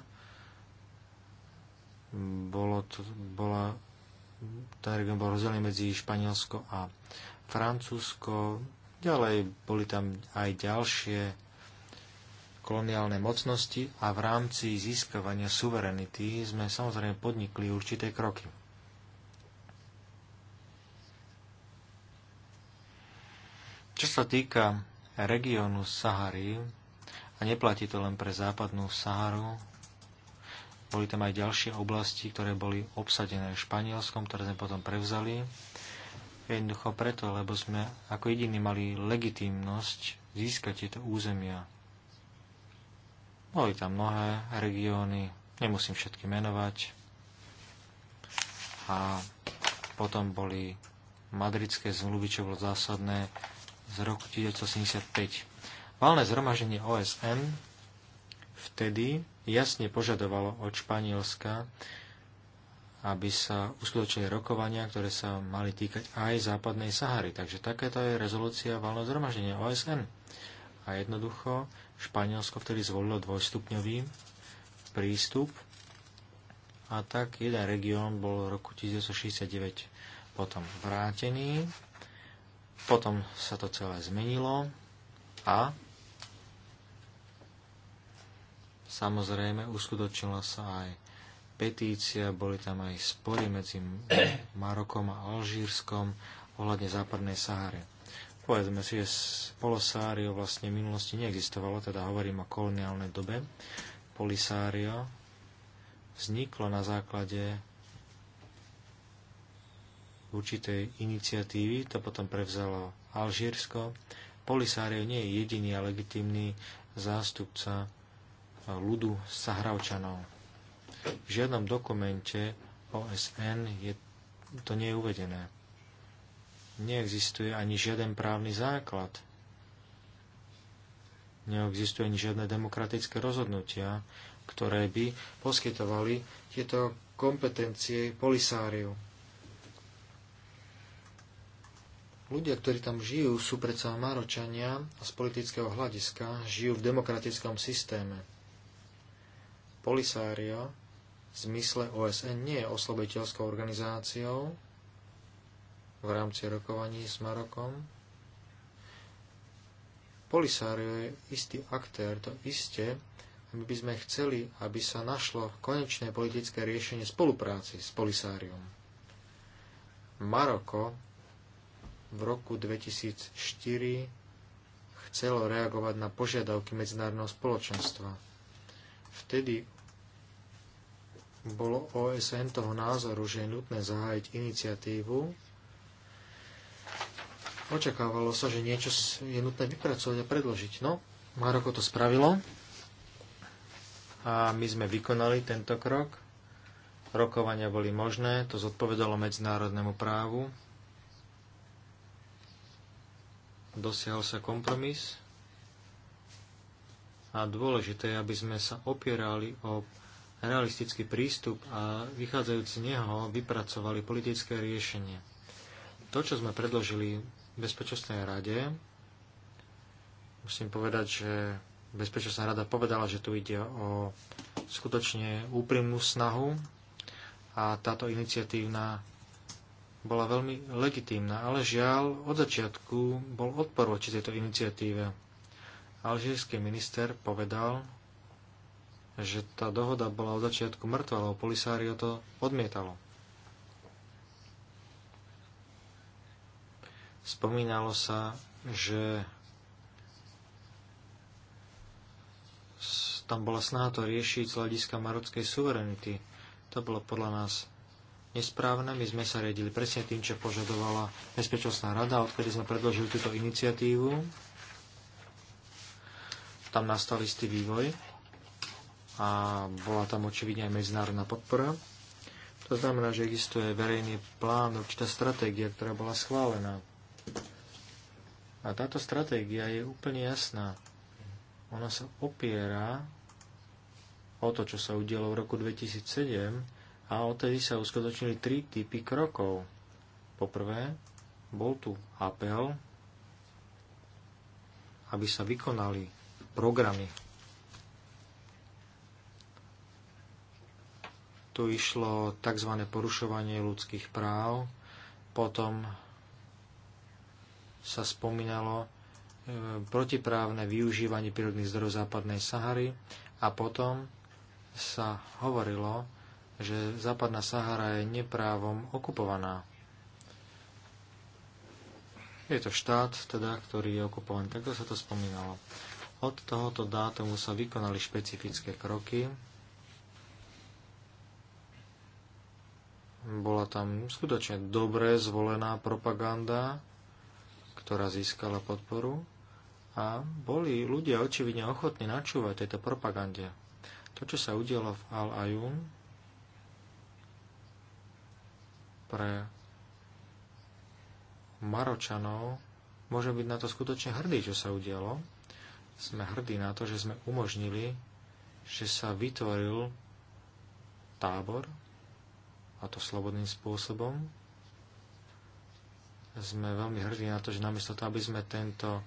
Bolo to, bola, ten region bol rozdelený medzi Španielsko a Francúzsko. Ďalej boli tam aj ďalšie koloniálne mocnosti a v rámci získavania suverenity sme samozrejme podnikli určité kroky. Čo sa týka regiónu Sahary, a neplatí to len pre západnú Saharu. Boli tam aj ďalšie oblasti, ktoré boli obsadené v Španielskom, ktoré sme potom prevzali. Jednoducho preto, lebo sme ako jediní mali legitímnosť získať tieto územia. Boli tam mnohé regióny, nemusím všetky menovať. A potom boli madridské zmluvy, čo bolo zásadné z roku 1975 Valné zhromaženie OSN vtedy jasne požadovalo od Španielska, aby sa uskutočnili rokovania, ktoré sa mali týkať aj západnej Sahary. Takže takéto je rezolúcia valného zhromaždenia OSN. A jednoducho Španielsko vtedy zvolilo dvojstupňový prístup a tak jeden región bol v roku 1969 potom vrátený, potom sa to celé zmenilo a Samozrejme, uskutočnila sa aj petícia, boli tam aj spory medzi <clears throat> Marokom a Alžírskom ohľadne západnej Sahary. Povedzme si, že Polisario vlastne v minulosti neexistovalo, teda hovorím o koloniálnej dobe. Polisario vzniklo na základe určitej iniciatívy, to potom prevzalo Alžírsko. Polisario nie je jediný a legitimný zástupca ľudu Sahravčanov. V žiadnom dokumente OSN je, to nie je uvedené. Neexistuje ani žiaden právny základ. Neexistuje ani žiadne demokratické rozhodnutia, ktoré by poskytovali tieto kompetencie polisáriu. Ľudia, ktorí tam žijú, sú predsa Maročania a z politického hľadiska žijú v demokratickom systéme. Polisária, v zmysle OSN nie je oslobiteľskou organizáciou v rámci rokovaní s Marokom. Polisário je istý aktér, to iste, my by sme chceli, aby sa našlo konečné politické riešenie spolupráci s Polisáriom. Maroko v roku 2004 chcelo reagovať na požiadavky medzinárodného spoločenstva Vtedy bolo OSN toho názoru, že je nutné zahájiť iniciatívu. Očakávalo sa, že niečo je nutné vypracovať a predložiť. No, Maroko to spravilo a my sme vykonali tento krok. Rokovania boli možné, to zodpovedalo medzinárodnému právu. Dosiahol sa kompromis, a dôležité je, aby sme sa opierali o realistický prístup a vychádzajúci z neho vypracovali politické riešenie. To, čo sme predložili Bezpečnostnej rade, musím povedať, že Bezpečnostná rada povedala, že tu ide o skutočne úprimnú snahu a táto iniciatívna bola veľmi legitímna, ale žiaľ od začiatku bol odpor voči tejto iniciatíve Alžírsky minister povedal, že tá dohoda bola od začiatku mŕtva, lebo Polisario to odmietalo. Spomínalo sa, že tam bola snaha to riešiť z hľadiska marockej suverenity. To bolo podľa nás nesprávne. My sme sa riadili presne tým, čo požadovala Bezpečnostná rada, odkedy sme predložili túto iniciatívu tam nastal istý vývoj a bola tam očividne aj medzinárodná podpora. To znamená, že existuje verejný plán, určitá stratégia, ktorá bola schválená. A táto stratégia je úplne jasná. Ona sa opiera o to, čo sa udialo v roku 2007 a odtedy sa uskutočnili tri typy krokov. Poprvé, bol tu apel, aby sa vykonali programy. Tu išlo tzv. porušovanie ľudských práv, potom sa spomínalo e, protiprávne využívanie prírodných zdrojov západnej Sahary a potom sa hovorilo, že západná Sahara je neprávom okupovaná. Je to štát, teda, ktorý je okupovaný. Takto sa to spomínalo. Od tohoto dátumu sa vykonali špecifické kroky. Bola tam skutočne dobre zvolená propaganda, ktorá získala podporu a boli ľudia očividne ochotní načúvať tejto propagande. To, čo sa udialo v Al-Ayun pre Maročanov, môže byť na to skutočne hrdý, čo sa udialo, sme hrdí na to, že sme umožnili, že sa vytvoril tábor, a to slobodným spôsobom. Sme veľmi hrdí na to, že namiesto toho, aby sme tento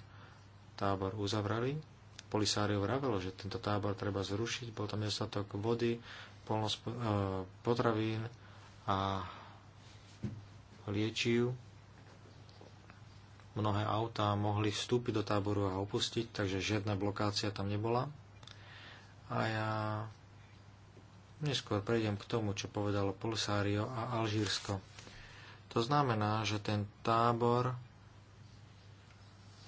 tábor uzavrali, Polisáriu vravelo, že tento tábor treba zrušiť, bol tam nedostatok vody, eh, potravín a liečiv mnohé autá mohli vstúpiť do táboru a opustiť, takže žiadna blokácia tam nebola. A ja neskôr prejdem k tomu, čo povedalo Polisario a Alžírsko. To znamená, že ten tábor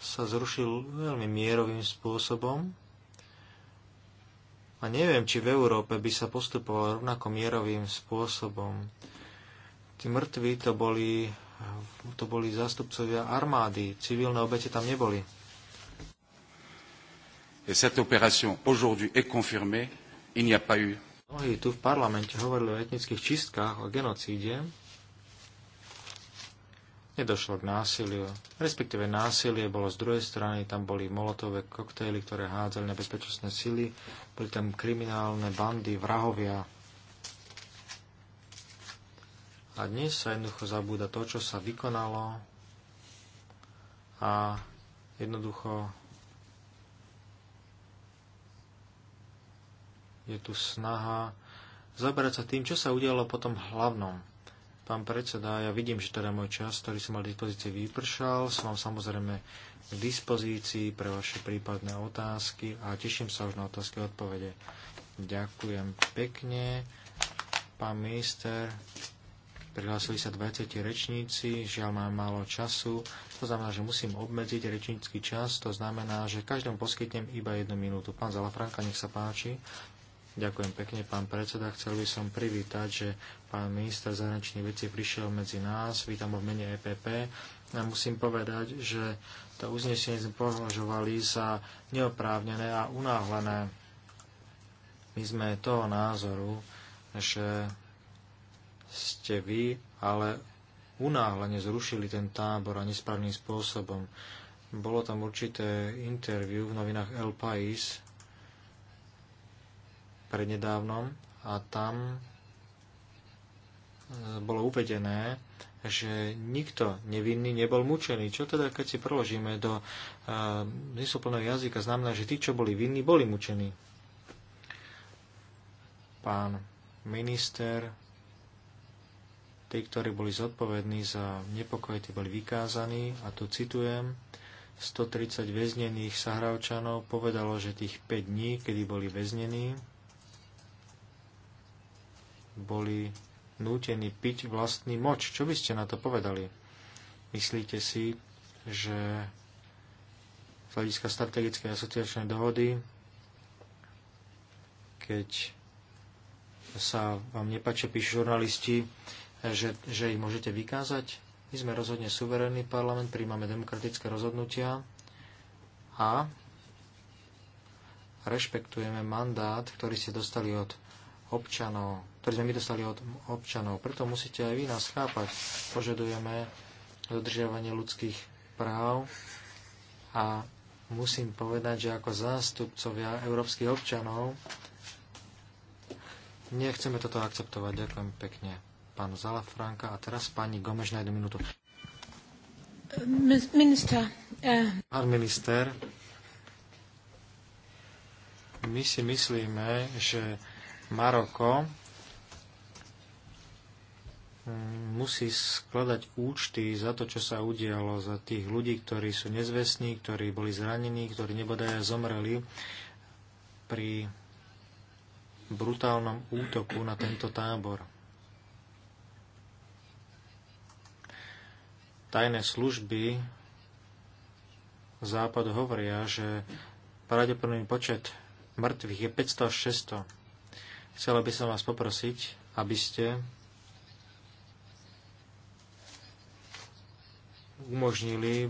sa zrušil veľmi mierovým spôsobom a neviem, či v Európe by sa postupovalo rovnako mierovým spôsobom. Tí mŕtvi to boli to boli zástupcovia armády, civilné obete tam neboli. Et cette opération aujourd'hui est confirmée, il n'y a pas eu. Mnohí tu v parlamente hovorili o etnických čistkách, o genocíde. Nedošlo k násiliu. Respektíve násilie bolo z druhej strany, tam boli molotové koktejly, ktoré hádzali nebezpečnostné sily, boli tam kriminálne bandy, vrahovia, a dnes sa jednoducho zabúda to, čo sa vykonalo a jednoducho je tu snaha zabrať sa tým, čo sa udialo po tom hlavnom. Pán predseda, ja vidím, že teda môj čas, ktorý som mal v dispozícii, vypršal. Som vám samozrejme k dispozícii pre vaše prípadné otázky a teším sa už na otázky a odpovede. Ďakujem pekne, pán minister. Prihlásili sa 20 rečníci, žiaľ mám málo času, to znamená, že musím obmedziť rečnícky čas, to znamená, že každému poskytnem iba jednu minútu. Pán Zalafranka, nech sa páči. Ďakujem pekne, pán predseda. Chcel by som privítať, že pán minister zahraničných vecí prišiel medzi nás. Vítam ho v mene EPP. A musím povedať, že to uznesenie sme považovali za neoprávnené a unáhlené. My sme toho názoru, že ste vy, ale unáhlene zrušili ten tábor a nesprávnym spôsobom. Bolo tam určité interviu v novinách El Pais prednedávnom a tam e, bolo uvedené, že nikto nevinný nebol mučený. Čo teda, keď si preložíme do uh, e, zmysluplného jazyka, znamená, že tí, čo boli vinní, boli mučení. Pán minister Tí, ktorí boli zodpovední za nepokoje, tí boli vykázaní a tu citujem, 130 väznených Sahravčanov povedalo, že tých 5 dní, kedy boli väznení, boli nútení piť vlastný moč. Čo by ste na to povedali? Myslíte si, že z hľadiska strategickej asociačnej dohody, keď sa vám nepáčia, píšu žurnalisti, že, že ich môžete vykázať. My sme rozhodne suverénny parlament, príjmame demokratické rozhodnutia a rešpektujeme mandát, ktorý ste dostali od občanov, ktorý sme my dostali od občanov. Preto musíte aj vy nás chápať. Požadujeme dodržiavanie ľudských práv a musím povedať, že ako zástupcovia európskych občanov nechceme toto akceptovať. Ďakujem pekne pánu Zalafranka a teraz pani Gomeš na jednu minútu. Minister. Eh. Pán minister, my si myslíme, že Maroko musí skladať účty za to, čo sa udialo, za tých ľudí, ktorí sú nezvestní, ktorí boli zranení, ktorí nebodaj zomreli pri brutálnom útoku na tento tábor. tajné služby západu hovoria, že pravdepodobný počet mŕtvych je 500 až 600. Chcela by som vás poprosiť, aby ste umožnili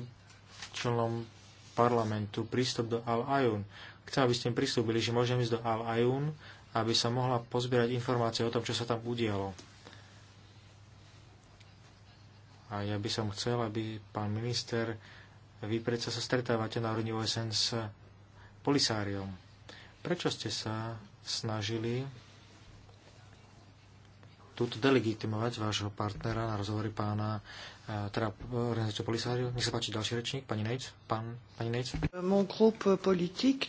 členom parlamentu prístup do Al-Ajun. Chcem, aby ste im pristúbili, že môžem ísť do Al-Ajun, aby sa mohla pozbierať informácie o tom, čo sa tam udialo. A ja by som chcel, aby pán minister, vy predsa sa stretávate na úrovni OSN s Polisáriom. Prečo ste sa snažili túto delegitimovať vášho partnera na rozhovory pána, e, teda organizáciu Polisáriu. Nech sa páči ďalší rečník, pani Nejc. Pán, pani Nejc. Mon groupe politik.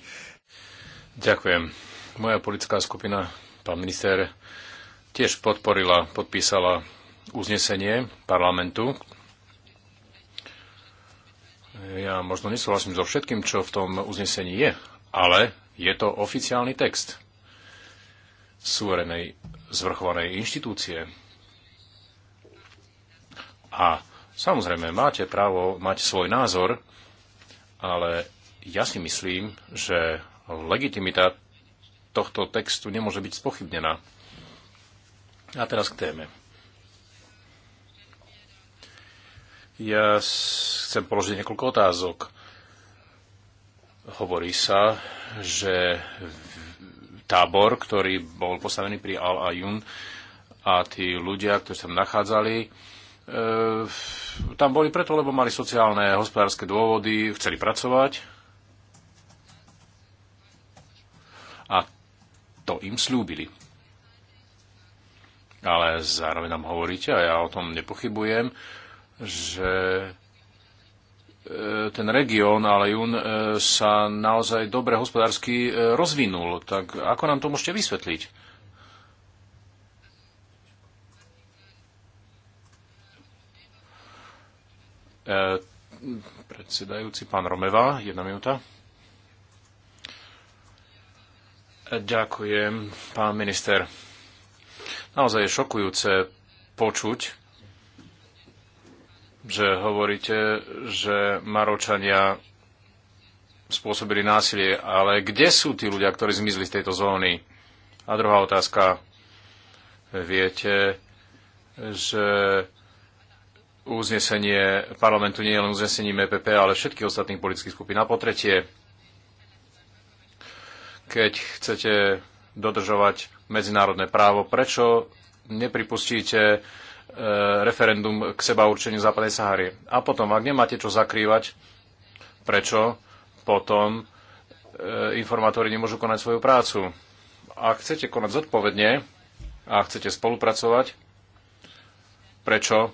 Ďakujem. Moja politická skupina, pán minister, tiež podporila, podpísala uznesenie parlamentu. Ja možno nesúhlasím so všetkým, čo v tom uznesení je, ale je to oficiálny text súverenej zvrchovanej inštitúcie. A samozrejme, máte právo mať svoj názor, ale ja si myslím, že legitimita tohto textu nemôže byť spochybnená. A teraz k téme. Ja chcem položiť niekoľko otázok. Hovorí sa, že tábor, ktorý bol postavený pri Al Ayun a tí ľudia, ktorí sa tam nachádzali, e, tam boli preto, lebo mali sociálne, hospodárske dôvody, chceli pracovať. A to im slúbili. Ale zároveň nám hovoríte, a ja o tom nepochybujem, že e, ten región, ale Jún e, sa naozaj dobre hospodársky e, rozvinul. Tak ako nám to môžete vysvetliť? Predsedajúci pán Romeva, jedna minúta. Ďakujem, pán minister. Naozaj je šokujúce počuť, že hovoríte, že Maročania spôsobili násilie, ale kde sú tí ľudia, ktorí zmizli z tejto zóny? A druhá otázka. Viete, že uznesenie parlamentu nie je len uznesením EPP, ale všetkých ostatných politických skupín. A po tretie, keď chcete dodržovať medzinárodné právo, prečo nepripustíte E, referendum k seba určeniu západnej Sahary. A potom, ak nemáte čo zakrývať, prečo potom e, informátori nemôžu konať svoju prácu? Ak chcete konať zodpovedne a chcete spolupracovať, prečo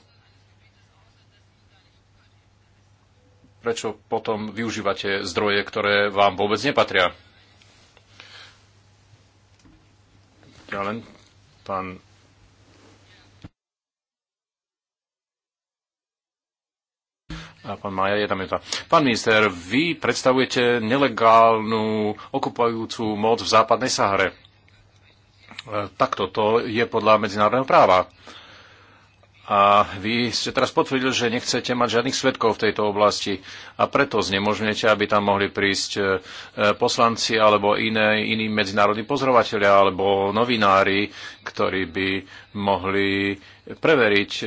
prečo potom využívate zdroje, ktoré vám vôbec nepatria? Ja len pán Pán Maja, jedna to. Pán minister, vy predstavujete nelegálnu okupujúcu moc v západnej Sahare. E, takto to je podľa medzinárodného práva. A vy ste teraz potvrdili, že nechcete mať žiadnych svetkov v tejto oblasti a preto znemožňujete, aby tam mohli prísť e, poslanci alebo iné, iní medzinárodní pozorovateľia alebo novinári, ktorí by mohli preveriť e,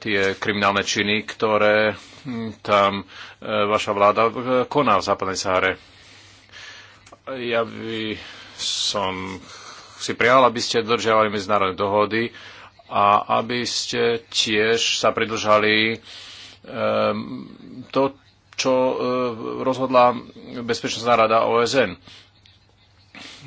tie kriminálne činy, ktoré hm, tam e, vaša vláda koná v západnej Sahare. Ja by som si prijal, aby ste dodržiavali medzinárodné dohody, a aby ste tiež sa pridržali ehm, to, čo eh, rozhodla Bezpečnostná rada OSN.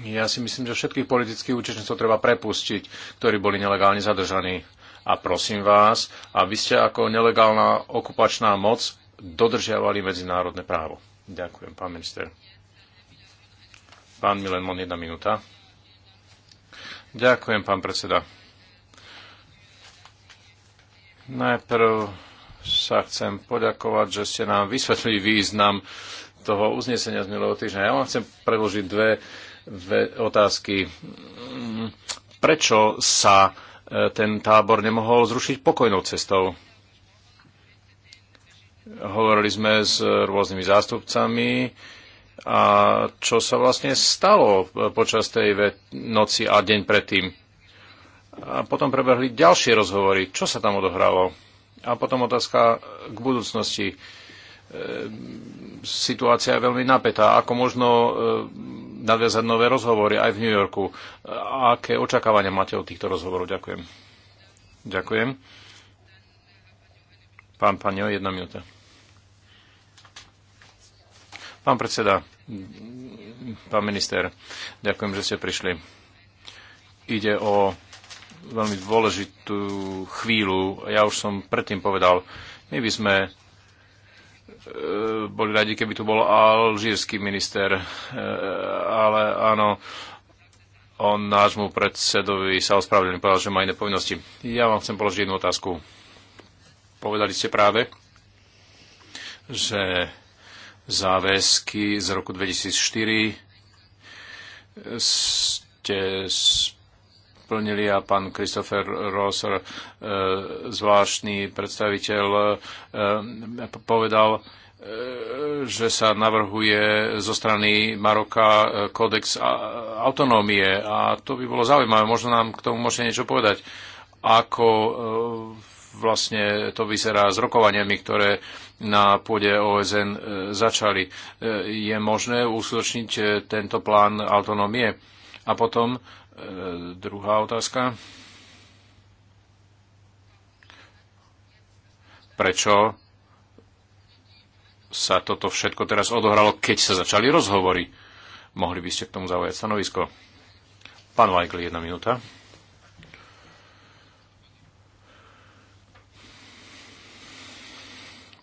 Ja si myslím, že všetkých politických účastníkov treba prepustiť, ktorí boli nelegálne zadržaní. A prosím vás, aby ste ako nelegálna okupačná moc dodržiavali medzinárodné právo. Ďakujem, pán minister. Pán Milen Mon, jedna minúta. Ďakujem, pán predseda. Najprv sa chcem poďakovať, že ste nám vysvetlili význam toho uznesenia z minulého týždňa. Ja vám chcem predložiť dve, dve otázky. Prečo sa e, ten tábor nemohol zrušiť pokojnou cestou? Hovorili sme s rôznymi zástupcami a čo sa vlastne stalo e, počas tej noci a deň predtým a potom prebehli ďalšie rozhovory, čo sa tam odohralo. A potom otázka k budúcnosti. E, situácia je veľmi napätá. Ako možno e, nadviazať nové rozhovory aj v New Yorku? A e, aké očakávania máte od týchto rozhovorov? Ďakujem. Ďakujem. Pán Paňo, jedna minúta. Pán predseda, pán minister, ďakujem, že ste prišli. Ide o veľmi dôležitú chvíľu. Ja už som predtým povedal, my by sme e, boli radi, keby tu bol alžírsky minister, e, ale áno, on nášmu predsedovi sa ospravedlnil, povedal, že má iné povinnosti. Ja vám chcem položiť jednu otázku. Povedali ste práve, že záväzky z roku 2004 ste plnili a pán Christopher Rosser, eh, zvláštny predstaviteľ, eh, povedal, eh, že sa navrhuje zo strany Maroka kódex autonómie a to by bolo zaujímavé. Možno nám k tomu môžete niečo povedať. Ako vlastne to vyzerá s rokovaniami, ktoré na pôde OSN začali. Je možné uskutočniť tento plán autonómie? A potom E, druhá otázka. Prečo sa toto všetko teraz odohralo, keď sa začali rozhovory? Mohli by ste k tomu zaujať stanovisko? Pán Weigl, jedna minúta.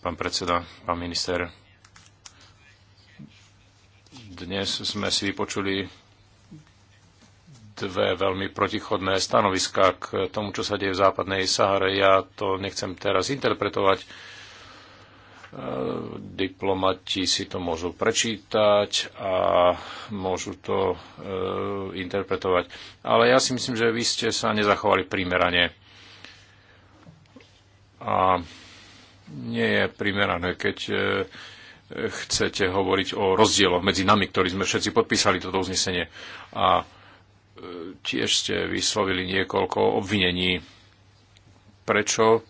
Pán predseda, pán minister, dnes sme si vypočuli dve veľmi protichodné stanoviská k tomu, čo sa deje v západnej Sahare. Ja to nechcem teraz interpretovať. E, diplomati si to môžu prečítať a môžu to e, interpretovať. Ale ja si myslím, že vy ste sa nezachovali primerane. A nie je primerané, keď e, chcete hovoriť o rozdieloch medzi nami, ktorí sme všetci podpísali toto uznesenie. A tiež ste vyslovili niekoľko obvinení. Prečo?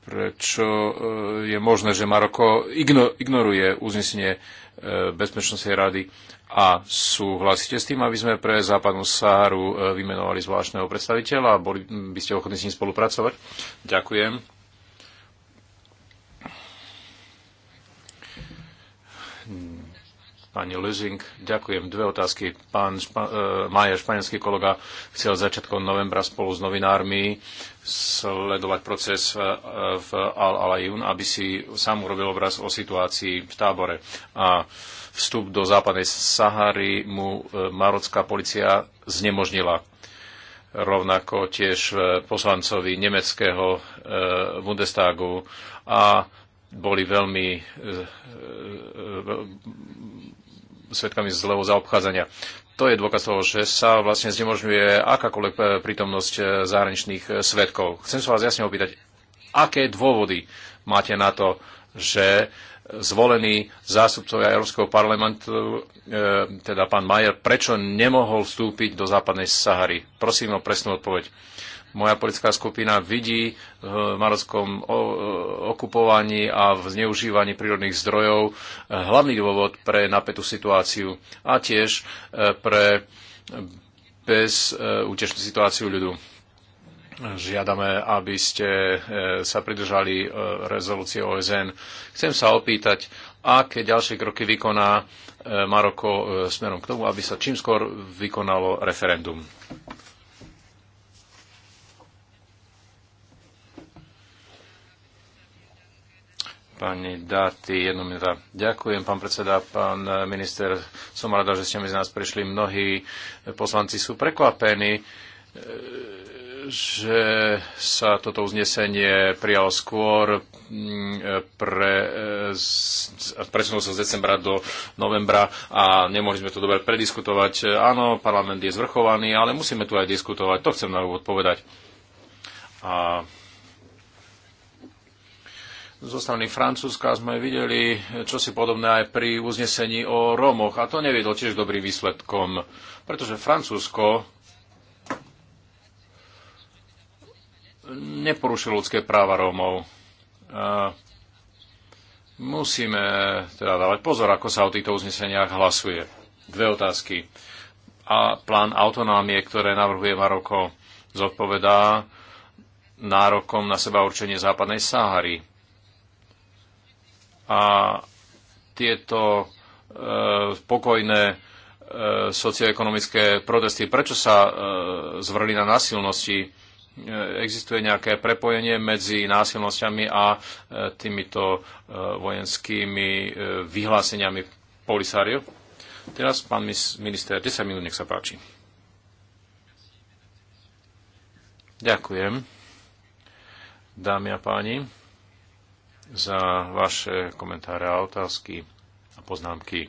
Prečo e, je možné, že Maroko ignoruje uznesenie e, Bezpečnostnej rady a súhlasíte s tým, aby sme pre západnú Saharu e, vymenovali zvláštneho predstaviteľa a boli by ste ochotní s ním spolupracovať? Ďakujem. pani Lezing. Ďakujem. Dve otázky. Pán Špa- e, Majer, španielský kolega, chcel začiatkom novembra spolu s novinármi sledovať proces e, v Al-Alajun, aby si sám urobil obraz o situácii v tábore. A vstup do západnej Sahary mu e, marocká policia znemožnila. Rovnako tiež poslancovi nemeckého Bundestagu a boli veľmi svetkami zlého zaobchádzania. To je dôkaz toho, že sa vlastne znemožňuje akákoľvek e, prítomnosť e, zahraničných e, svetkov. Chcem sa vás jasne opýtať, aké dôvody máte na to, že zvolený zástupcovia Európskeho parlamentu, teda pán Majer, prečo nemohol vstúpiť do západnej Sahary? Prosím o presnú odpoveď. Moja politická skupina vidí v marockom okupovaní a v zneužívaní prírodných zdrojov eh, hlavný dôvod pre napätú situáciu a tiež eh, pre bezútešnú eh, situáciu ľudu. Žiadame, aby ste sa pridržali rezolúcie OSN. Chcem sa opýtať, aké ďalšie kroky vykoná Maroko smerom k tomu, aby sa čím skôr vykonalo referendum. Pani Dati jednu Ďakujem, pán predseda, pán minister. Som rada, že ste mi z nás prišli. Mnohí poslanci sú prekvapení, e, že sa toto uznesenie prijalo skôr, pre, e, presunulo sa z decembra do novembra a nemohli sme to dobre prediskutovať. Áno, parlament je zvrchovaný, ale musíme tu aj diskutovať. To chcem na úvod povedať. A zo strany Francúzska sme videli čosi podobné aj pri uznesení o Rómoch a to neviedlo tiež dobrým výsledkom, pretože Francúzsko neporušilo ľudské práva Rómov. A musíme teda dávať pozor, ako sa o týchto uzneseniach hlasuje. Dve otázky. A plán autonómie, ktoré navrhuje Maroko, zodpovedá nárokom na seba určenie západnej Sahary a tieto e, spokojné e, socioekonomické protesty. Prečo sa e, zvrli na násilnosti? Existuje nejaké prepojenie medzi násilnosťami a týmito vojenskými vyhláseniami polisáriu? Teraz pán minister, 10 minút, nech sa páči. Ďakujem. Dámy a páni za vaše komentáre a otázky a poznámky.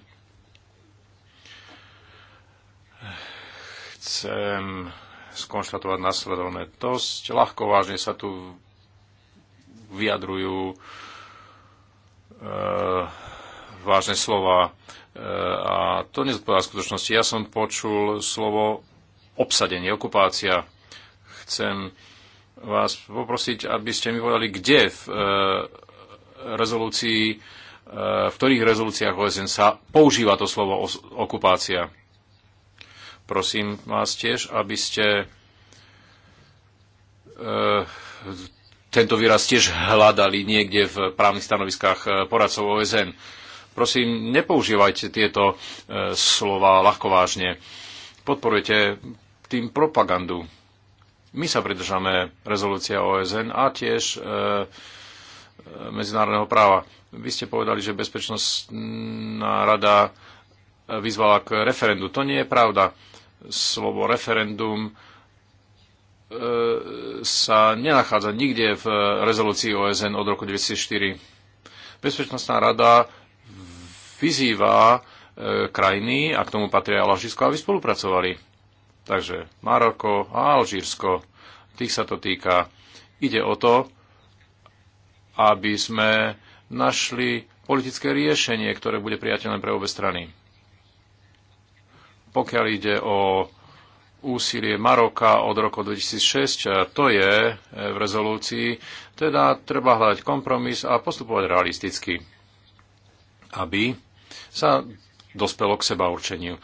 Chcem skonštatovať nasledovné. Dosť ľahko vážne sa tu vyjadrujú e, vážne slova e, a to nezodpovedá skutočnosti. Ja som počul slovo obsadenie, okupácia. Chcem vás poprosiť, aby ste mi povedali, kde v, e, rezolúcií, e, v ktorých rezolúciách OSN sa používa to slovo okupácia. Prosím vás tiež, aby ste e, tento výraz tiež hľadali niekde v právnych stanoviskách e, poradcov OSN. Prosím, nepoužívajte tieto slova ľahkovážne. Podporujete tým propagandu. My sa pridržame rezolúcia OSN a tiež e, E, medzinárodného práva. Vy ste povedali, že Bezpečnostná rada e, vyzvala k referendu. To nie je pravda. Slovo referendum e, sa nenachádza nikde v rezolúcii OSN od roku 2004. Bezpečnostná rada vyzýva krajiny, a k tomu patria Alžírsko, aby spolupracovali. Takže Maroko a Alžírsko, tých sa to týka. Ide o to, aby sme našli politické riešenie, ktoré bude priateľné pre obe strany. Pokiaľ ide o úsilie Maroka od roku 2006, to je e, v rezolúcii, teda treba hľadať kompromis a postupovať realisticky, aby sa dospelo k seba určeniu.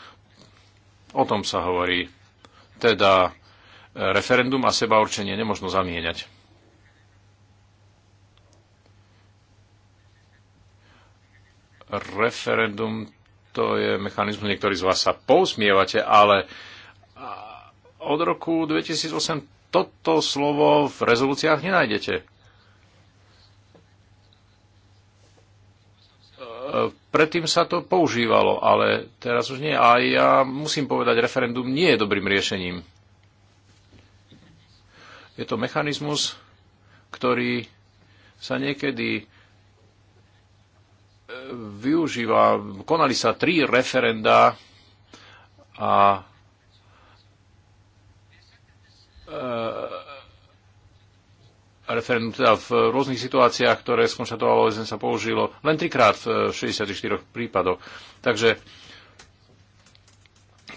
O tom sa hovorí. Teda e, referendum a seba určenie nemožno zamieňať. referendum to je mechanizmus, niektorí z vás sa pousmievate, ale od roku 2008 toto slovo v rezolúciách nenájdete. Predtým sa to používalo, ale teraz už nie. A ja musím povedať, referendum nie je dobrým riešením. Je to mechanizmus, ktorý sa niekedy využíva. Konali sa tri referenda a e, referendum teda v rôznych situáciách, ktoré skonštatovalo OSN sa použilo len trikrát v 64 prípadoch. Takže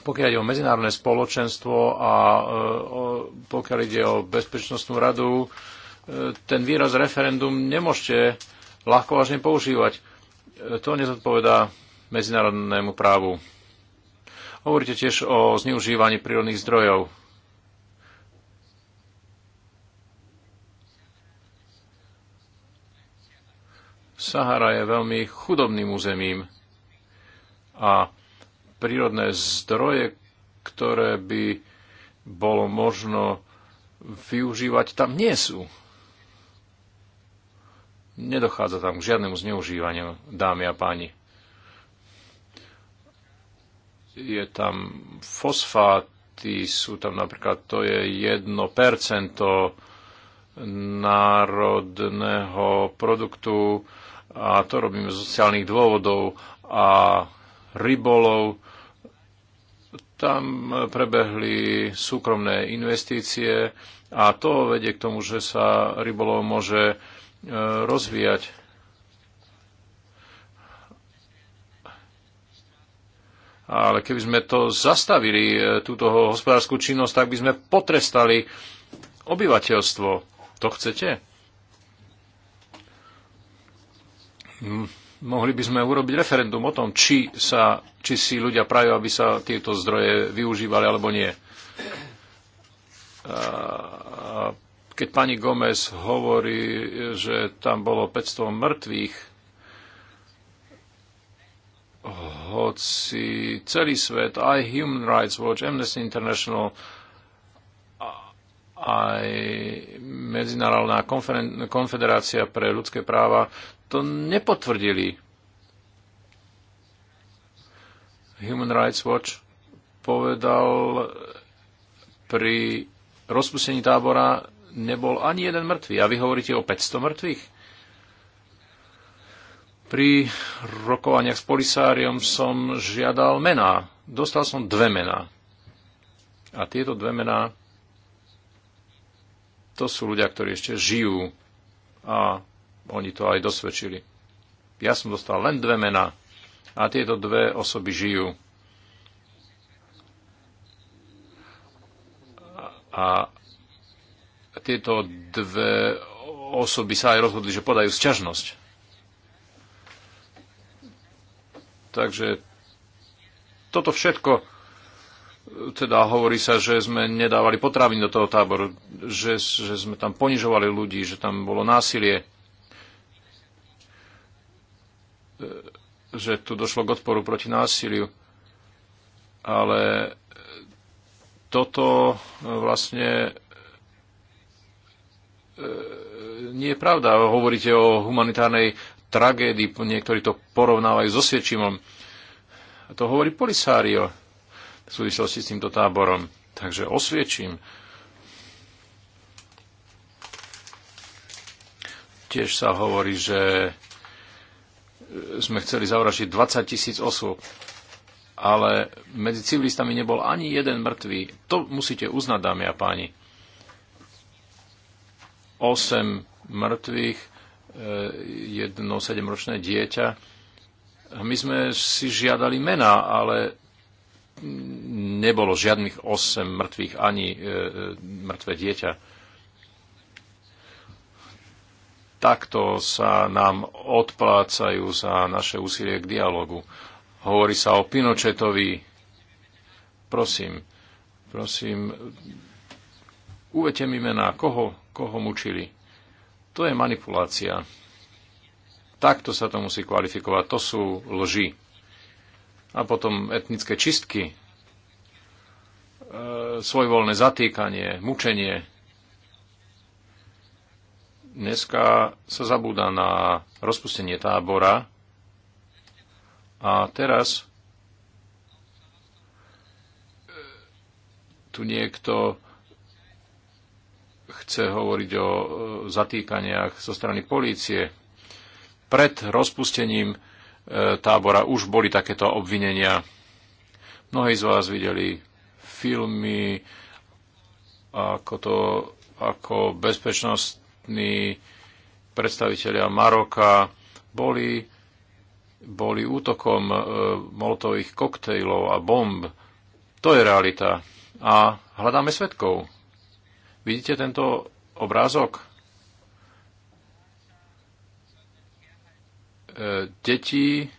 pokiaľ ide o medzinárodné spoločenstvo a e, pokiaľ ide o bezpečnostnú radu, e, ten výraz referendum nemôžete ľahko vážne používať to nezodpovedá medzinárodnému právu. Hovoríte tiež o zneužívaní prírodných zdrojov. Sahara je veľmi chudobným územím a prírodné zdroje, ktoré by bolo možno využívať, tam nie sú. Nedochádza tam k žiadnemu zneužívaniu, dámy a páni. Je tam fosfáty, sú tam napríklad, to je 1% národného produktu a to robíme z sociálnych dôvodov a rybolov. Tam prebehli súkromné investície a to vedie k tomu, že sa rybolov môže rozvíjať. Ale keby sme to zastavili, e, túto hospodárskú činnosť, tak by sme potrestali obyvateľstvo. To chcete? Mohli by sme urobiť referendum o tom, či, sa, či si ľudia prajú, aby sa tieto zdroje využívali alebo nie. A keď pani Gomez hovorí, že tam bolo 500 mŕtvych, hoci celý svet, aj Human Rights Watch, Amnesty International, aj Medzinárodná konfederácia pre ľudské práva to nepotvrdili. Human Rights Watch povedal pri rozpustení tábora, nebol ani jeden mŕtvý. A vy hovoríte o 500 mŕtvych? Pri rokovaniach s polisáriom som žiadal mená. Dostal som dve mená. A tieto dve mená to sú ľudia, ktorí ešte žijú a oni to aj dosvedčili. Ja som dostal len dve mená a tieto dve osoby žijú. A tieto dve osoby sa aj rozhodli, že podajú sťažnosť. Takže toto všetko, teda hovorí sa, že sme nedávali potraviny do toho táboru, že, že sme tam ponižovali ľudí, že tam bolo násilie, že tu došlo k odporu proti násiliu. Ale toto vlastne E, nie je pravda. Hovoríte o humanitárnej tragédii, niektorí to porovnávajú so Sviečimom. To hovorí Polisario v súvislosti s týmto táborom. Takže osviečím. Tiež sa hovorí, že sme chceli zavražiť 20 tisíc osôb, ale medzi civilistami nebol ani jeden mŕtvý. To musíte uznať, dámy a páni. 8 mŕtvych, e, jedno sedemročné dieťa. A my sme si žiadali mená, ale nebolo žiadnych 8 mŕtvych ani e, e, mŕtve dieťa. Takto sa nám odplácajú za naše úsilie k dialogu. Hovorí sa o Pinochetovi. Prosím, prosím, Uvete mi mená, koho ho mučili. To je manipulácia. Takto sa to musí kvalifikovať. To sú lži. A potom etnické čistky, e, svojvoľné zatýkanie, mučenie. Dneska sa zabúda na rozpustenie tábora a teraz e, tu niekto chce hovoriť o e, zatýkaniach zo strany polície. Pred rozpustením e, tábora už boli takéto obvinenia. Mnohí z vás videli filmy, ako, to, ako bezpečnostní predstavitelia Maroka boli, boli útokom e, molotových koktejlov a bomb. To je realita. A hľadáme svetkov Vidíte tento obrázok? E, deti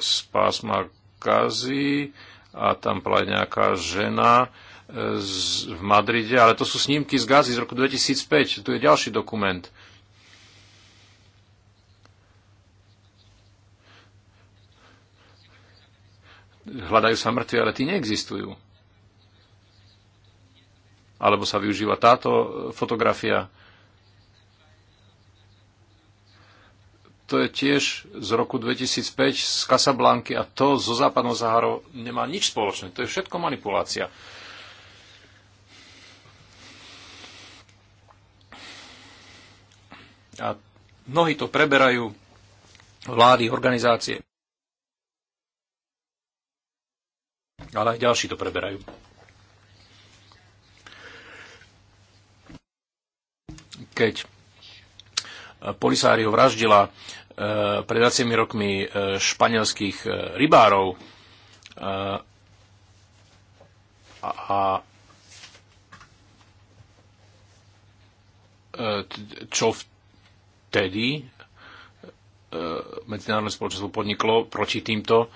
z pásma Gazi a tam bola nejaká žena e, z, v Madride, ale to sú snímky z Gazi z roku 2005. Tu je ďalší dokument. hľadajú sa mŕtvi, ale tí neexistujú. Alebo sa využíva táto e, fotografia. To je tiež z roku 2005 z Casablanky a to zo západnou Zaharou nemá nič spoločné. To je všetko manipulácia. A mnohí to preberajú vlády, organizácie. ale aj ďalší to preberajú. Keď Polisário vraždila e, pred 20 rokmi e, španielských e, rybárov a čo vtedy medzinárodné spoločenstvo podniklo proti týmto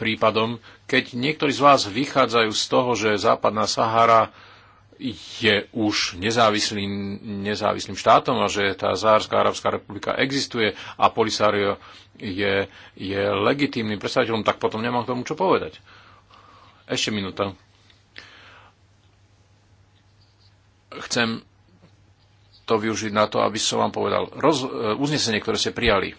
prípadom, keď niektorí z vás vychádzajú z toho, že západná Sahara je už nezávislým, nezávislým štátom a že tá Zárska Arabská republika existuje a Polisario je, je legitímnym predstaviteľom, tak potom nemám k tomu čo povedať. Ešte minúta. Chcem to využiť na to, aby som vám povedal. Roz, e, uznesenie, ktoré ste prijali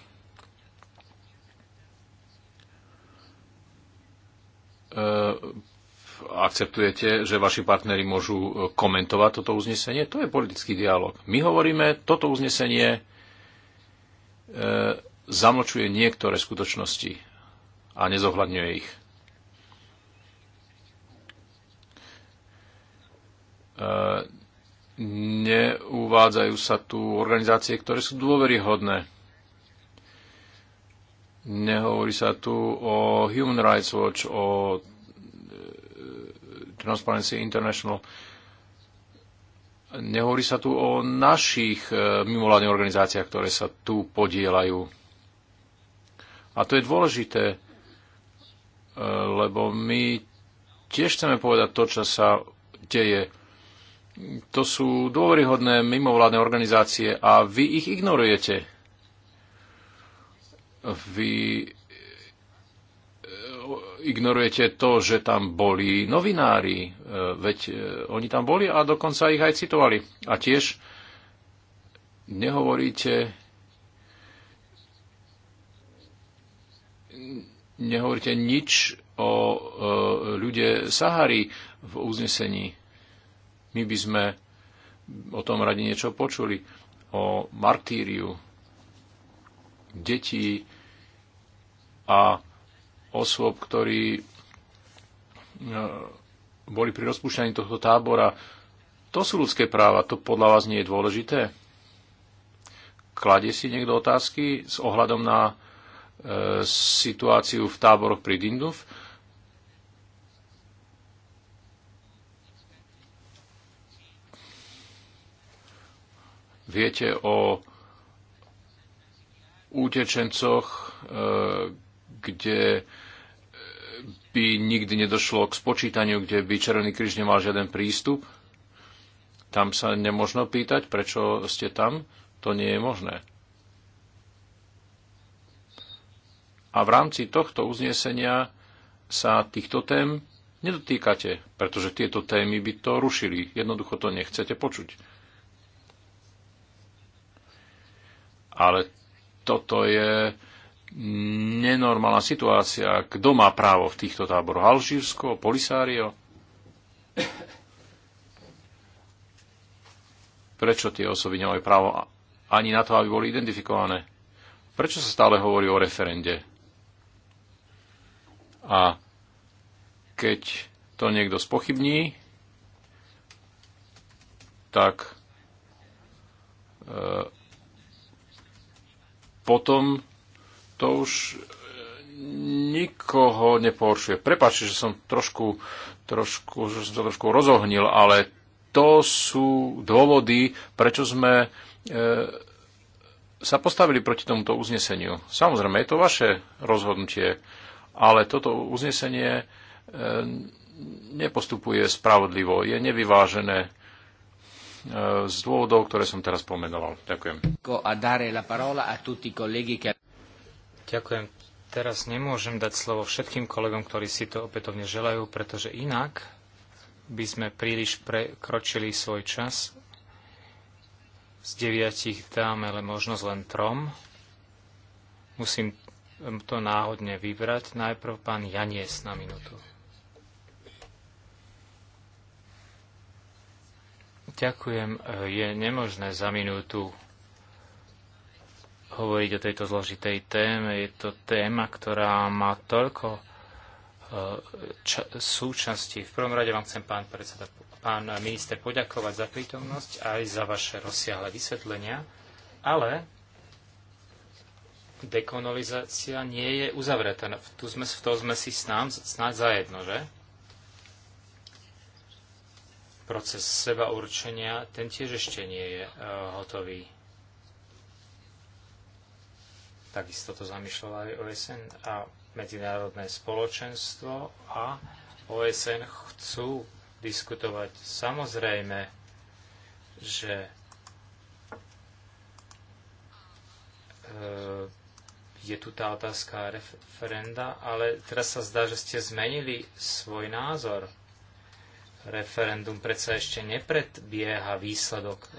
akceptujete, že vaši partneri môžu e, komentovať toto uznesenie? To je politický dialog. My hovoríme, toto uznesenie e, zamlčuje niektoré skutočnosti a nezohľadňuje ich. E, neuvádzajú sa tu organizácie, ktoré sú dôveryhodné. Nehovorí sa tu o Human Rights Watch, o Transparency International. Nehovorí sa tu o našich e, mimovládnych organizáciách, ktoré sa tu podielajú. A to je dôležité, e, lebo my tiež chceme povedať to, čo sa deje. To sú dôveryhodné mimovládne organizácie a vy ich ignorujete. Vy ignorujete to, že tam boli novinári, e, veď e, oni tam boli a dokonca ich aj citovali. A tiež nehovoríte nehovoríte nič o e, ľude Sahary v uznesení. My by sme o tom radi niečo počuli. O martíriu. detí a osôb, ktorí no, boli pri rozpúšťaní tohto tábora. To sú ľudské práva, to podľa vás nie je dôležité? Kladie si niekto otázky s ohľadom na e, situáciu v táboroch pri Dinduf? Viete o útečencoch. e, kde e, by nikdy nedošlo k spočítaniu, kde by Červený kríž nemal žiaden prístup. Tam sa nemôžno pýtať, prečo ste tam. To nie je možné. A v rámci tohto uznesenia sa týchto tém nedotýkate, pretože tieto témy by to rušili. Jednoducho to nechcete počuť. Ale toto je nenormálna situácia. Kto má právo v týchto táboroch? Alžírsko? Polisário? Prečo tie osoby nemajú právo ani na to, aby boli identifikované? Prečo sa stále hovorí o referende? A keď to niekto spochybní, tak e, potom to už e, nikoho neporšuje. Prepačte, že som trošku, trošku, že som to trošku rozohnil, ale to sú dôvody, prečo sme e, sa postavili proti tomuto uzneseniu. Samozrejme, je to vaše rozhodnutie, ale toto uznesenie e, nepostupuje spravodlivo, je nevyvážené e, z dôvodov, ktoré som teraz pomenoval. Ďakujem. Ďakujem. Teraz nemôžem dať slovo všetkým kolegom, ktorí si to opätovne želajú, pretože inak by sme príliš prekročili svoj čas. Z deviatich dáme ale možnosť len trom. Musím to náhodne vybrať. Najprv pán Janies na minútu. Ďakujem. Je nemožné za minútu hovoriť o tejto zložitej téme. Je to téma, ktorá má toľko e, súčasti. V prvom rade vám chcem, pán, predseda, pán minister, poďakovať za prítomnosť aj za vaše rozsiahle vysvetlenia, ale dekolonizácia nie je uzavretá. No, tu sme, v tom sme si snám, snáď zajedno, že? Proces seba určenia, ten tiež ešte nie je uh, hotový. Takisto to zamýšľala aj OSN a medzinárodné spoločenstvo a OSN chcú diskutovať. Samozrejme, že e, je tu tá otázka referenda, ale teraz sa zdá, že ste zmenili svoj názor. Referendum predsa ešte nepredbieha výsledok e,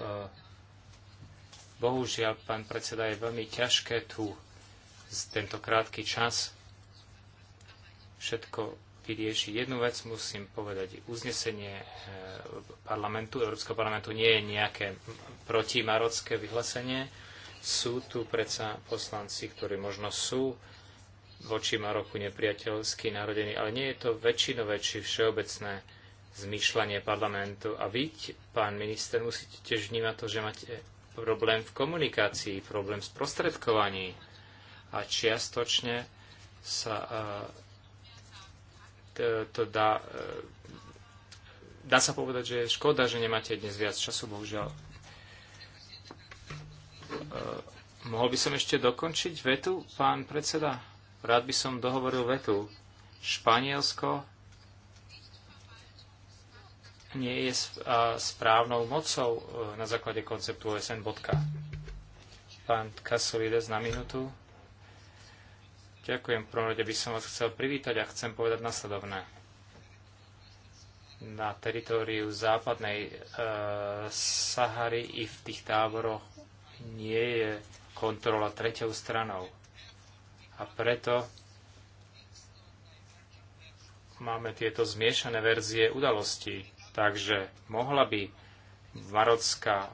Bohužiaľ, pán predseda, je veľmi ťažké tu tento krátky čas všetko vyrieši. Jednu vec musím povedať. Uznesenie eh, parlamentu, Európskeho parlamentu nie je nejaké protimarocké vyhlásenie. Sú tu predsa poslanci, ktorí možno sú voči Maroku nepriateľsky narodení, ale nie je to väčšinové či všeobecné zmýšľanie parlamentu. A vy, pán minister, musíte tiež vnímať to, že máte problém v komunikácii, problém v sprostredkovaní a čiastočne sa e, to dá e, dá sa povedať, že je škoda, že nemáte dnes viac času, bohužiaľ. E, mohol by som ešte dokončiť vetu, pán predseda? Rád by som dohovoril vetu. Španielsko nie je správnou mocou e, na základe konceptu OSN. Pán Kasolides na minútu. Ďakujem. V prvom rade by som vás chcel privítať a chcem povedať nasledovné. Na teritóriu západnej e, Sahary i v tých táboroch nie je kontrola treťou stranou. A preto máme tieto zmiešané verzie udalostí. Takže mohla by marocká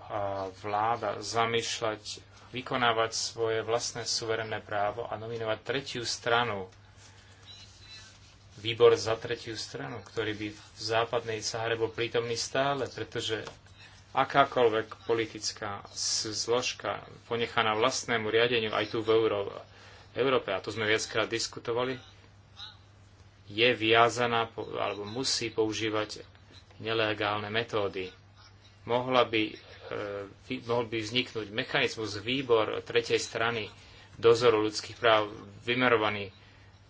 vláda zamýšľať vykonávať svoje vlastné suverenné právo a nominovať tretiu stranu, výbor za tretiu stranu, ktorý by v západnej Sahare bol prítomný stále, pretože akákoľvek politická zložka ponechaná vlastnému riadeniu aj tu v Európe, a to sme viackrát diskutovali, je viazaná alebo musí používať nelegálne metódy. Mohla by, e, mohol by vzniknúť mechanizmus výbor tretej strany dozoru ľudských práv vymerovaný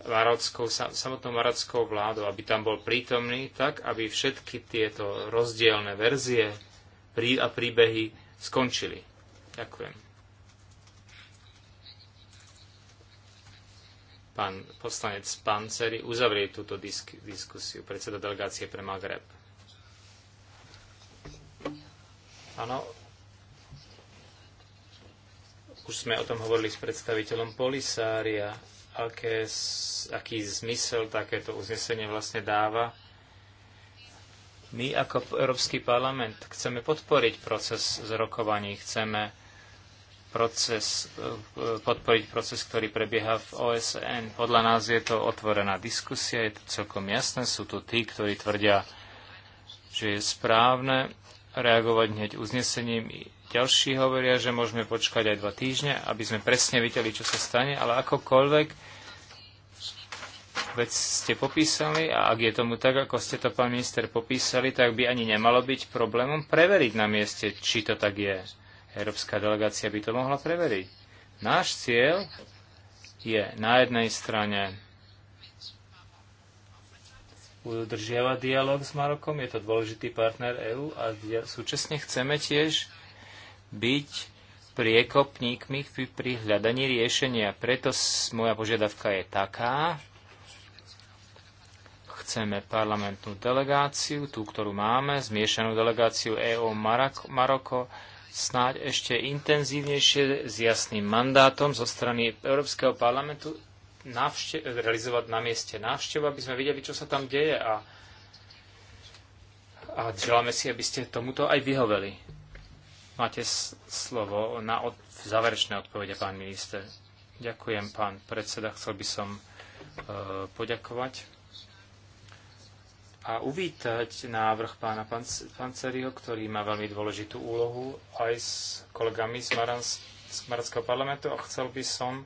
marockou, samotnou marockou vládou, aby tam bol prítomný, tak aby všetky tieto rozdielne verzie a príbehy skončili. Ďakujem. Pán poslanec Panceri uzavrie túto disk, diskusiu, predseda delegácie pre Magreb. Áno, už sme o tom hovorili s predstaviteľom Polisária, aké, aký zmysel takéto uznesenie vlastne dáva. My ako Európsky parlament chceme podporiť proces zrokovaní, chceme proces, eh, podporiť proces, ktorý prebieha v OSN. Podľa nás je to otvorená diskusia, je to celkom jasné. Sú tu tí, ktorí tvrdia, že je správne reagovať hneď uznesením. Ďalší hovoria, že môžeme počkať aj dva týždne, aby sme presne videli, čo sa stane, ale akokoľvek vec ste popísali a ak je tomu tak, ako ste to, pán minister, popísali, tak by ani nemalo byť problémom preveriť na mieste, či to tak je. Európska delegácia by to mohla preveriť. Náš cieľ je na jednej strane udržiava dialog s Marokom, je to dôležitý partner EÚ a súčasne chceme tiež byť priekopníkmi pri hľadaní riešenia. Preto moja požiadavka je taká, chceme parlamentnú delegáciu, tú, ktorú máme, zmiešanú delegáciu EÚ Maroko, snáď ešte intenzívnejšie s jasným mandátom zo strany Európskeho parlamentu realizovať na mieste návštevu, aby sme videli, čo sa tam deje a, a želáme si, aby ste tomuto aj vyhoveli. Máte slovo na od- záverečné odpovede, pán minister. Ďakujem, pán predseda. Chcel by som e, poďakovať a uvítať návrh pána Panceriho, ktorý má veľmi dôležitú úlohu aj s kolegami z, Maranského parlamentu a chcel by som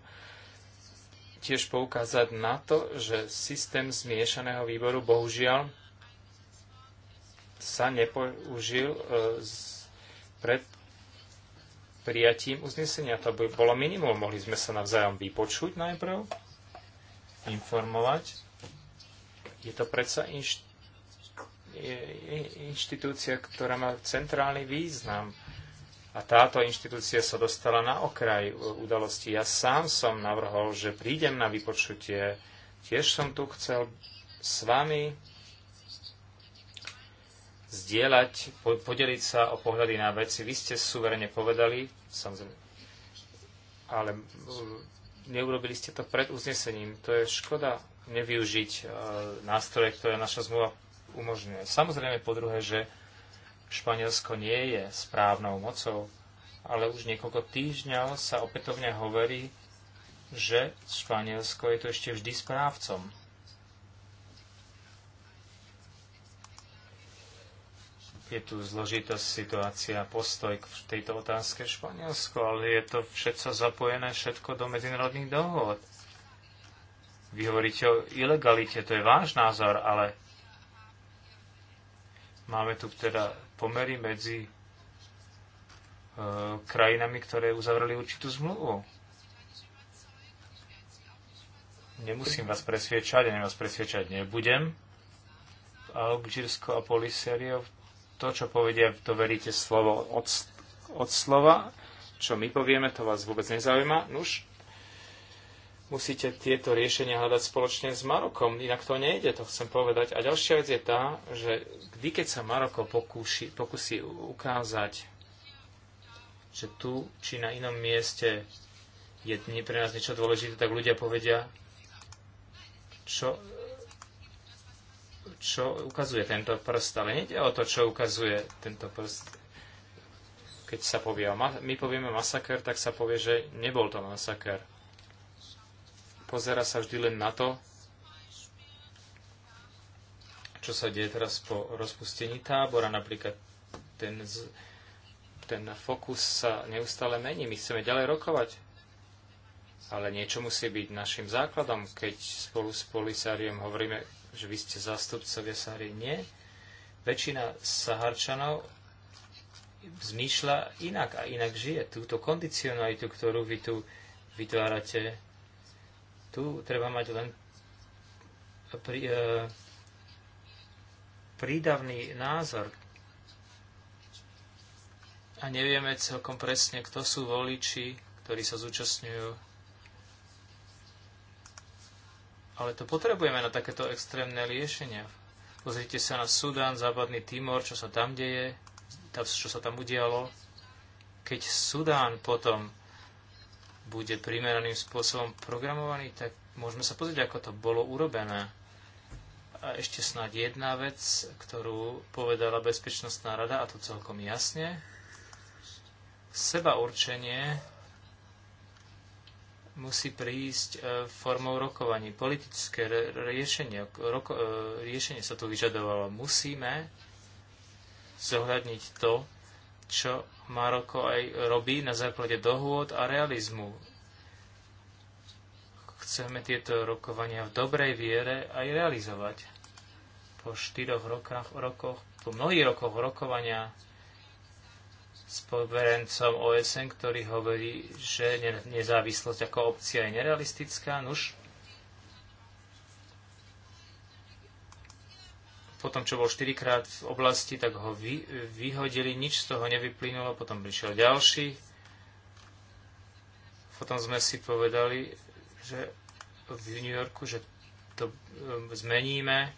tiež poukázať na to, že systém zmiešaného výboru bohužiaľ sa nepoužil e, pred prijatím uznesenia. To by bolo minimum. Mohli sme sa navzájom vypočuť najprv, informovať. Je to predsa inš... je inštitúcia, ktorá má centrálny význam a táto inštitúcia sa dostala na okraj udalosti. Ja sám som navrhol, že prídem na vypočutie. Tiež som tu chcel s vami zdieľať, podeliť sa o pohľady na veci. Vy ste suverene povedali, samozrejme, ale neurobili ste to pred uznesením. To je škoda nevyužiť e, nástroje, ktoré naša zmluva umožňuje. Samozrejme, po druhé, že Španielsko nie je správnou mocou, ale už niekoľko týždňov sa opätovne hovorí, že Španielsko je tu ešte vždy správcom. Je tu zložitosť situácia, postoj v tejto otázke Španielsko, ale je to všetko zapojené všetko do medzinárodných dohod. Vy hovoríte o ilegalite, to je váš názor, ale Máme tu teda pomery medzi e, krajinami, ktoré uzavreli určitú zmluvu. Nemusím vás presviečať, ani vás presviečať nebudem. Alžírsko a Poliserio, to, čo povedia, to veríte slovo od, od slova. Čo my povieme, to vás vôbec nezaujíma. Nuž, musíte tieto riešenia hľadať spoločne s Marokom, inak to nejde, to chcem povedať. A ďalšia vec je tá, že kdy keď sa Maroko pokúši, pokusí ukázať, že tu či na inom mieste je pre nás niečo dôležité, tak ľudia povedia, čo, čo ukazuje tento prst. Ale nejde o to, čo ukazuje tento prst keď sa povie, my povieme masaker, tak sa povie, že nebol to masaker. Pozera sa vždy len na to, čo sa deje teraz po rozpustení tábora. Napríklad ten, ten fokus sa neustále mení. My chceme ďalej rokovať, ale niečo musí byť našim základom. Keď spolu s Polisáriem hovoríme, že vy ste zástupcovia sári, nie. Väčšina Saharčanov zmýšľa inak a inak žije. Túto kondicionalitu, ktorú vy tu vytvárate, tu treba mať len pri, e, prídavný názor. A nevieme celkom presne, kto sú voliči, ktorí sa zúčastňujú ale to potrebujeme na takéto extrémne riešenia. Pozrite sa na Sudán, západný Timor, čo sa tam deje, čo sa tam udialo. Keď Sudán potom bude primeraným spôsobom programovaný, tak môžeme sa pozrieť, ako to bolo urobené. A ešte snáď jedna vec, ktorú povedala Bezpečnostná rada, a to celkom jasne. Seba určenie musí prísť e, formou rokovaní. Politické riešenie, roko, e, riešenie sa tu vyžadovalo. Musíme zohľadniť to, čo Maroko aj robí na základe dohôd a realizmu. Chceme tieto rokovania v dobrej viere aj realizovať. Po štyroch rokách, rokoch, po mnohých rokoch rokovania s poverencom OSN, ktorý hovorí, že nezávislosť ako opcia je nerealistická, nuž potom, čo bol 4 krát v oblasti, tak ho vy, vyhodili, nič z toho nevyplynulo, potom prišiel ďalší. Potom sme si povedali, že v New Yorku, že to um, zmeníme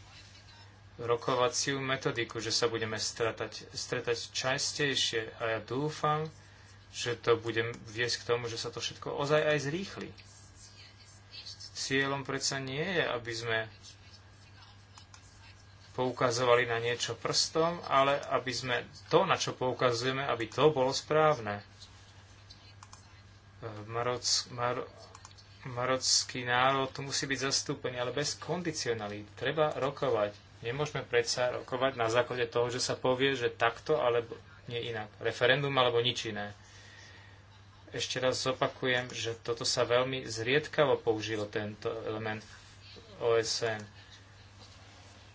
rokovaciu metodiku, že sa budeme stretať, stretať častejšie a ja dúfam, že to bude viesť k tomu, že sa to všetko ozaj aj zrýchli. Cieľom predsa nie je, aby sme poukazovali na niečo prstom, ale aby sme to, na čo poukazujeme, aby to bolo správne. E, maroc, Mar, marocký národ musí byť zastúpený, ale bez kondicionalít. Treba rokovať. Nemôžeme predsa rokovať na základe toho, že sa povie, že takto alebo nie inak. Referendum alebo nič iné. Ešte raz zopakujem, že toto sa veľmi zriedkavo použilo, tento element OSN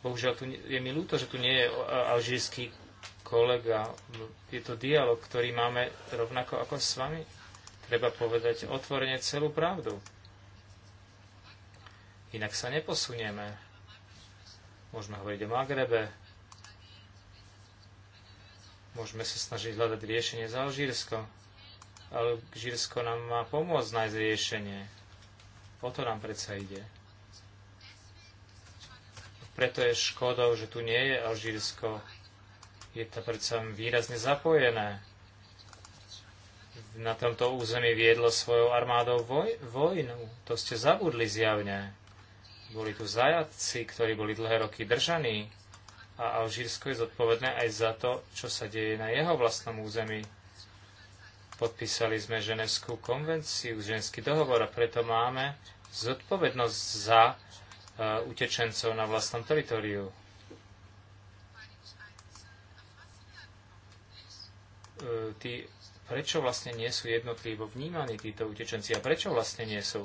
Bohužiaľ, tu je mi ľúto, že tu nie je alžírsky kolega. Je to dialog, ktorý máme rovnako ako s vami. Treba povedať otvorene celú pravdu. Inak sa neposunieme. Môžeme hovoriť o Magrebe. Môžeme sa snažiť hľadať riešenie za Alžírsko. Ale Alžírsko nám má pomôcť nájsť riešenie. O to nám predsa ide. Preto je škodou, že tu nie je Alžírsko. Je to predsa výrazne zapojené. Na tomto území viedlo svojou armádou voj, vojnu. To ste zabudli zjavne. Boli tu zajatci, ktorí boli dlhé roky držaní. A Alžírsko je zodpovedné aj za to, čo sa deje na jeho vlastnom území podpísali sme Ženevskú konvenciu, ženský dohovor a preto máme zodpovednosť za utečencov na vlastnom teritoriu. E, tí, prečo vlastne nie sú jednotlivo vnímaní títo utečenci a prečo vlastne nie sú?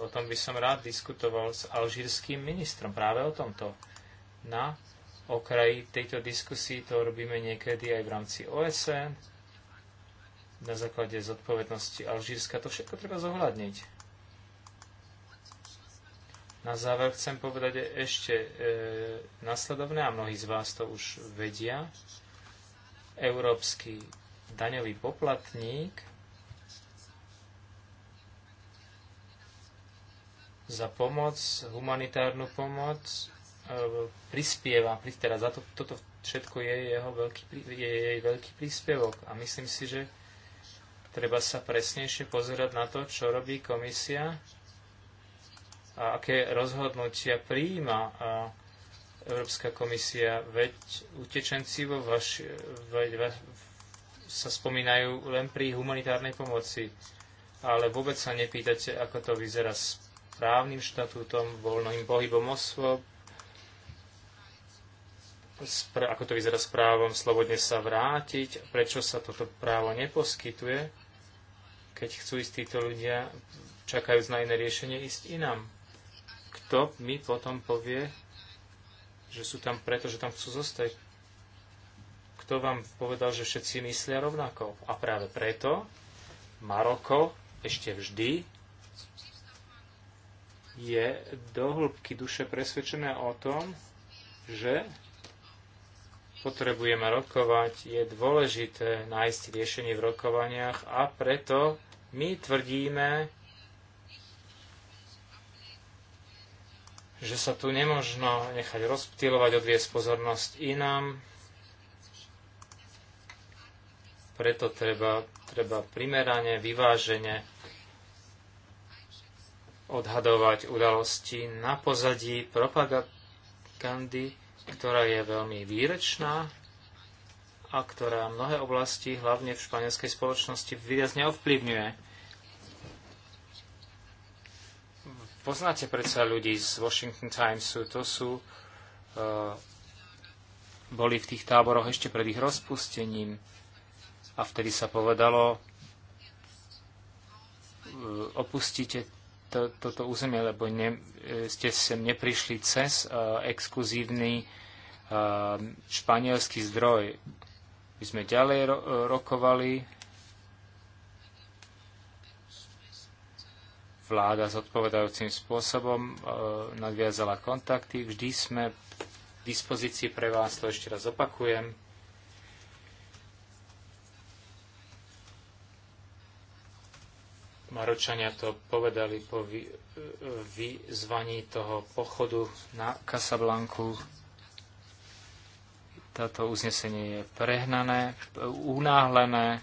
O tom by som rád diskutoval s alžírským ministrom práve o tomto. Na okraji tejto diskusii to robíme niekedy aj v rámci OSN na základe zodpovednosti Alžírska. To všetko treba zohľadniť. Na záver chcem povedať ešte e, nasledovné, a mnohí z vás to už vedia. Európsky daňový poplatník za pomoc, humanitárnu pomoc e, prispieva, teda za to, toto všetko je, jeho veľký, je jej veľký príspevok. A myslím si, že treba sa presnejšie pozerať na to, čo robí komisia a aké rozhodnutia prijíma Európska komisia, veď utečenci vo vaš, veď, sa spomínajú len pri humanitárnej pomoci, ale vôbec sa nepýtate, ako to vyzerá s právnym štatútom, voľným pohybom osôb, ako to vyzerá s právom slobodne sa vrátiť, prečo sa toto právo neposkytuje, keď chcú ísť títo ľudia, čakajúc na iné riešenie, ísť inám kto mi potom povie, že sú tam preto, že tam chcú zostať? Kto vám povedal, že všetci myslia rovnako? A práve preto Maroko ešte vždy je do hĺbky duše presvedčené o tom, že potrebujeme rokovať, je dôležité nájsť riešenie v rokovaniach a preto my tvrdíme, že sa tu nemožno nechať rozptýlovať, odviesť pozornosť inám. Preto treba, treba primerane, vyvážene odhadovať udalosti na pozadí propagandy, ktorá je veľmi výrečná a ktorá mnohé oblasti, hlavne v španielskej spoločnosti, výrazne ovplyvňuje. Poznáte predsa ľudí z Washington Timesu, to sú, uh, boli v tých táboroch ešte pred ich rozpustením a vtedy sa povedalo, uh, e, opustite to, toto územie, lebo ne, e, ste sem neprišli cez uh, exkluzívny uh, španielský zdroj. My sme ďalej ro- rokovali vláda zodpovedajúcim spôsobom e, nadviazala kontakty. Vždy sme v dispozícii pre vás, to ešte raz opakujem. Maročania to povedali po e, vyzvaní toho pochodu na Casablanku. Toto uznesenie je prehnané, unáhlené,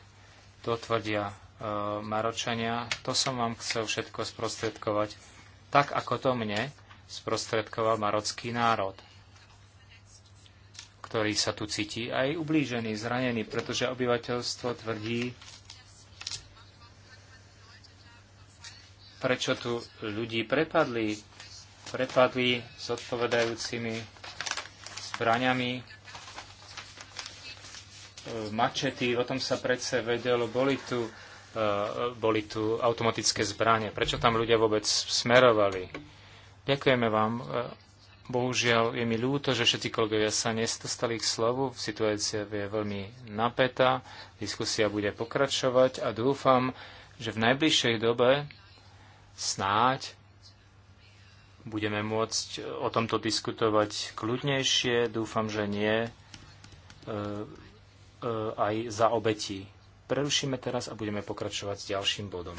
to tvrdia Eh, Maročania. To som vám chcel všetko sprostredkovať, tak ako to mne sprostredkoval marocký národ, ktorý sa tu cíti aj ublížený, zranený, pretože obyvateľstvo tvrdí, prečo tu ľudí prepadli, prepadli s odpovedajúcimi zbraniami, eh, mačety, o tom sa predsa vedelo, boli tu E, boli tu automatické zbranie. Prečo tam ľudia vôbec smerovali? Ďakujeme vám. E, bohužiaľ je mi ľúto, že všetci kolegovia sa nestostali k slovu. Situácia je veľmi napätá. Diskusia bude pokračovať a dúfam, že v najbližšej dobe snáď budeme môcť o tomto diskutovať kľudnejšie. Dúfam, že nie e, e, aj za obetí. Prerušíme teraz a budeme pokračovať s ďalším bodom.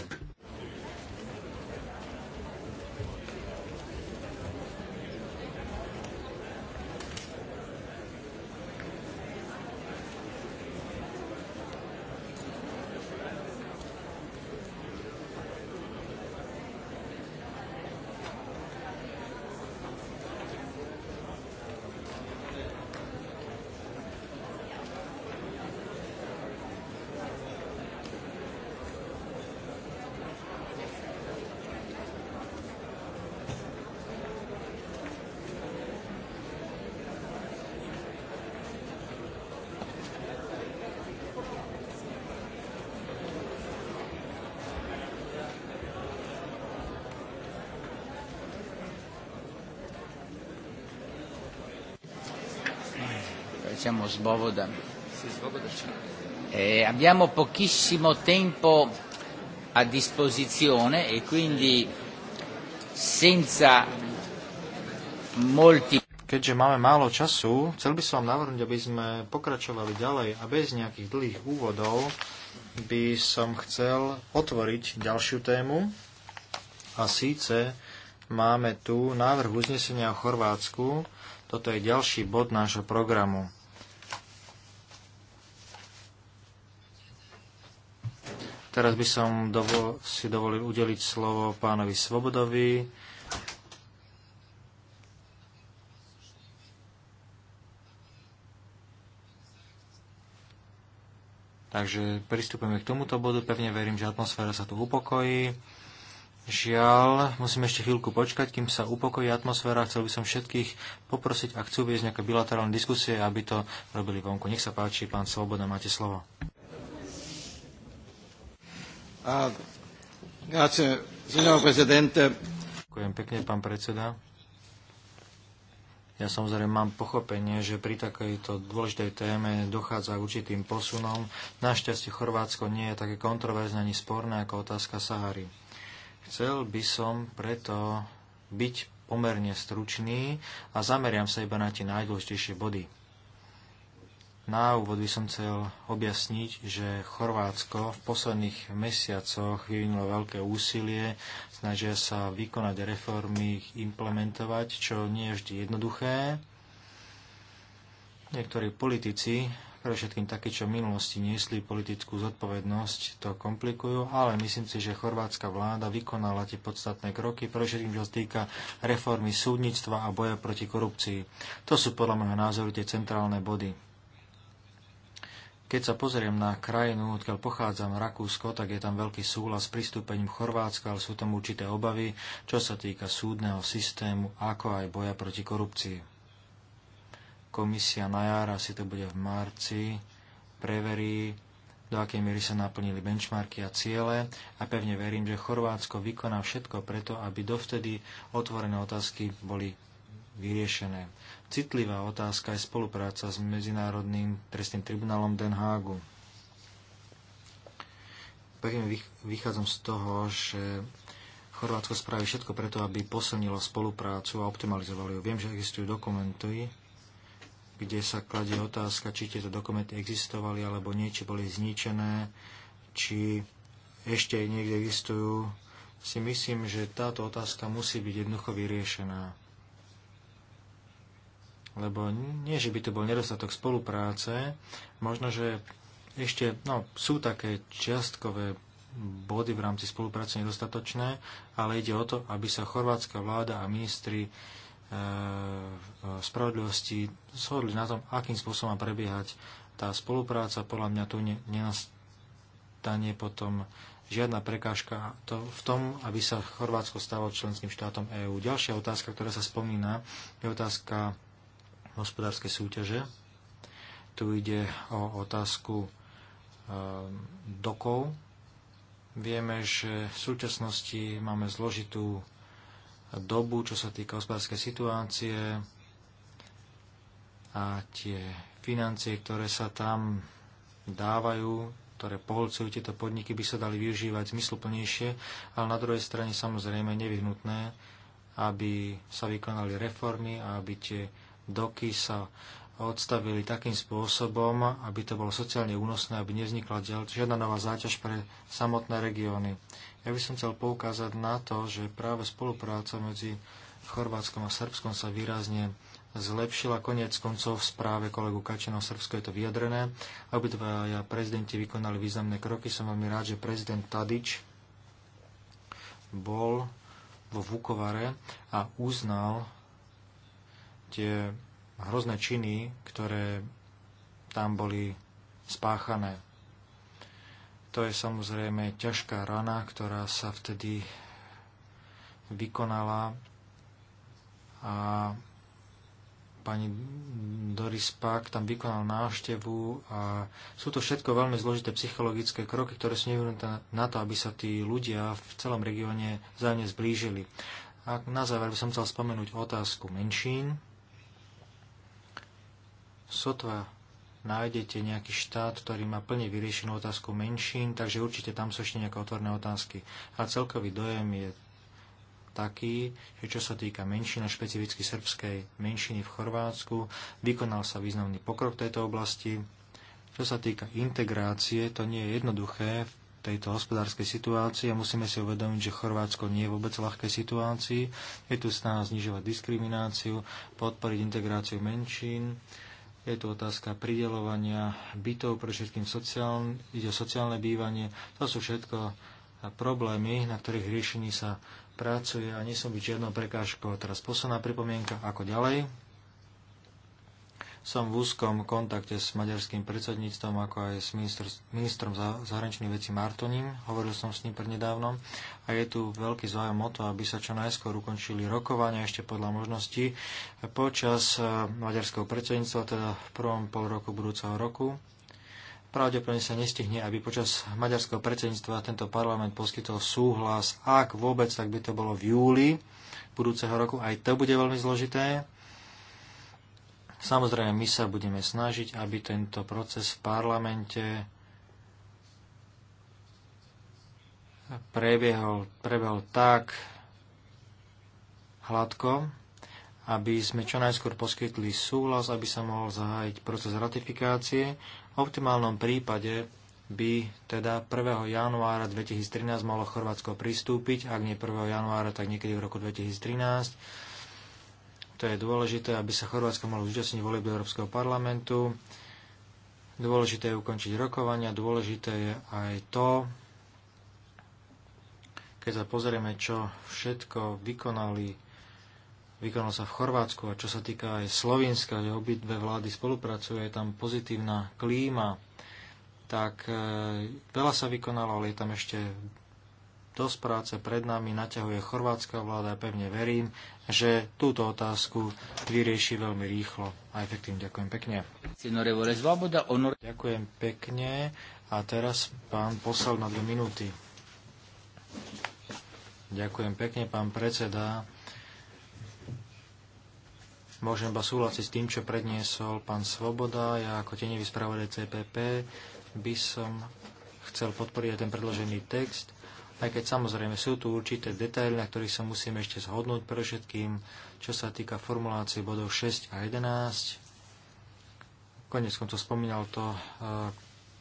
abbiamo Svoboda. Eh, abbiamo pochissimo tempo a disposizione e quindi senza molti keďže máme málo času, chcel by som vám navrhnúť, aby sme pokračovali ďalej a bez nejakých dlhých úvodov by som chcel otvoriť ďalšiu tému. A síce máme tu návrh uznesenia o Chorvátsku. Toto je ďalší bod nášho programu. Teraz by som dovo- si dovolil udeliť slovo pánovi Svobodovi. Takže pristúpime k tomuto bodu. Pevne verím, že atmosféra sa tu upokojí. Žiaľ, musím ešte chvíľku počkať, kým sa upokojí atmosféra. Chcel by som všetkých poprosiť, ak chcú viesť nejaké bilaterálne diskusie, aby to robili vonku. Nech sa páči, pán Svoboda, máte slovo. Ďakujem pekne, pán predseda. Ja samozrejme mám pochopenie, že pri takejto dôležitej téme dochádza k určitým posunom. Našťastie Chorvátsko nie je také kontroverzné ani sporné ako otázka Sahary. Chcel by som preto byť pomerne stručný a zameriam sa iba na tie najdôležitejšie body. Na úvod by som chcel objasniť, že Chorvátsko v posledných mesiacoch vyvinulo veľké úsilie, snažia sa vykonať reformy, ich implementovať, čo nie je vždy jednoduché. Niektorí politici, pre všetkým takí, čo v minulosti niesli politickú zodpovednosť, to komplikujú, ale myslím si, že chorvátska vláda vykonala tie podstatné kroky, pre všetkým, čo sa týka reformy súdnictva a boja proti korupcii. To sú podľa môjho názoru tie centrálne body keď sa pozriem na krajinu, odkiaľ pochádzam, Rakúsko, tak je tam veľký súhlas s pristúpením Chorvátska, ale sú tam určité obavy, čo sa týka súdneho systému, ako aj boja proti korupcii. Komisia na jar, asi to bude v marci, preverí, do akej miery sa naplnili benchmarky a ciele a pevne verím, že Chorvátsko vykoná všetko preto, aby dovtedy otvorené otázky boli vyriešené. Citlivá otázka je spolupráca s Medzinárodným trestným tribunálom Den Hagu. Prvým vychádzam z toho, že Chorvátsko spraví všetko preto, aby posilnilo spoluprácu a optimalizovali ju. Viem, že existujú dokumenty, kde sa kladie otázka, či tieto dokumenty existovali alebo niečo, či boli zničené, či ešte niekde existujú. Si myslím, že táto otázka musí byť jednoducho vyriešená lebo nie, že by tu bol nedostatok spolupráce, možno, že ešte no, sú také čiastkové body v rámci spolupráce nedostatočné, ale ide o to, aby sa chorvátska vláda a ministri e, e spravodlivosti shodli na tom, akým spôsobom má prebiehať tá spolupráca. Podľa mňa tu ne, nenastane potom žiadna prekážka to, v tom, aby sa Chorvátsko stalo členským štátom EÚ. Ďalšia otázka, ktorá sa spomína, je otázka hospodárskej súťaže. Tu ide o otázku eh, dokov. Vieme, že v súčasnosti máme zložitú dobu, čo sa týka hospodárskej situácie a tie financie, ktoré sa tam dávajú, ktoré poholcujú tieto podniky, by sa dali využívať zmysluplnejšie, ale na druhej strane samozrejme nevyhnutné, aby sa vykonali reformy a aby tie doky sa odstavili takým spôsobom, aby to bolo sociálne únosné, aby nevznikla žiadna nová záťaž pre samotné regióny. Ja by som chcel poukázať na to, že práve spolupráca medzi Chorvátskom a Srbskom sa výrazne zlepšila. Koniec koncov v správe kolegu Kačenov Srbsko je to vyjadrené. Obidvaja prezidenti vykonali významné kroky. Som veľmi rád, že prezident Tadič bol vo Vukovare a uznal tie hrozné činy, ktoré tam boli spáchané. To je samozrejme ťažká rana, ktorá sa vtedy vykonala a pani Doris Pak tam vykonal návštevu a sú to všetko veľmi zložité psychologické kroky, ktoré sú nevyhnuté na to, aby sa tí ľudia v celom regióne vzájomne zblížili. A na záver by som chcel spomenúť otázku menšín sotva nájdete nejaký štát, ktorý má plne vyriešenú otázku menšín, takže určite tam sú ešte nejaké otvorné otázky. A celkový dojem je taký, že čo sa týka menšina, špecificky srbskej menšiny v Chorvátsku, vykonal sa významný pokrok v tejto oblasti. Čo sa týka integrácie, to nie je jednoduché v tejto hospodárskej situácii a musíme si uvedomiť, že Chorvátsko nie je vôbec ľahkej situácii. Je tu snaha znižovať diskrimináciu, podporiť integráciu menšín je tu otázka pridelovania bytov, pre všetkým sociálne, ide o sociálne bývanie. To sú všetko problémy, na ktorých riešení sa pracuje a som byť žiadnou prekážkou. Teraz posledná pripomienka, ako ďalej. Som v úzkom kontakte s maďarským predsedníctvom, ako aj s ministr, ministrom zahraničných vecí Martonim. Hovoril som s ním prednedávnom. A je tu veľký záujem o to, aby sa čo najskôr ukončili rokovania, ešte podľa možností, počas e, maďarského predsedníctva, teda v prvom pol roku budúceho roku pravdepodobne sa nestihne, aby počas maďarského predsedníctva tento parlament poskytol súhlas. Ak vôbec, tak by to bolo v júli budúceho roku. Aj to bude veľmi zložité. Samozrejme, my sa budeme snažiť, aby tento proces v parlamente prebiehol, prebehol tak hladko, aby sme čo najskôr poskytli súhlas, aby sa mohol zahájiť proces ratifikácie. V optimálnom prípade by teda 1. januára 2013 malo Chorvátsko pristúpiť, ak nie 1. januára, tak niekedy v roku 2013 to je dôležité, aby sa Chorvátsko malo zúčastniť volieb do Európskeho parlamentu. Dôležité je ukončiť rokovania, dôležité je aj to, keď sa pozrieme, čo všetko vykonali, vykonalo sa v Chorvátsku a čo sa týka aj Slovenska, kde obidve vlády spolupracujú, je tam pozitívna klíma, tak e, veľa sa vykonalo, ale je tam ešte Dosť práce pred nami naťahuje chorvátska vláda a pevne verím, že túto otázku vyrieši veľmi rýchlo a efektívne. Ďakujem pekne. Ďakujem pekne a teraz pán posel na dve minúty. Ďakujem pekne, pán predseda. Môžem iba súhlasiť s tým, čo predniesol pán Svoboda. Ja ako tenevý spravodaj CPP by som chcel podporiť ten predložený text aj keď samozrejme sú tu určité detaily, na ktorých sa musíme ešte zhodnúť pre všetkým, čo sa týka formulácie bodov 6 a 11. Konec som to spomínal to e,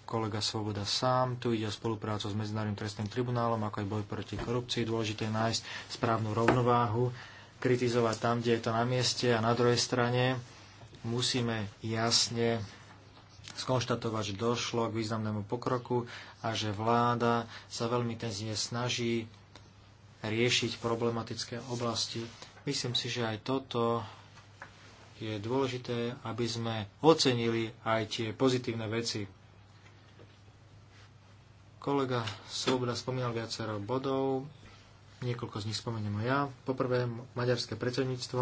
kolega Svoboda sám. Tu ide o spoluprácu s Medzinárodným trestným tribunálom, ako aj boj proti korupcii. Dôležité je nájsť správnu rovnováhu, kritizovať tam, kde je to na mieste a na druhej strane musíme jasne skonštatovať, že došlo k významnému pokroku a že vláda sa veľmi tenzívne snaží riešiť problematické oblasti. Myslím si, že aj toto je dôležité, aby sme ocenili aj tie pozitívne veci. Kolega Svoboda spomínal viacero bodov, niekoľko z nich spomeniem aj ja. Poprvé, maďarské predsedníctvo.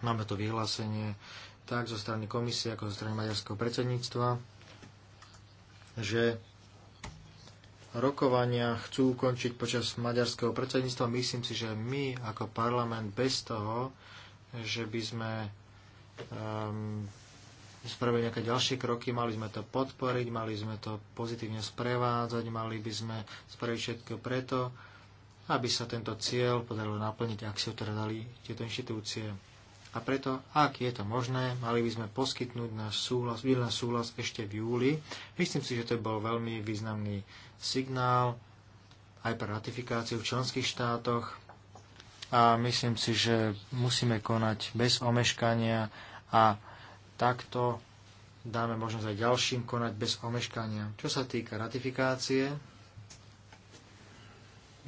Máme to vyhlásenie tak zo strany komisie, ako zo strany maďarského predsedníctva, že rokovania chcú ukončiť počas maďarského predsedníctva. Myslím si, že my ako parlament bez toho, že by sme um, spravili nejaké ďalšie kroky, mali sme to podporiť, mali sme to pozitívne sprevádzať, mali by sme spraviť všetko preto, aby sa tento cieľ podarilo naplniť, ak si ho teda dali tieto inštitúcie a preto, ak je to možné, mali by sme poskytnúť náš súhlas, výhľadný súhlas ešte v júli. Myslím si, že to bol veľmi významný signál aj pre ratifikáciu v členských štátoch a myslím si, že musíme konať bez omeškania a takto dáme možnosť aj ďalším konať bez omeškania. Čo sa týka ratifikácie,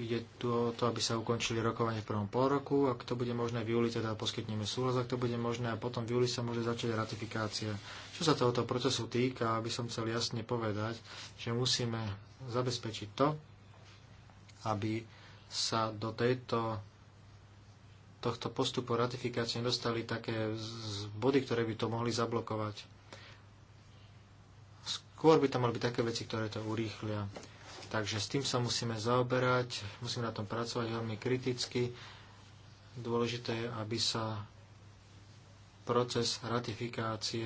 Ide tu o to, aby sa ukončili rokovanie v prvom pol roku. Ak to bude možné v júli, teda poskytneme súhlas, ak to bude možné a potom v júli sa môže začať ratifikácia. Čo sa tohoto procesu týka, aby som chcel jasne povedať, že musíme zabezpečiť to, aby sa do tejto, tohto postupu ratifikácie nedostali také body, ktoré by to mohli zablokovať. Skôr by tam mali byť také veci, ktoré to urýchlia. Takže s tým sa musíme zaoberať, musíme na tom pracovať veľmi kriticky. Dôležité je, aby sa proces ratifikácie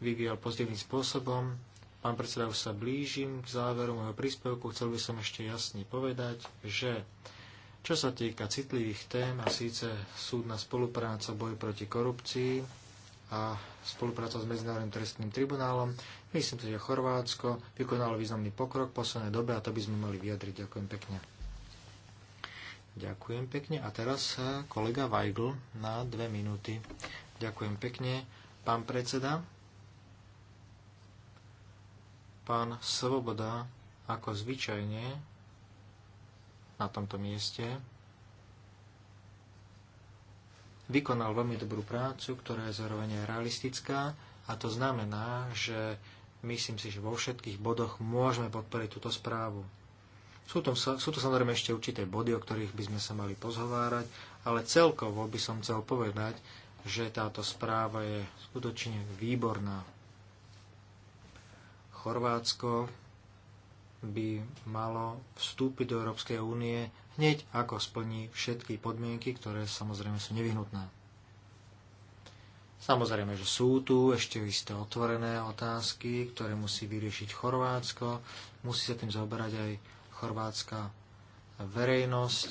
vyvíjal pozitívnym spôsobom. Pán predseda, už sa blížim k záveru môjho príspevku. Chcel by som ešte jasne povedať, že čo sa týka citlivých tém, a síce súdna spolupráca boj proti korupcii, a spolupráca s Medzinárodným trestným tribunálom. Myslím si, že Chorvátsko vykonalo významný pokrok v poslednej dobe a to by sme mali vyjadriť. Ďakujem pekne. Ďakujem pekne. A teraz eh, kolega Weigl na dve minúty. Ďakujem pekne. Pán predseda, pán Svoboda, ako zvyčajne na tomto mieste vykonal veľmi dobrú prácu, ktorá je zároveň aj realistická a to znamená, že myslím si, že vo všetkých bodoch môžeme podporiť túto správu. Sú to, sú to samozrejme ešte určité body, o ktorých by sme sa mali pozhovárať, ale celkovo by som chcel povedať, že táto správa je skutočne výborná. Chorvátsko by malo vstúpiť do Európskej únie hneď ako splní všetky podmienky, ktoré samozrejme sú nevyhnutné. Samozrejme, že sú tu ešte isté otvorené otázky, ktoré musí vyriešiť Chorvátsko, musí sa tým zaoberať aj chorvátska verejnosť.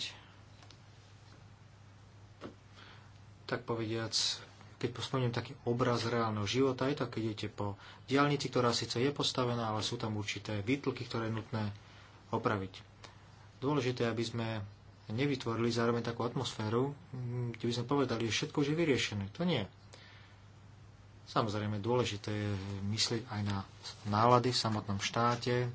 Tak povediac, keď pospomínam taký obraz reálneho života, je to, keď idete po diálnici, ktorá síce je postavená, ale sú tam určité výtlky, ktoré je nutné opraviť. Dôležité, aby sme nevytvorili zároveň takú atmosféru, kde by sme povedali, že všetko už je vyriešené. To nie. Samozrejme, dôležité je myslieť aj na nálady v samotnom štáte.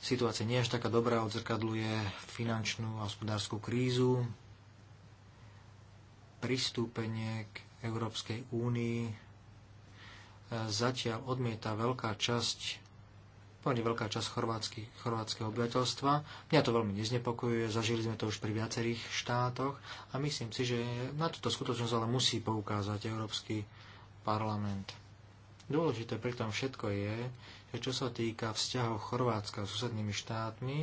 Situácia nie je až taká dobrá, odzrkadluje finančnú a hospodárskú krízu, pristúpenie k Európskej únii. Eh, zatiaľ odmieta veľká časť pomerne veľká časť chorvátskeho obyvateľstva. Mňa to veľmi neznepokojuje, zažili sme to už pri viacerých štátoch a myslím si, že na túto skutočnosť ale musí poukázať Európsky parlament. Dôležité pri tom všetko je, že čo sa týka vzťahov Chorvátska s susednými štátmi,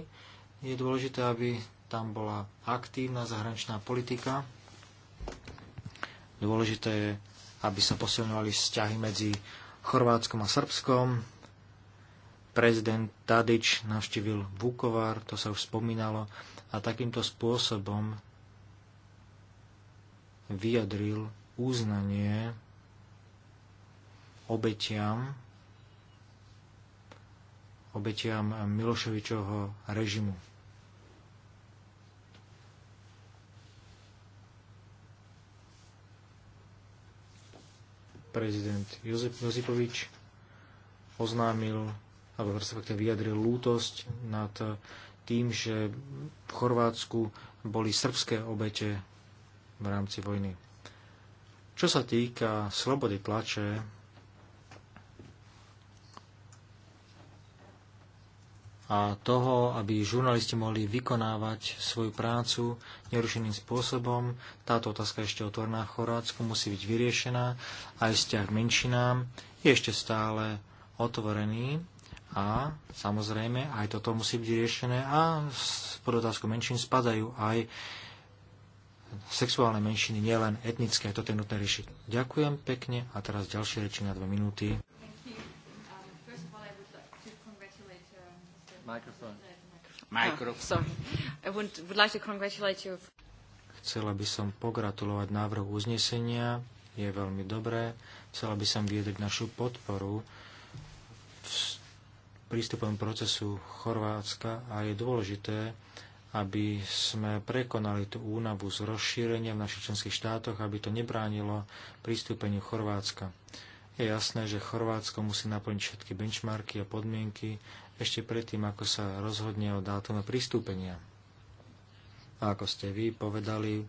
je dôležité, aby tam bola aktívna zahraničná politika. Dôležité je, aby sa posilňovali vzťahy medzi Chorvátskom a Srbskom, prezident Tadič navštívil Vukovár, to sa už spomínalo, a takýmto spôsobom vyjadril uznanie obetiam obetiam Miloševičovho režimu. Prezident Jozef Josipovič oznámil alebo respektíve vyjadril lútosť nad tým, že v Chorvátsku boli srbské obete v rámci vojny. Čo sa týka slobody tlače, a toho, aby žurnalisti mohli vykonávať svoju prácu nerušeným spôsobom. Táto otázka je ešte otvorná v Chorvátsku, musí byť vyriešená. Aj vzťah k menšinám je ešte stále otvorený. A samozrejme, aj toto musí byť riešené a pod otázku menšín spadajú aj sexuálne menšiny, nielen etnické, toto je nutné riešiť. Ďakujem pekne a teraz ďalšie reči na dve minúty. Ah, Chcela by som pogratulovať návrhu uznesenia, je veľmi dobré. Chcela by som vyjadriť našu podporu prístupovom procesu Chorvátska a je dôležité, aby sme prekonali tú únavu z rozšírenia v našich členských štátoch, aby to nebránilo pristúpeniu Chorvátska. Je jasné, že Chorvátsko musí naplniť všetky benchmarky a podmienky ešte predtým, ako sa rozhodne o dátume pristúpenia. A ako ste vy povedali,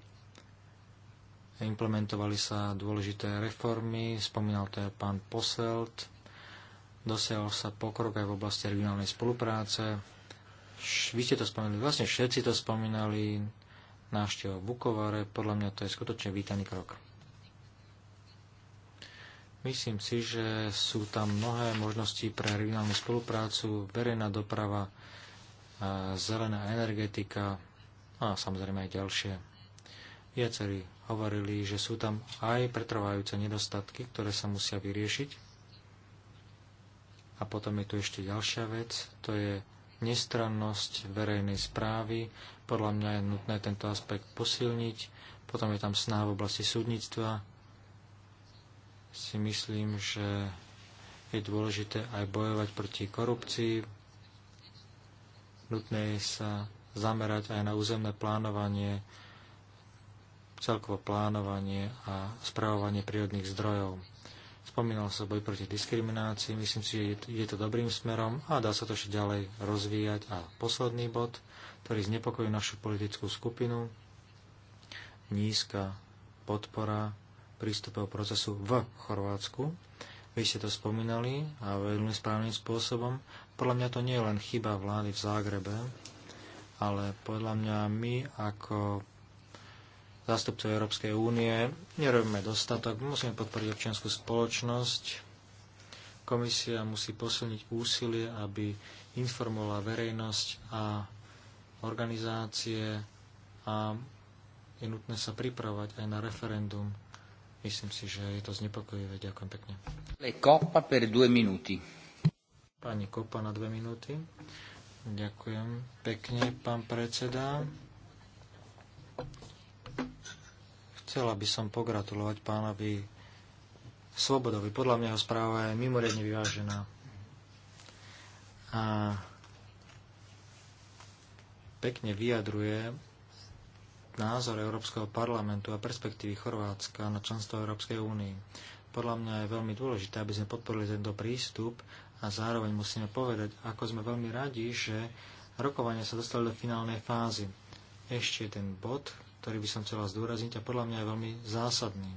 implementovali sa dôležité reformy, spomínal to aj pán Poselt, dosiahol sa pokrok aj v oblasti regionálnej spolupráce. Vy ste to spomínali, vlastne všetci to spomínali, návšteva Bukovare, podľa mňa to je skutočne vítaný krok. Myslím si, že sú tam mnohé možnosti pre regionálnu spoluprácu, verejná doprava, zelená energetika a samozrejme aj ďalšie. Viacerí hovorili, že sú tam aj pretrvajúce nedostatky, ktoré sa musia vyriešiť a potom je tu ešte ďalšia vec, to je nestrannosť verejnej správy. Podľa mňa je nutné tento aspekt posilniť. Potom je tam snaha v oblasti súdnictva. Si myslím, že je dôležité aj bojovať proti korupcii. Nutné je sa zamerať aj na územné plánovanie, celkovo plánovanie a správovanie prírodných zdrojov. Spomínal sa boj proti diskriminácii, myslím si, že je to dobrým smerom a dá sa to ešte ďalej rozvíjať. A posledný bod, ktorý znepokojí našu politickú skupinu, nízka podpora prístupov procesu v Chorvátsku. Vy ste to spomínali a veľmi správnym spôsobom. Podľa mňa to nie je len chyba vlády v Zágrebe, ale podľa mňa my ako zástupcov Európskej únie. Nerobíme dostatok, musíme podporiť občianskú spoločnosť. Komisia musí posilniť úsilie, aby informovala verejnosť a organizácie a je nutné sa pripravať aj na referendum. Myslím si, že je to znepokojivé. Ďakujem pekne. Kopa per due minuti. Pani Kopa na dve minúty. Ďakujem pekne, pán predseda. Chcela by som pogratulovať pánovi Svobodovi. Podľa mňa jeho správa je mimoriadne vyvážená. A pekne vyjadruje názor Európskeho parlamentu a perspektívy Chorvátska na členstvo Európskej únii. Podľa mňa je veľmi dôležité, aby sme podporili tento prístup a zároveň musíme povedať, ako sme veľmi radi, že rokovania sa dostali do finálnej fázy. Ešte ten bod, ktorý by som chcela zdôrazniť a podľa mňa je veľmi zásadný.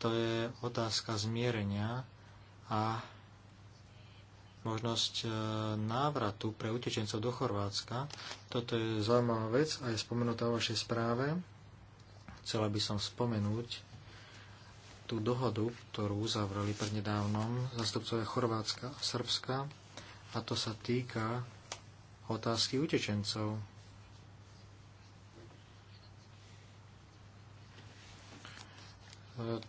To je otázka zmierenia a možnosť e, návratu pre utečencov do Chorvátska. Toto je zaujímavá vec a je spomenutá vo vašej správe. Chcela by som spomenúť tú dohodu, ktorú uzavrali prednedávnom zastupcovia Chorvátska a Srbska a to sa týka otázky utečencov.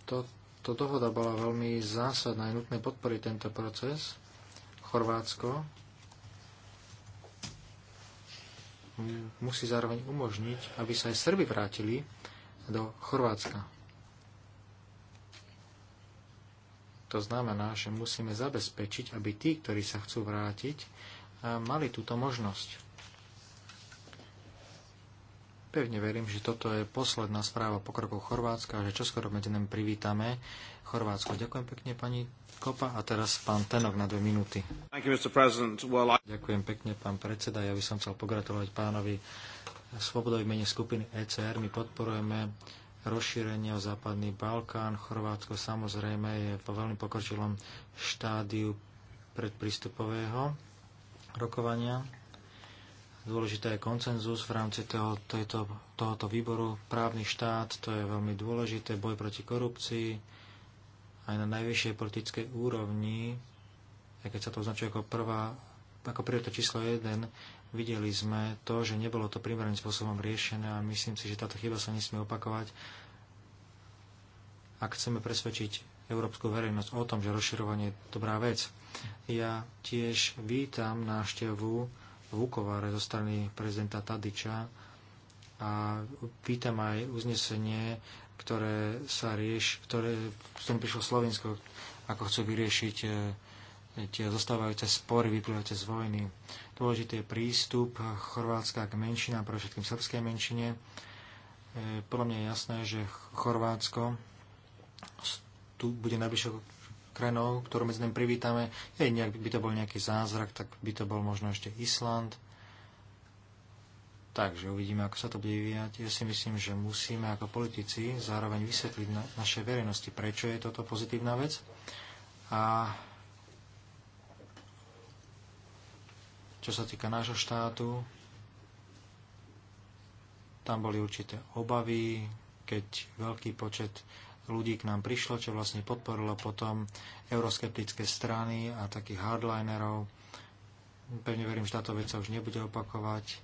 Toto dohoda bola veľmi zásadná. Je nutné podporiť tento proces. Chorvátsko musí zároveň umožniť, aby sa aj Srby vrátili do Chorvátska. To znamená, že musíme zabezpečiť, aby tí, ktorí sa chcú vrátiť, mali túto možnosť. Pevne verím, že toto je posledná správa pokrokov Chorvátska a že čoskoro medzi nami privítame Chorvátsko. Ďakujem pekne, pani Kopa. A teraz pán Tenok na dve minúty. You, well, I... Ďakujem pekne, pán predseda. Ja by som chcel pogratulovať pánovi Svobodovi mene skupiny ECR. My podporujeme rozšírenie o západný Balkán. Chorvátsko samozrejme je po veľmi pokročilom štádiu predprístupového rokovania Dôležité je koncenzus v rámci toho, tejto, tohoto výboru. Právny štát, to je veľmi dôležité, boj proti korupcii, aj na najvyššej politickej úrovni, aj keď sa to označuje ako prvá, ako priorita číslo 1, videli sme to, že nebolo to primeraným spôsobom riešené a myslím si, že táto chyba sa nesmie opakovať. Ak chceme presvedčiť európsku verejnosť o tom, že rozširovanie je dobrá vec. Ja tiež vítam návštevu Vukovare zo strany prezidenta Tadiča a pýtam aj uznesenie, ktoré sa rieš, ktoré v tom prišlo Slovensko, ako chcú vyriešiť e, tie zostávajúce spory vyplývajúce z vojny. Dôležitý je prístup Chorvátska k menšinám, pre všetkým srbskej menšine. E, podľa mňa je jasné, že Chorvátsko tu bude najbližšie krajinou, ktorú medzi tým privítame. je, nejak by to bol nejaký zázrak, tak by to bol možno ešte Island. Takže uvidíme, ako sa to bude vyvíjať. Ja si myslím, že musíme ako politici zároveň vysvetliť na našej verejnosti, prečo je toto pozitívna vec. A čo sa týka nášho štátu, tam boli určité obavy, keď veľký počet ľudí k nám prišlo, čo vlastne podporilo potom euroskeptické strany a takých hardlinerov. Pevne verím, že táto vec sa už nebude opakovať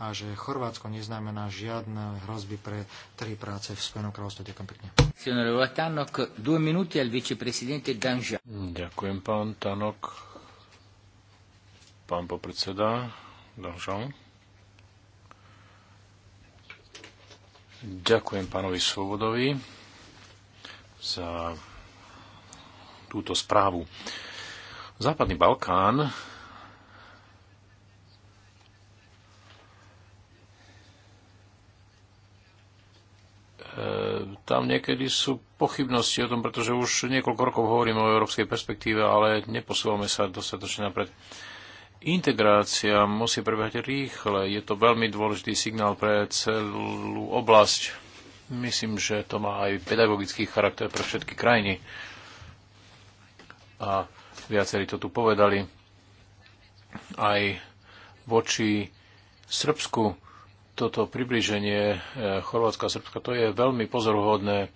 a že Chorvátsko neznamená žiadne hrozby pre tri práce v Spojenom kráľovstve. Ďakujem pekne. Ďakujem, pán Tanok. Pán popredseda Danžan. Ďakujem pánovi Svobodovi za túto správu. Západný Balkán e, tam niekedy sú pochybnosti o tom, pretože už niekoľko rokov hovoríme o európskej perspektíve, ale neposúvame sa dostatočne napred. Integrácia musí prebehať rýchle. Je to veľmi dôležitý signál pre celú oblasť Myslím, že to má aj pedagogický charakter pre všetky krajiny. A viacerí to tu povedali. Aj voči Srbsku toto približenie eh, Chorvátska a Srbska, to je veľmi pozoruhodné. Eh,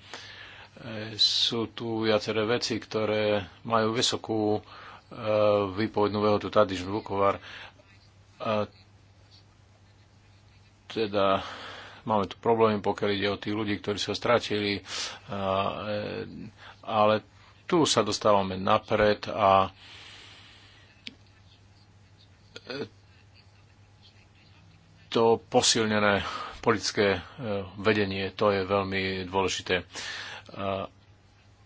sú tu viaceré veci, ktoré majú vysokú eh, výpovednú vehotu Tadiš Vukovar. A teda Máme tu problémy, pokiaľ ide o tých ľudí, ktorí sa stratili, e, ale tu sa dostávame napred a e, to posilnené politické e, vedenie, to je veľmi dôležité.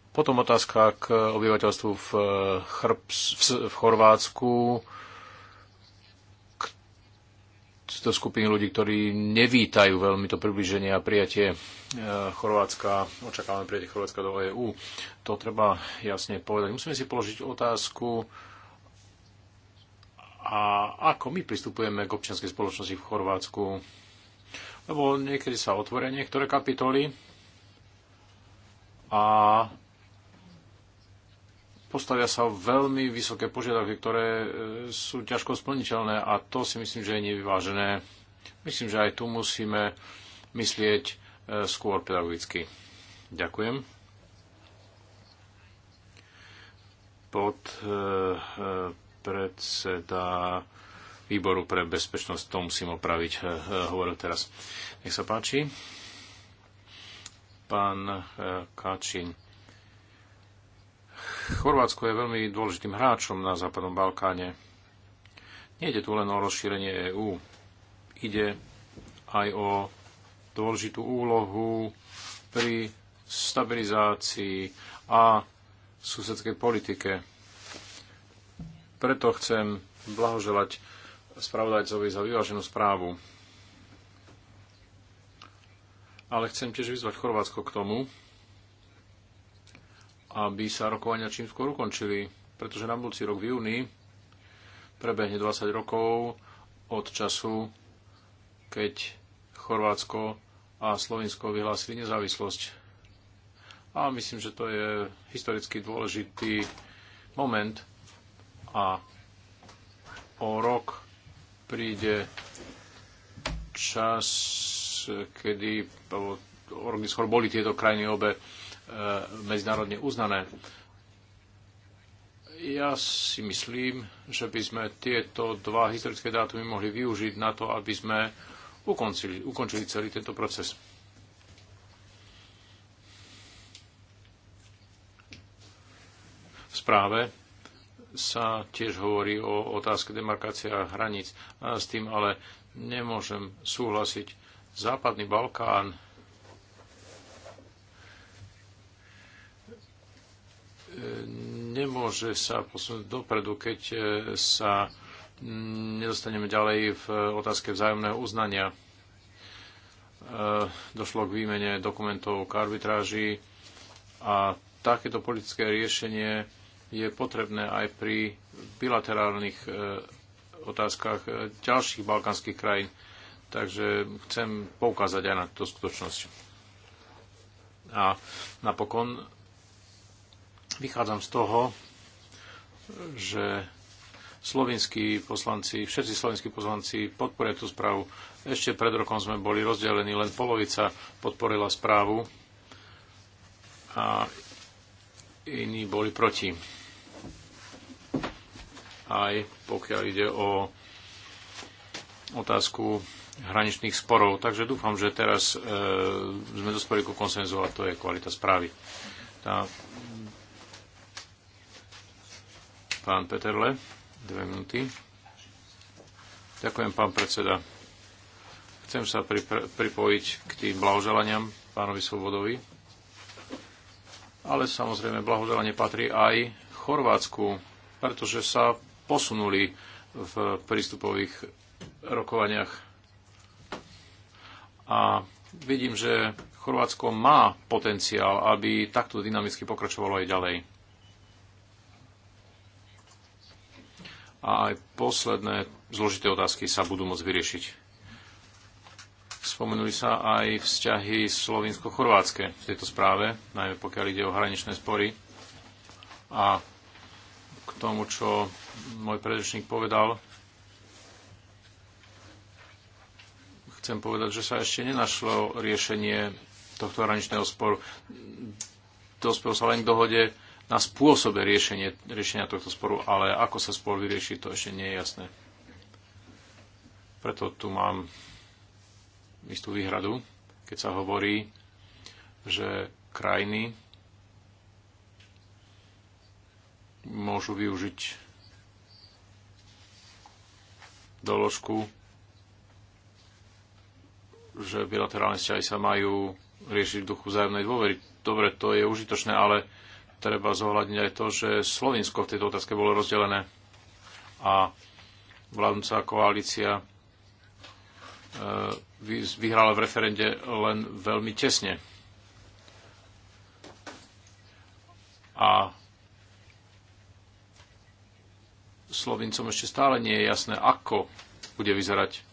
Potom otázka k obyvateľstvu v, Chrbs, v Chorvátsku do skupiny ľudí, ktorí nevítajú veľmi to približenie a prijatie e, Chorvátska, očakávame prijatie Chorvátska do EÚ. To treba jasne povedať. Musíme si položiť otázku, a ako my pristupujeme k občianskej spoločnosti v Chorvátsku. Lebo niekedy sa otvoria niektoré kapitoly a postavia sa veľmi vysoké požiadavky, ktoré e, sú ťažko splniteľné a to si myslím, že je nevyvážené. Myslím, že aj tu musíme myslieť e, skôr pedagogicky. Ďakujem. Pod e, predseda výboru pre bezpečnosť, to musím opraviť, hovoril teraz. Nech sa páči. Pán Kačin Chorvátsko je veľmi dôležitým hráčom na Západnom Balkáne. Nejde tu len o rozšírenie EÚ. Ide aj o dôležitú úlohu pri stabilizácii a susedskej politike. Preto chcem blahoželať spravodajcovi za vyváženú správu. Ale chcem tiež vyzvať Chorvátsko k tomu, aby sa rokovania čím skôr ukončili, pretože na budúci rok v júni prebehne 20 rokov od času, keď Chorvátsko a Slovinsko vyhlásili nezávislosť. A myslím, že to je historicky dôležitý moment a o rok príde čas, kedy, skôr boli tieto krajiny obe E, medzinárodne uznané. Ja si myslím, že by sme tieto dva historické dátumy mohli využiť na to, aby sme ukončili, ukončili celý tento proces. V správe sa tiež hovorí o otázke demarkácia hraníc. A s tým ale nemôžem súhlasiť. Západný Balkán nemôže sa posunúť dopredu, keď e, sa nedostaneme ďalej v otázke vzájomného uznania. E, došlo k výmene dokumentov k arbitráži a takéto politické riešenie je potrebné aj pri bilaterálnych e, otázkach ďalších balkánskych krajín. Takže chcem poukázať aj na túto skutočnosť. A napokon Vychádzam z toho, že slovinskí poslanci, všetci slovenskí poslanci podporia tú správu. Ešte pred rokom sme boli rozdelení, len polovica podporila správu a iní boli proti. Aj pokiaľ ide o otázku hraničných sporov. Takže dúfam, že teraz e, sme dospeli ku konsenzu a to je kvalita správy. Tá Pán Peterle, dve minúty. Ďakujem, pán predseda. Chcem sa pripojiť k tým blahoželaniam pánovi Svobodovi. Ale samozrejme, blahoželanie patrí aj Chorvátsku, pretože sa posunuli v prístupových rokovaniach. A vidím, že Chorvátsko má potenciál, aby takto dynamicky pokračovalo aj ďalej. a aj posledné zložité otázky sa budú môcť vyriešiť. Spomenuli sa aj vzťahy slovinsko-chorvátske v tejto správe, najmä pokiaľ ide o hraničné spory. A k tomu, čo môj predrečník povedal, chcem povedať, že sa ešte nenašlo riešenie tohto hraničného sporu. Dospel sa len k dohode na spôsobe riešenie, riešenia tohto sporu, ale ako sa spor vyrieši, to ešte nie je jasné. Preto tu mám istú výhradu, keď sa hovorí, že krajiny môžu využiť doložku, že bilaterálne vzťahy sa majú riešiť v duchu vzájomnej dôvery. Dobre, to je užitočné, ale treba zohľadniť aj to, že Slovinsko v tejto otázke bolo rozdelené a vládnúca koalícia e, vyhrala v referende len veľmi tesne. A Slovincom ešte stále nie je jasné, ako bude vyzerať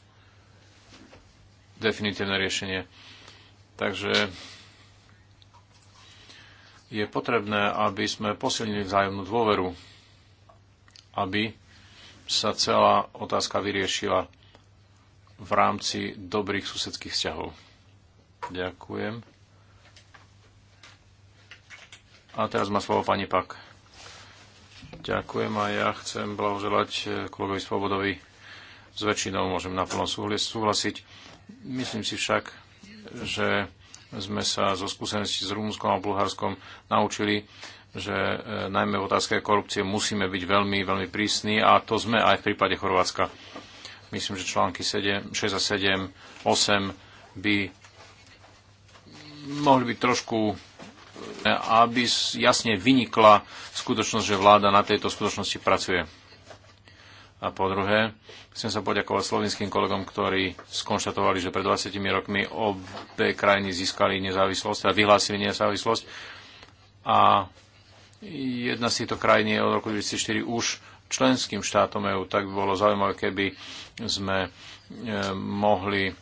definitívne riešenie. Takže je potrebné, aby sme posilnili vzájomnú dôveru, aby sa celá otázka vyriešila v rámci dobrých susedských vzťahov. Ďakujem. A teraz má slovo pani Pak. Ďakujem a ja chcem blahoželať eh, kolegovi Svobodovi. S väčšinou môžem naplno súhlasiť. Myslím si však, že sme sa zo skúseností s Rumunskom a Bulharskom naučili, že e, najmä v otázke korupcie musíme byť veľmi, veľmi prísni a to sme aj v prípade Chorvátska. Myslím, že články 7, 6 a 7, 8 by mohli byť trošku e, aby jasne vynikla skutočnosť, že vláda na tejto skutočnosti pracuje. A po druhé, chcem sa poďakovať slovenským kolegom, ktorí skonštatovali, že pred 20 rokmi obe krajiny získali nezávislosť a vyhlásili nezávislosť. A jedna z týchto krajín je od roku 2004 už členským štátom EU, tak by bolo zaujímavé, keby sme e, mohli,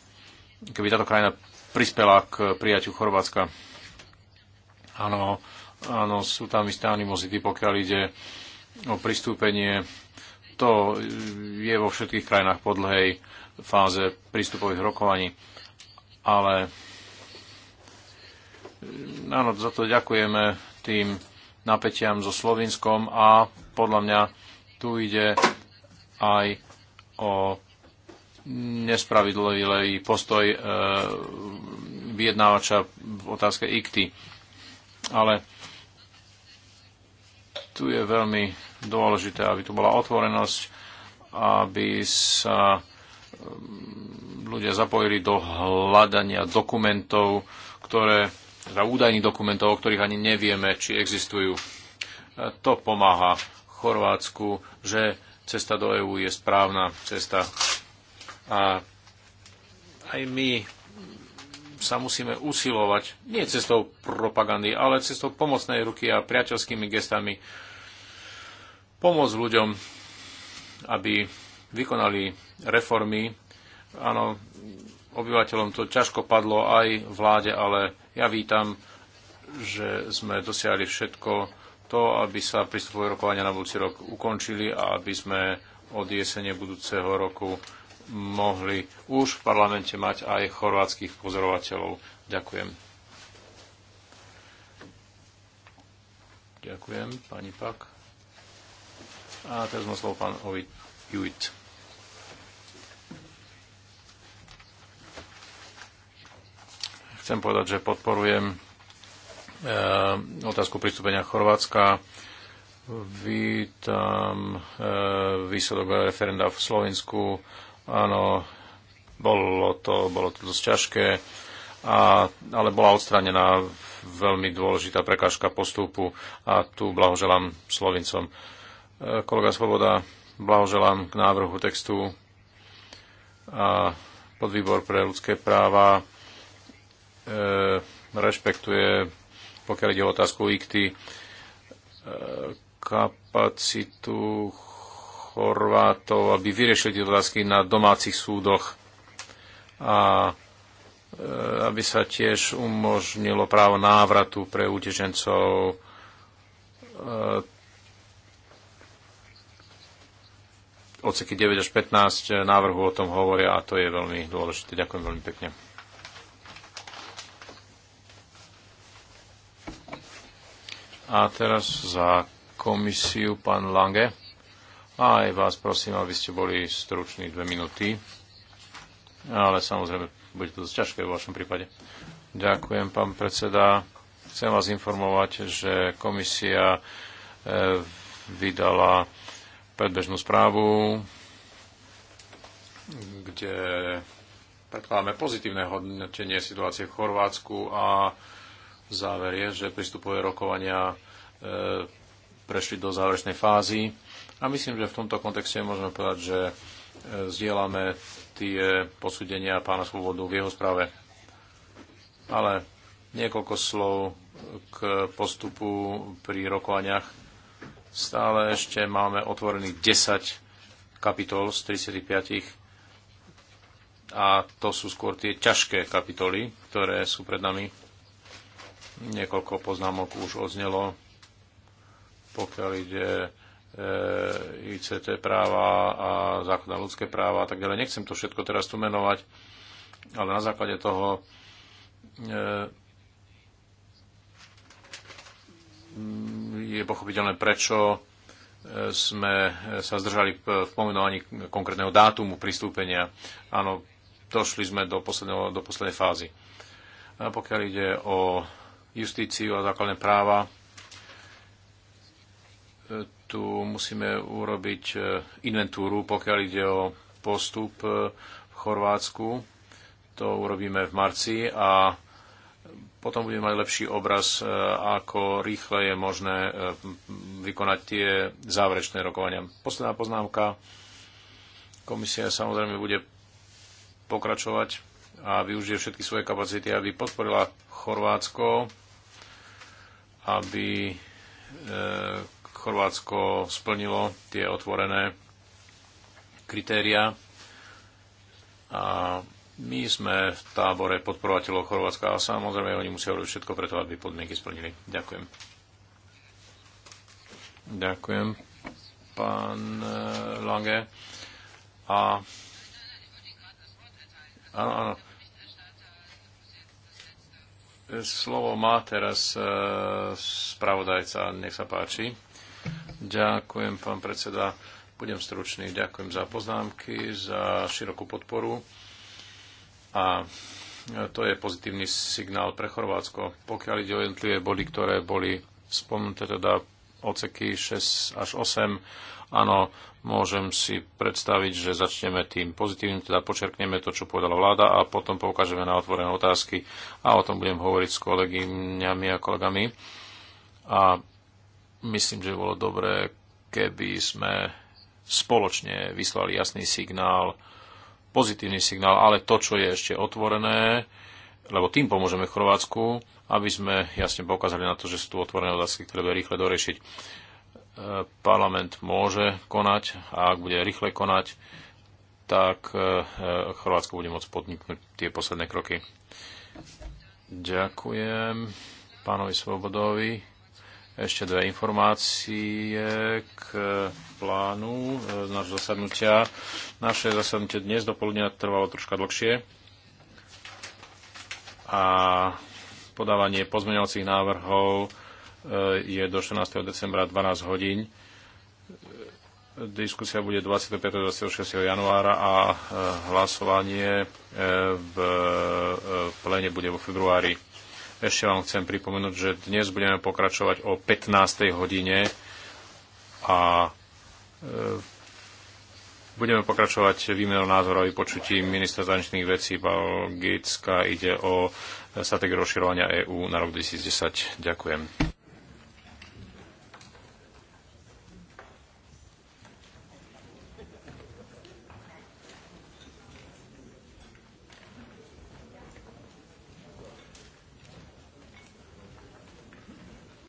keby táto krajina prispela k prijaťu Chorvátska. Áno, áno, sú tam isté animozity, pokiaľ ide o pristúpenie to je vo všetkých krajinách po dlhej fáze prístupových rokovaní. Ale eh, áno, za to ďakujeme tým napätiam so Slovinskom a podľa mňa tu ide aj o nespravidlivý postoj e, vyjednávača v otázke IKTY. Ale tu je veľmi dôležité, aby tu bola otvorenosť, aby sa mm, ľudia zapojili do hľadania dokumentov, ktoré, teda údajných dokumentov, o ktorých ani nevieme, či existujú. E, to pomáha Chorvátsku, že cesta do EÚ je správna cesta. A aj my sa musíme usilovať nie cestou propagandy, ale cestou pomocnej ruky a priateľskými gestami pomôcť ľuďom, aby vykonali reformy. Áno, obyvateľom to ťažko padlo aj vláde, ale ja vítam, že sme dosiahli všetko to, aby sa prístupové rokovania na budúci rok ukončili a aby sme od jesene budúceho roku mohli už v parlamente mať aj chorvátskych pozorovateľov. Ďakujem. Ďakujem, pani Pak. A teraz má slovo pán Ovid Juit. Chcem povedať, že podporujem e, otázku pristúpenia Chorvátska. Vítam e, výsledok referenda v Slovensku. Áno, bolo to, bolo to dosť ťažké, a, ale bola odstranená veľmi dôležitá prekážka postupu a tu blahoželám Slovincom. E, Kolega Svoboda, blahoželám k návrhu textu a podvýbor pre ľudské práva e, rešpektuje, pokiaľ ide o otázku IKTY, e, kapacitu Chorvátov, aby vyriešili tie otázky na domácich súdoch a e, aby sa tiež umožnilo právo návratu pre utečencov. E, Odseky 9 až 15 eh, návrhu o tom hovoria a to je veľmi dôležité. Ďakujem veľmi pekne. A teraz za komisiu pán Lange. A aj vás prosím, aby ste boli struční dve minúty. Ale samozrejme, bude to dosť ťažké v vašom prípade. Ďakujem, pán predseda. Chcem vás informovať, že komisia eh, vydala predbežnú správu, kde predkladáme pozitívne hodnotenie situácie v Chorvátsku a záver je, že pristupové rokovania e, prešli do záverečnej fázy. A myslím, že v tomto kontexte môžeme povedať, že e, zdieľame tie posúdenia pána Svobodu v jeho správe. Ale niekoľko slov k postupu pri rokovaniach Stále ešte máme otvorených 10 kapitol z 35 a to sú skôr tie ťažké kapitoly, ktoré sú pred nami. Niekoľko poznámok už odznelo, pokiaľ ide e, ICT práva a základné ľudské práva a tak ďalej. Nechcem to všetko teraz tu menovať, ale na základe toho e, je pochopiteľné, prečo e, sme e, sa zdržali e, v pomenovaní konkrétneho dátumu pristúpenia. Áno, došli sme do, do poslednej fázy. A pokiaľ ide o justíciu a základné práva, tu musíme urobiť inventúru, pokiaľ ide o postup v Chorvátsku. To urobíme v marci a potom budeme mať lepší obraz, e, ako rýchle je možné e, vykonať tie záverečné rokovania. Posledná poznámka. Komisia samozrejme bude pokračovať a využije všetky svoje kapacity, aby podporila Chorvátsko, aby e, Chorvátsko splnilo tie otvorené kritéria a my sme v tábore podporovateľov Chorvátska a samozrejme oni musia robiť všetko preto, aby podmienky splnili. Ďakujem. Ďakujem, pán eh, Lange. A... Áno, áno. Slovo má teraz eh, spravodajca, nech sa páči. Ďakujem, pán predseda. Budem stručný. Ďakujem za poznámky, za širokú podporu a to je pozitívny signál pre Chorvátsko. Pokiaľ ide o jednotlivé body, ktoré boli spomnuté, teda oceky 6 až 8, áno, môžem si predstaviť, že začneme tým pozitívnym, teda počerkneme to, čo povedala vláda a potom poukážeme na otvorené otázky a o tom budem hovoriť s kolegyňami a kolegami. A myslím, že bolo dobré, keby sme spoločne vyslali jasný signál, pozitívny signál, ale to, čo je ešte otvorené, lebo tým pomôžeme Chorvátsku, aby sme jasne poukázali na to, že sú tu otvorené otázky, ktoré bude rýchle doriešiť. E, parlament môže konať a ak bude rýchle konať, tak e, e, Chorvátsko bude môcť podniknúť tie posledné kroky. Ďakujem pánovi Svobodovi ešte dve informácie k plánu z e, nášho zasadnutia. Naše zasadnutie dnes do poludnia trvalo troška dlhšie a podávanie pozmeňovacích návrhov e, je do 14. decembra 12 hodín. Diskusia bude 25. a 26. januára a e, hlasovanie v pléne bude vo februári. Ešte vám chcem pripomenúť, že dnes budeme pokračovať o 15. hodine a e, Budeme pokračovať výmenou názorov a vypočutí ministra zahraničných vecí Balgická Ide o stratégiu rozširovania EÚ na rok 2010. Ďakujem.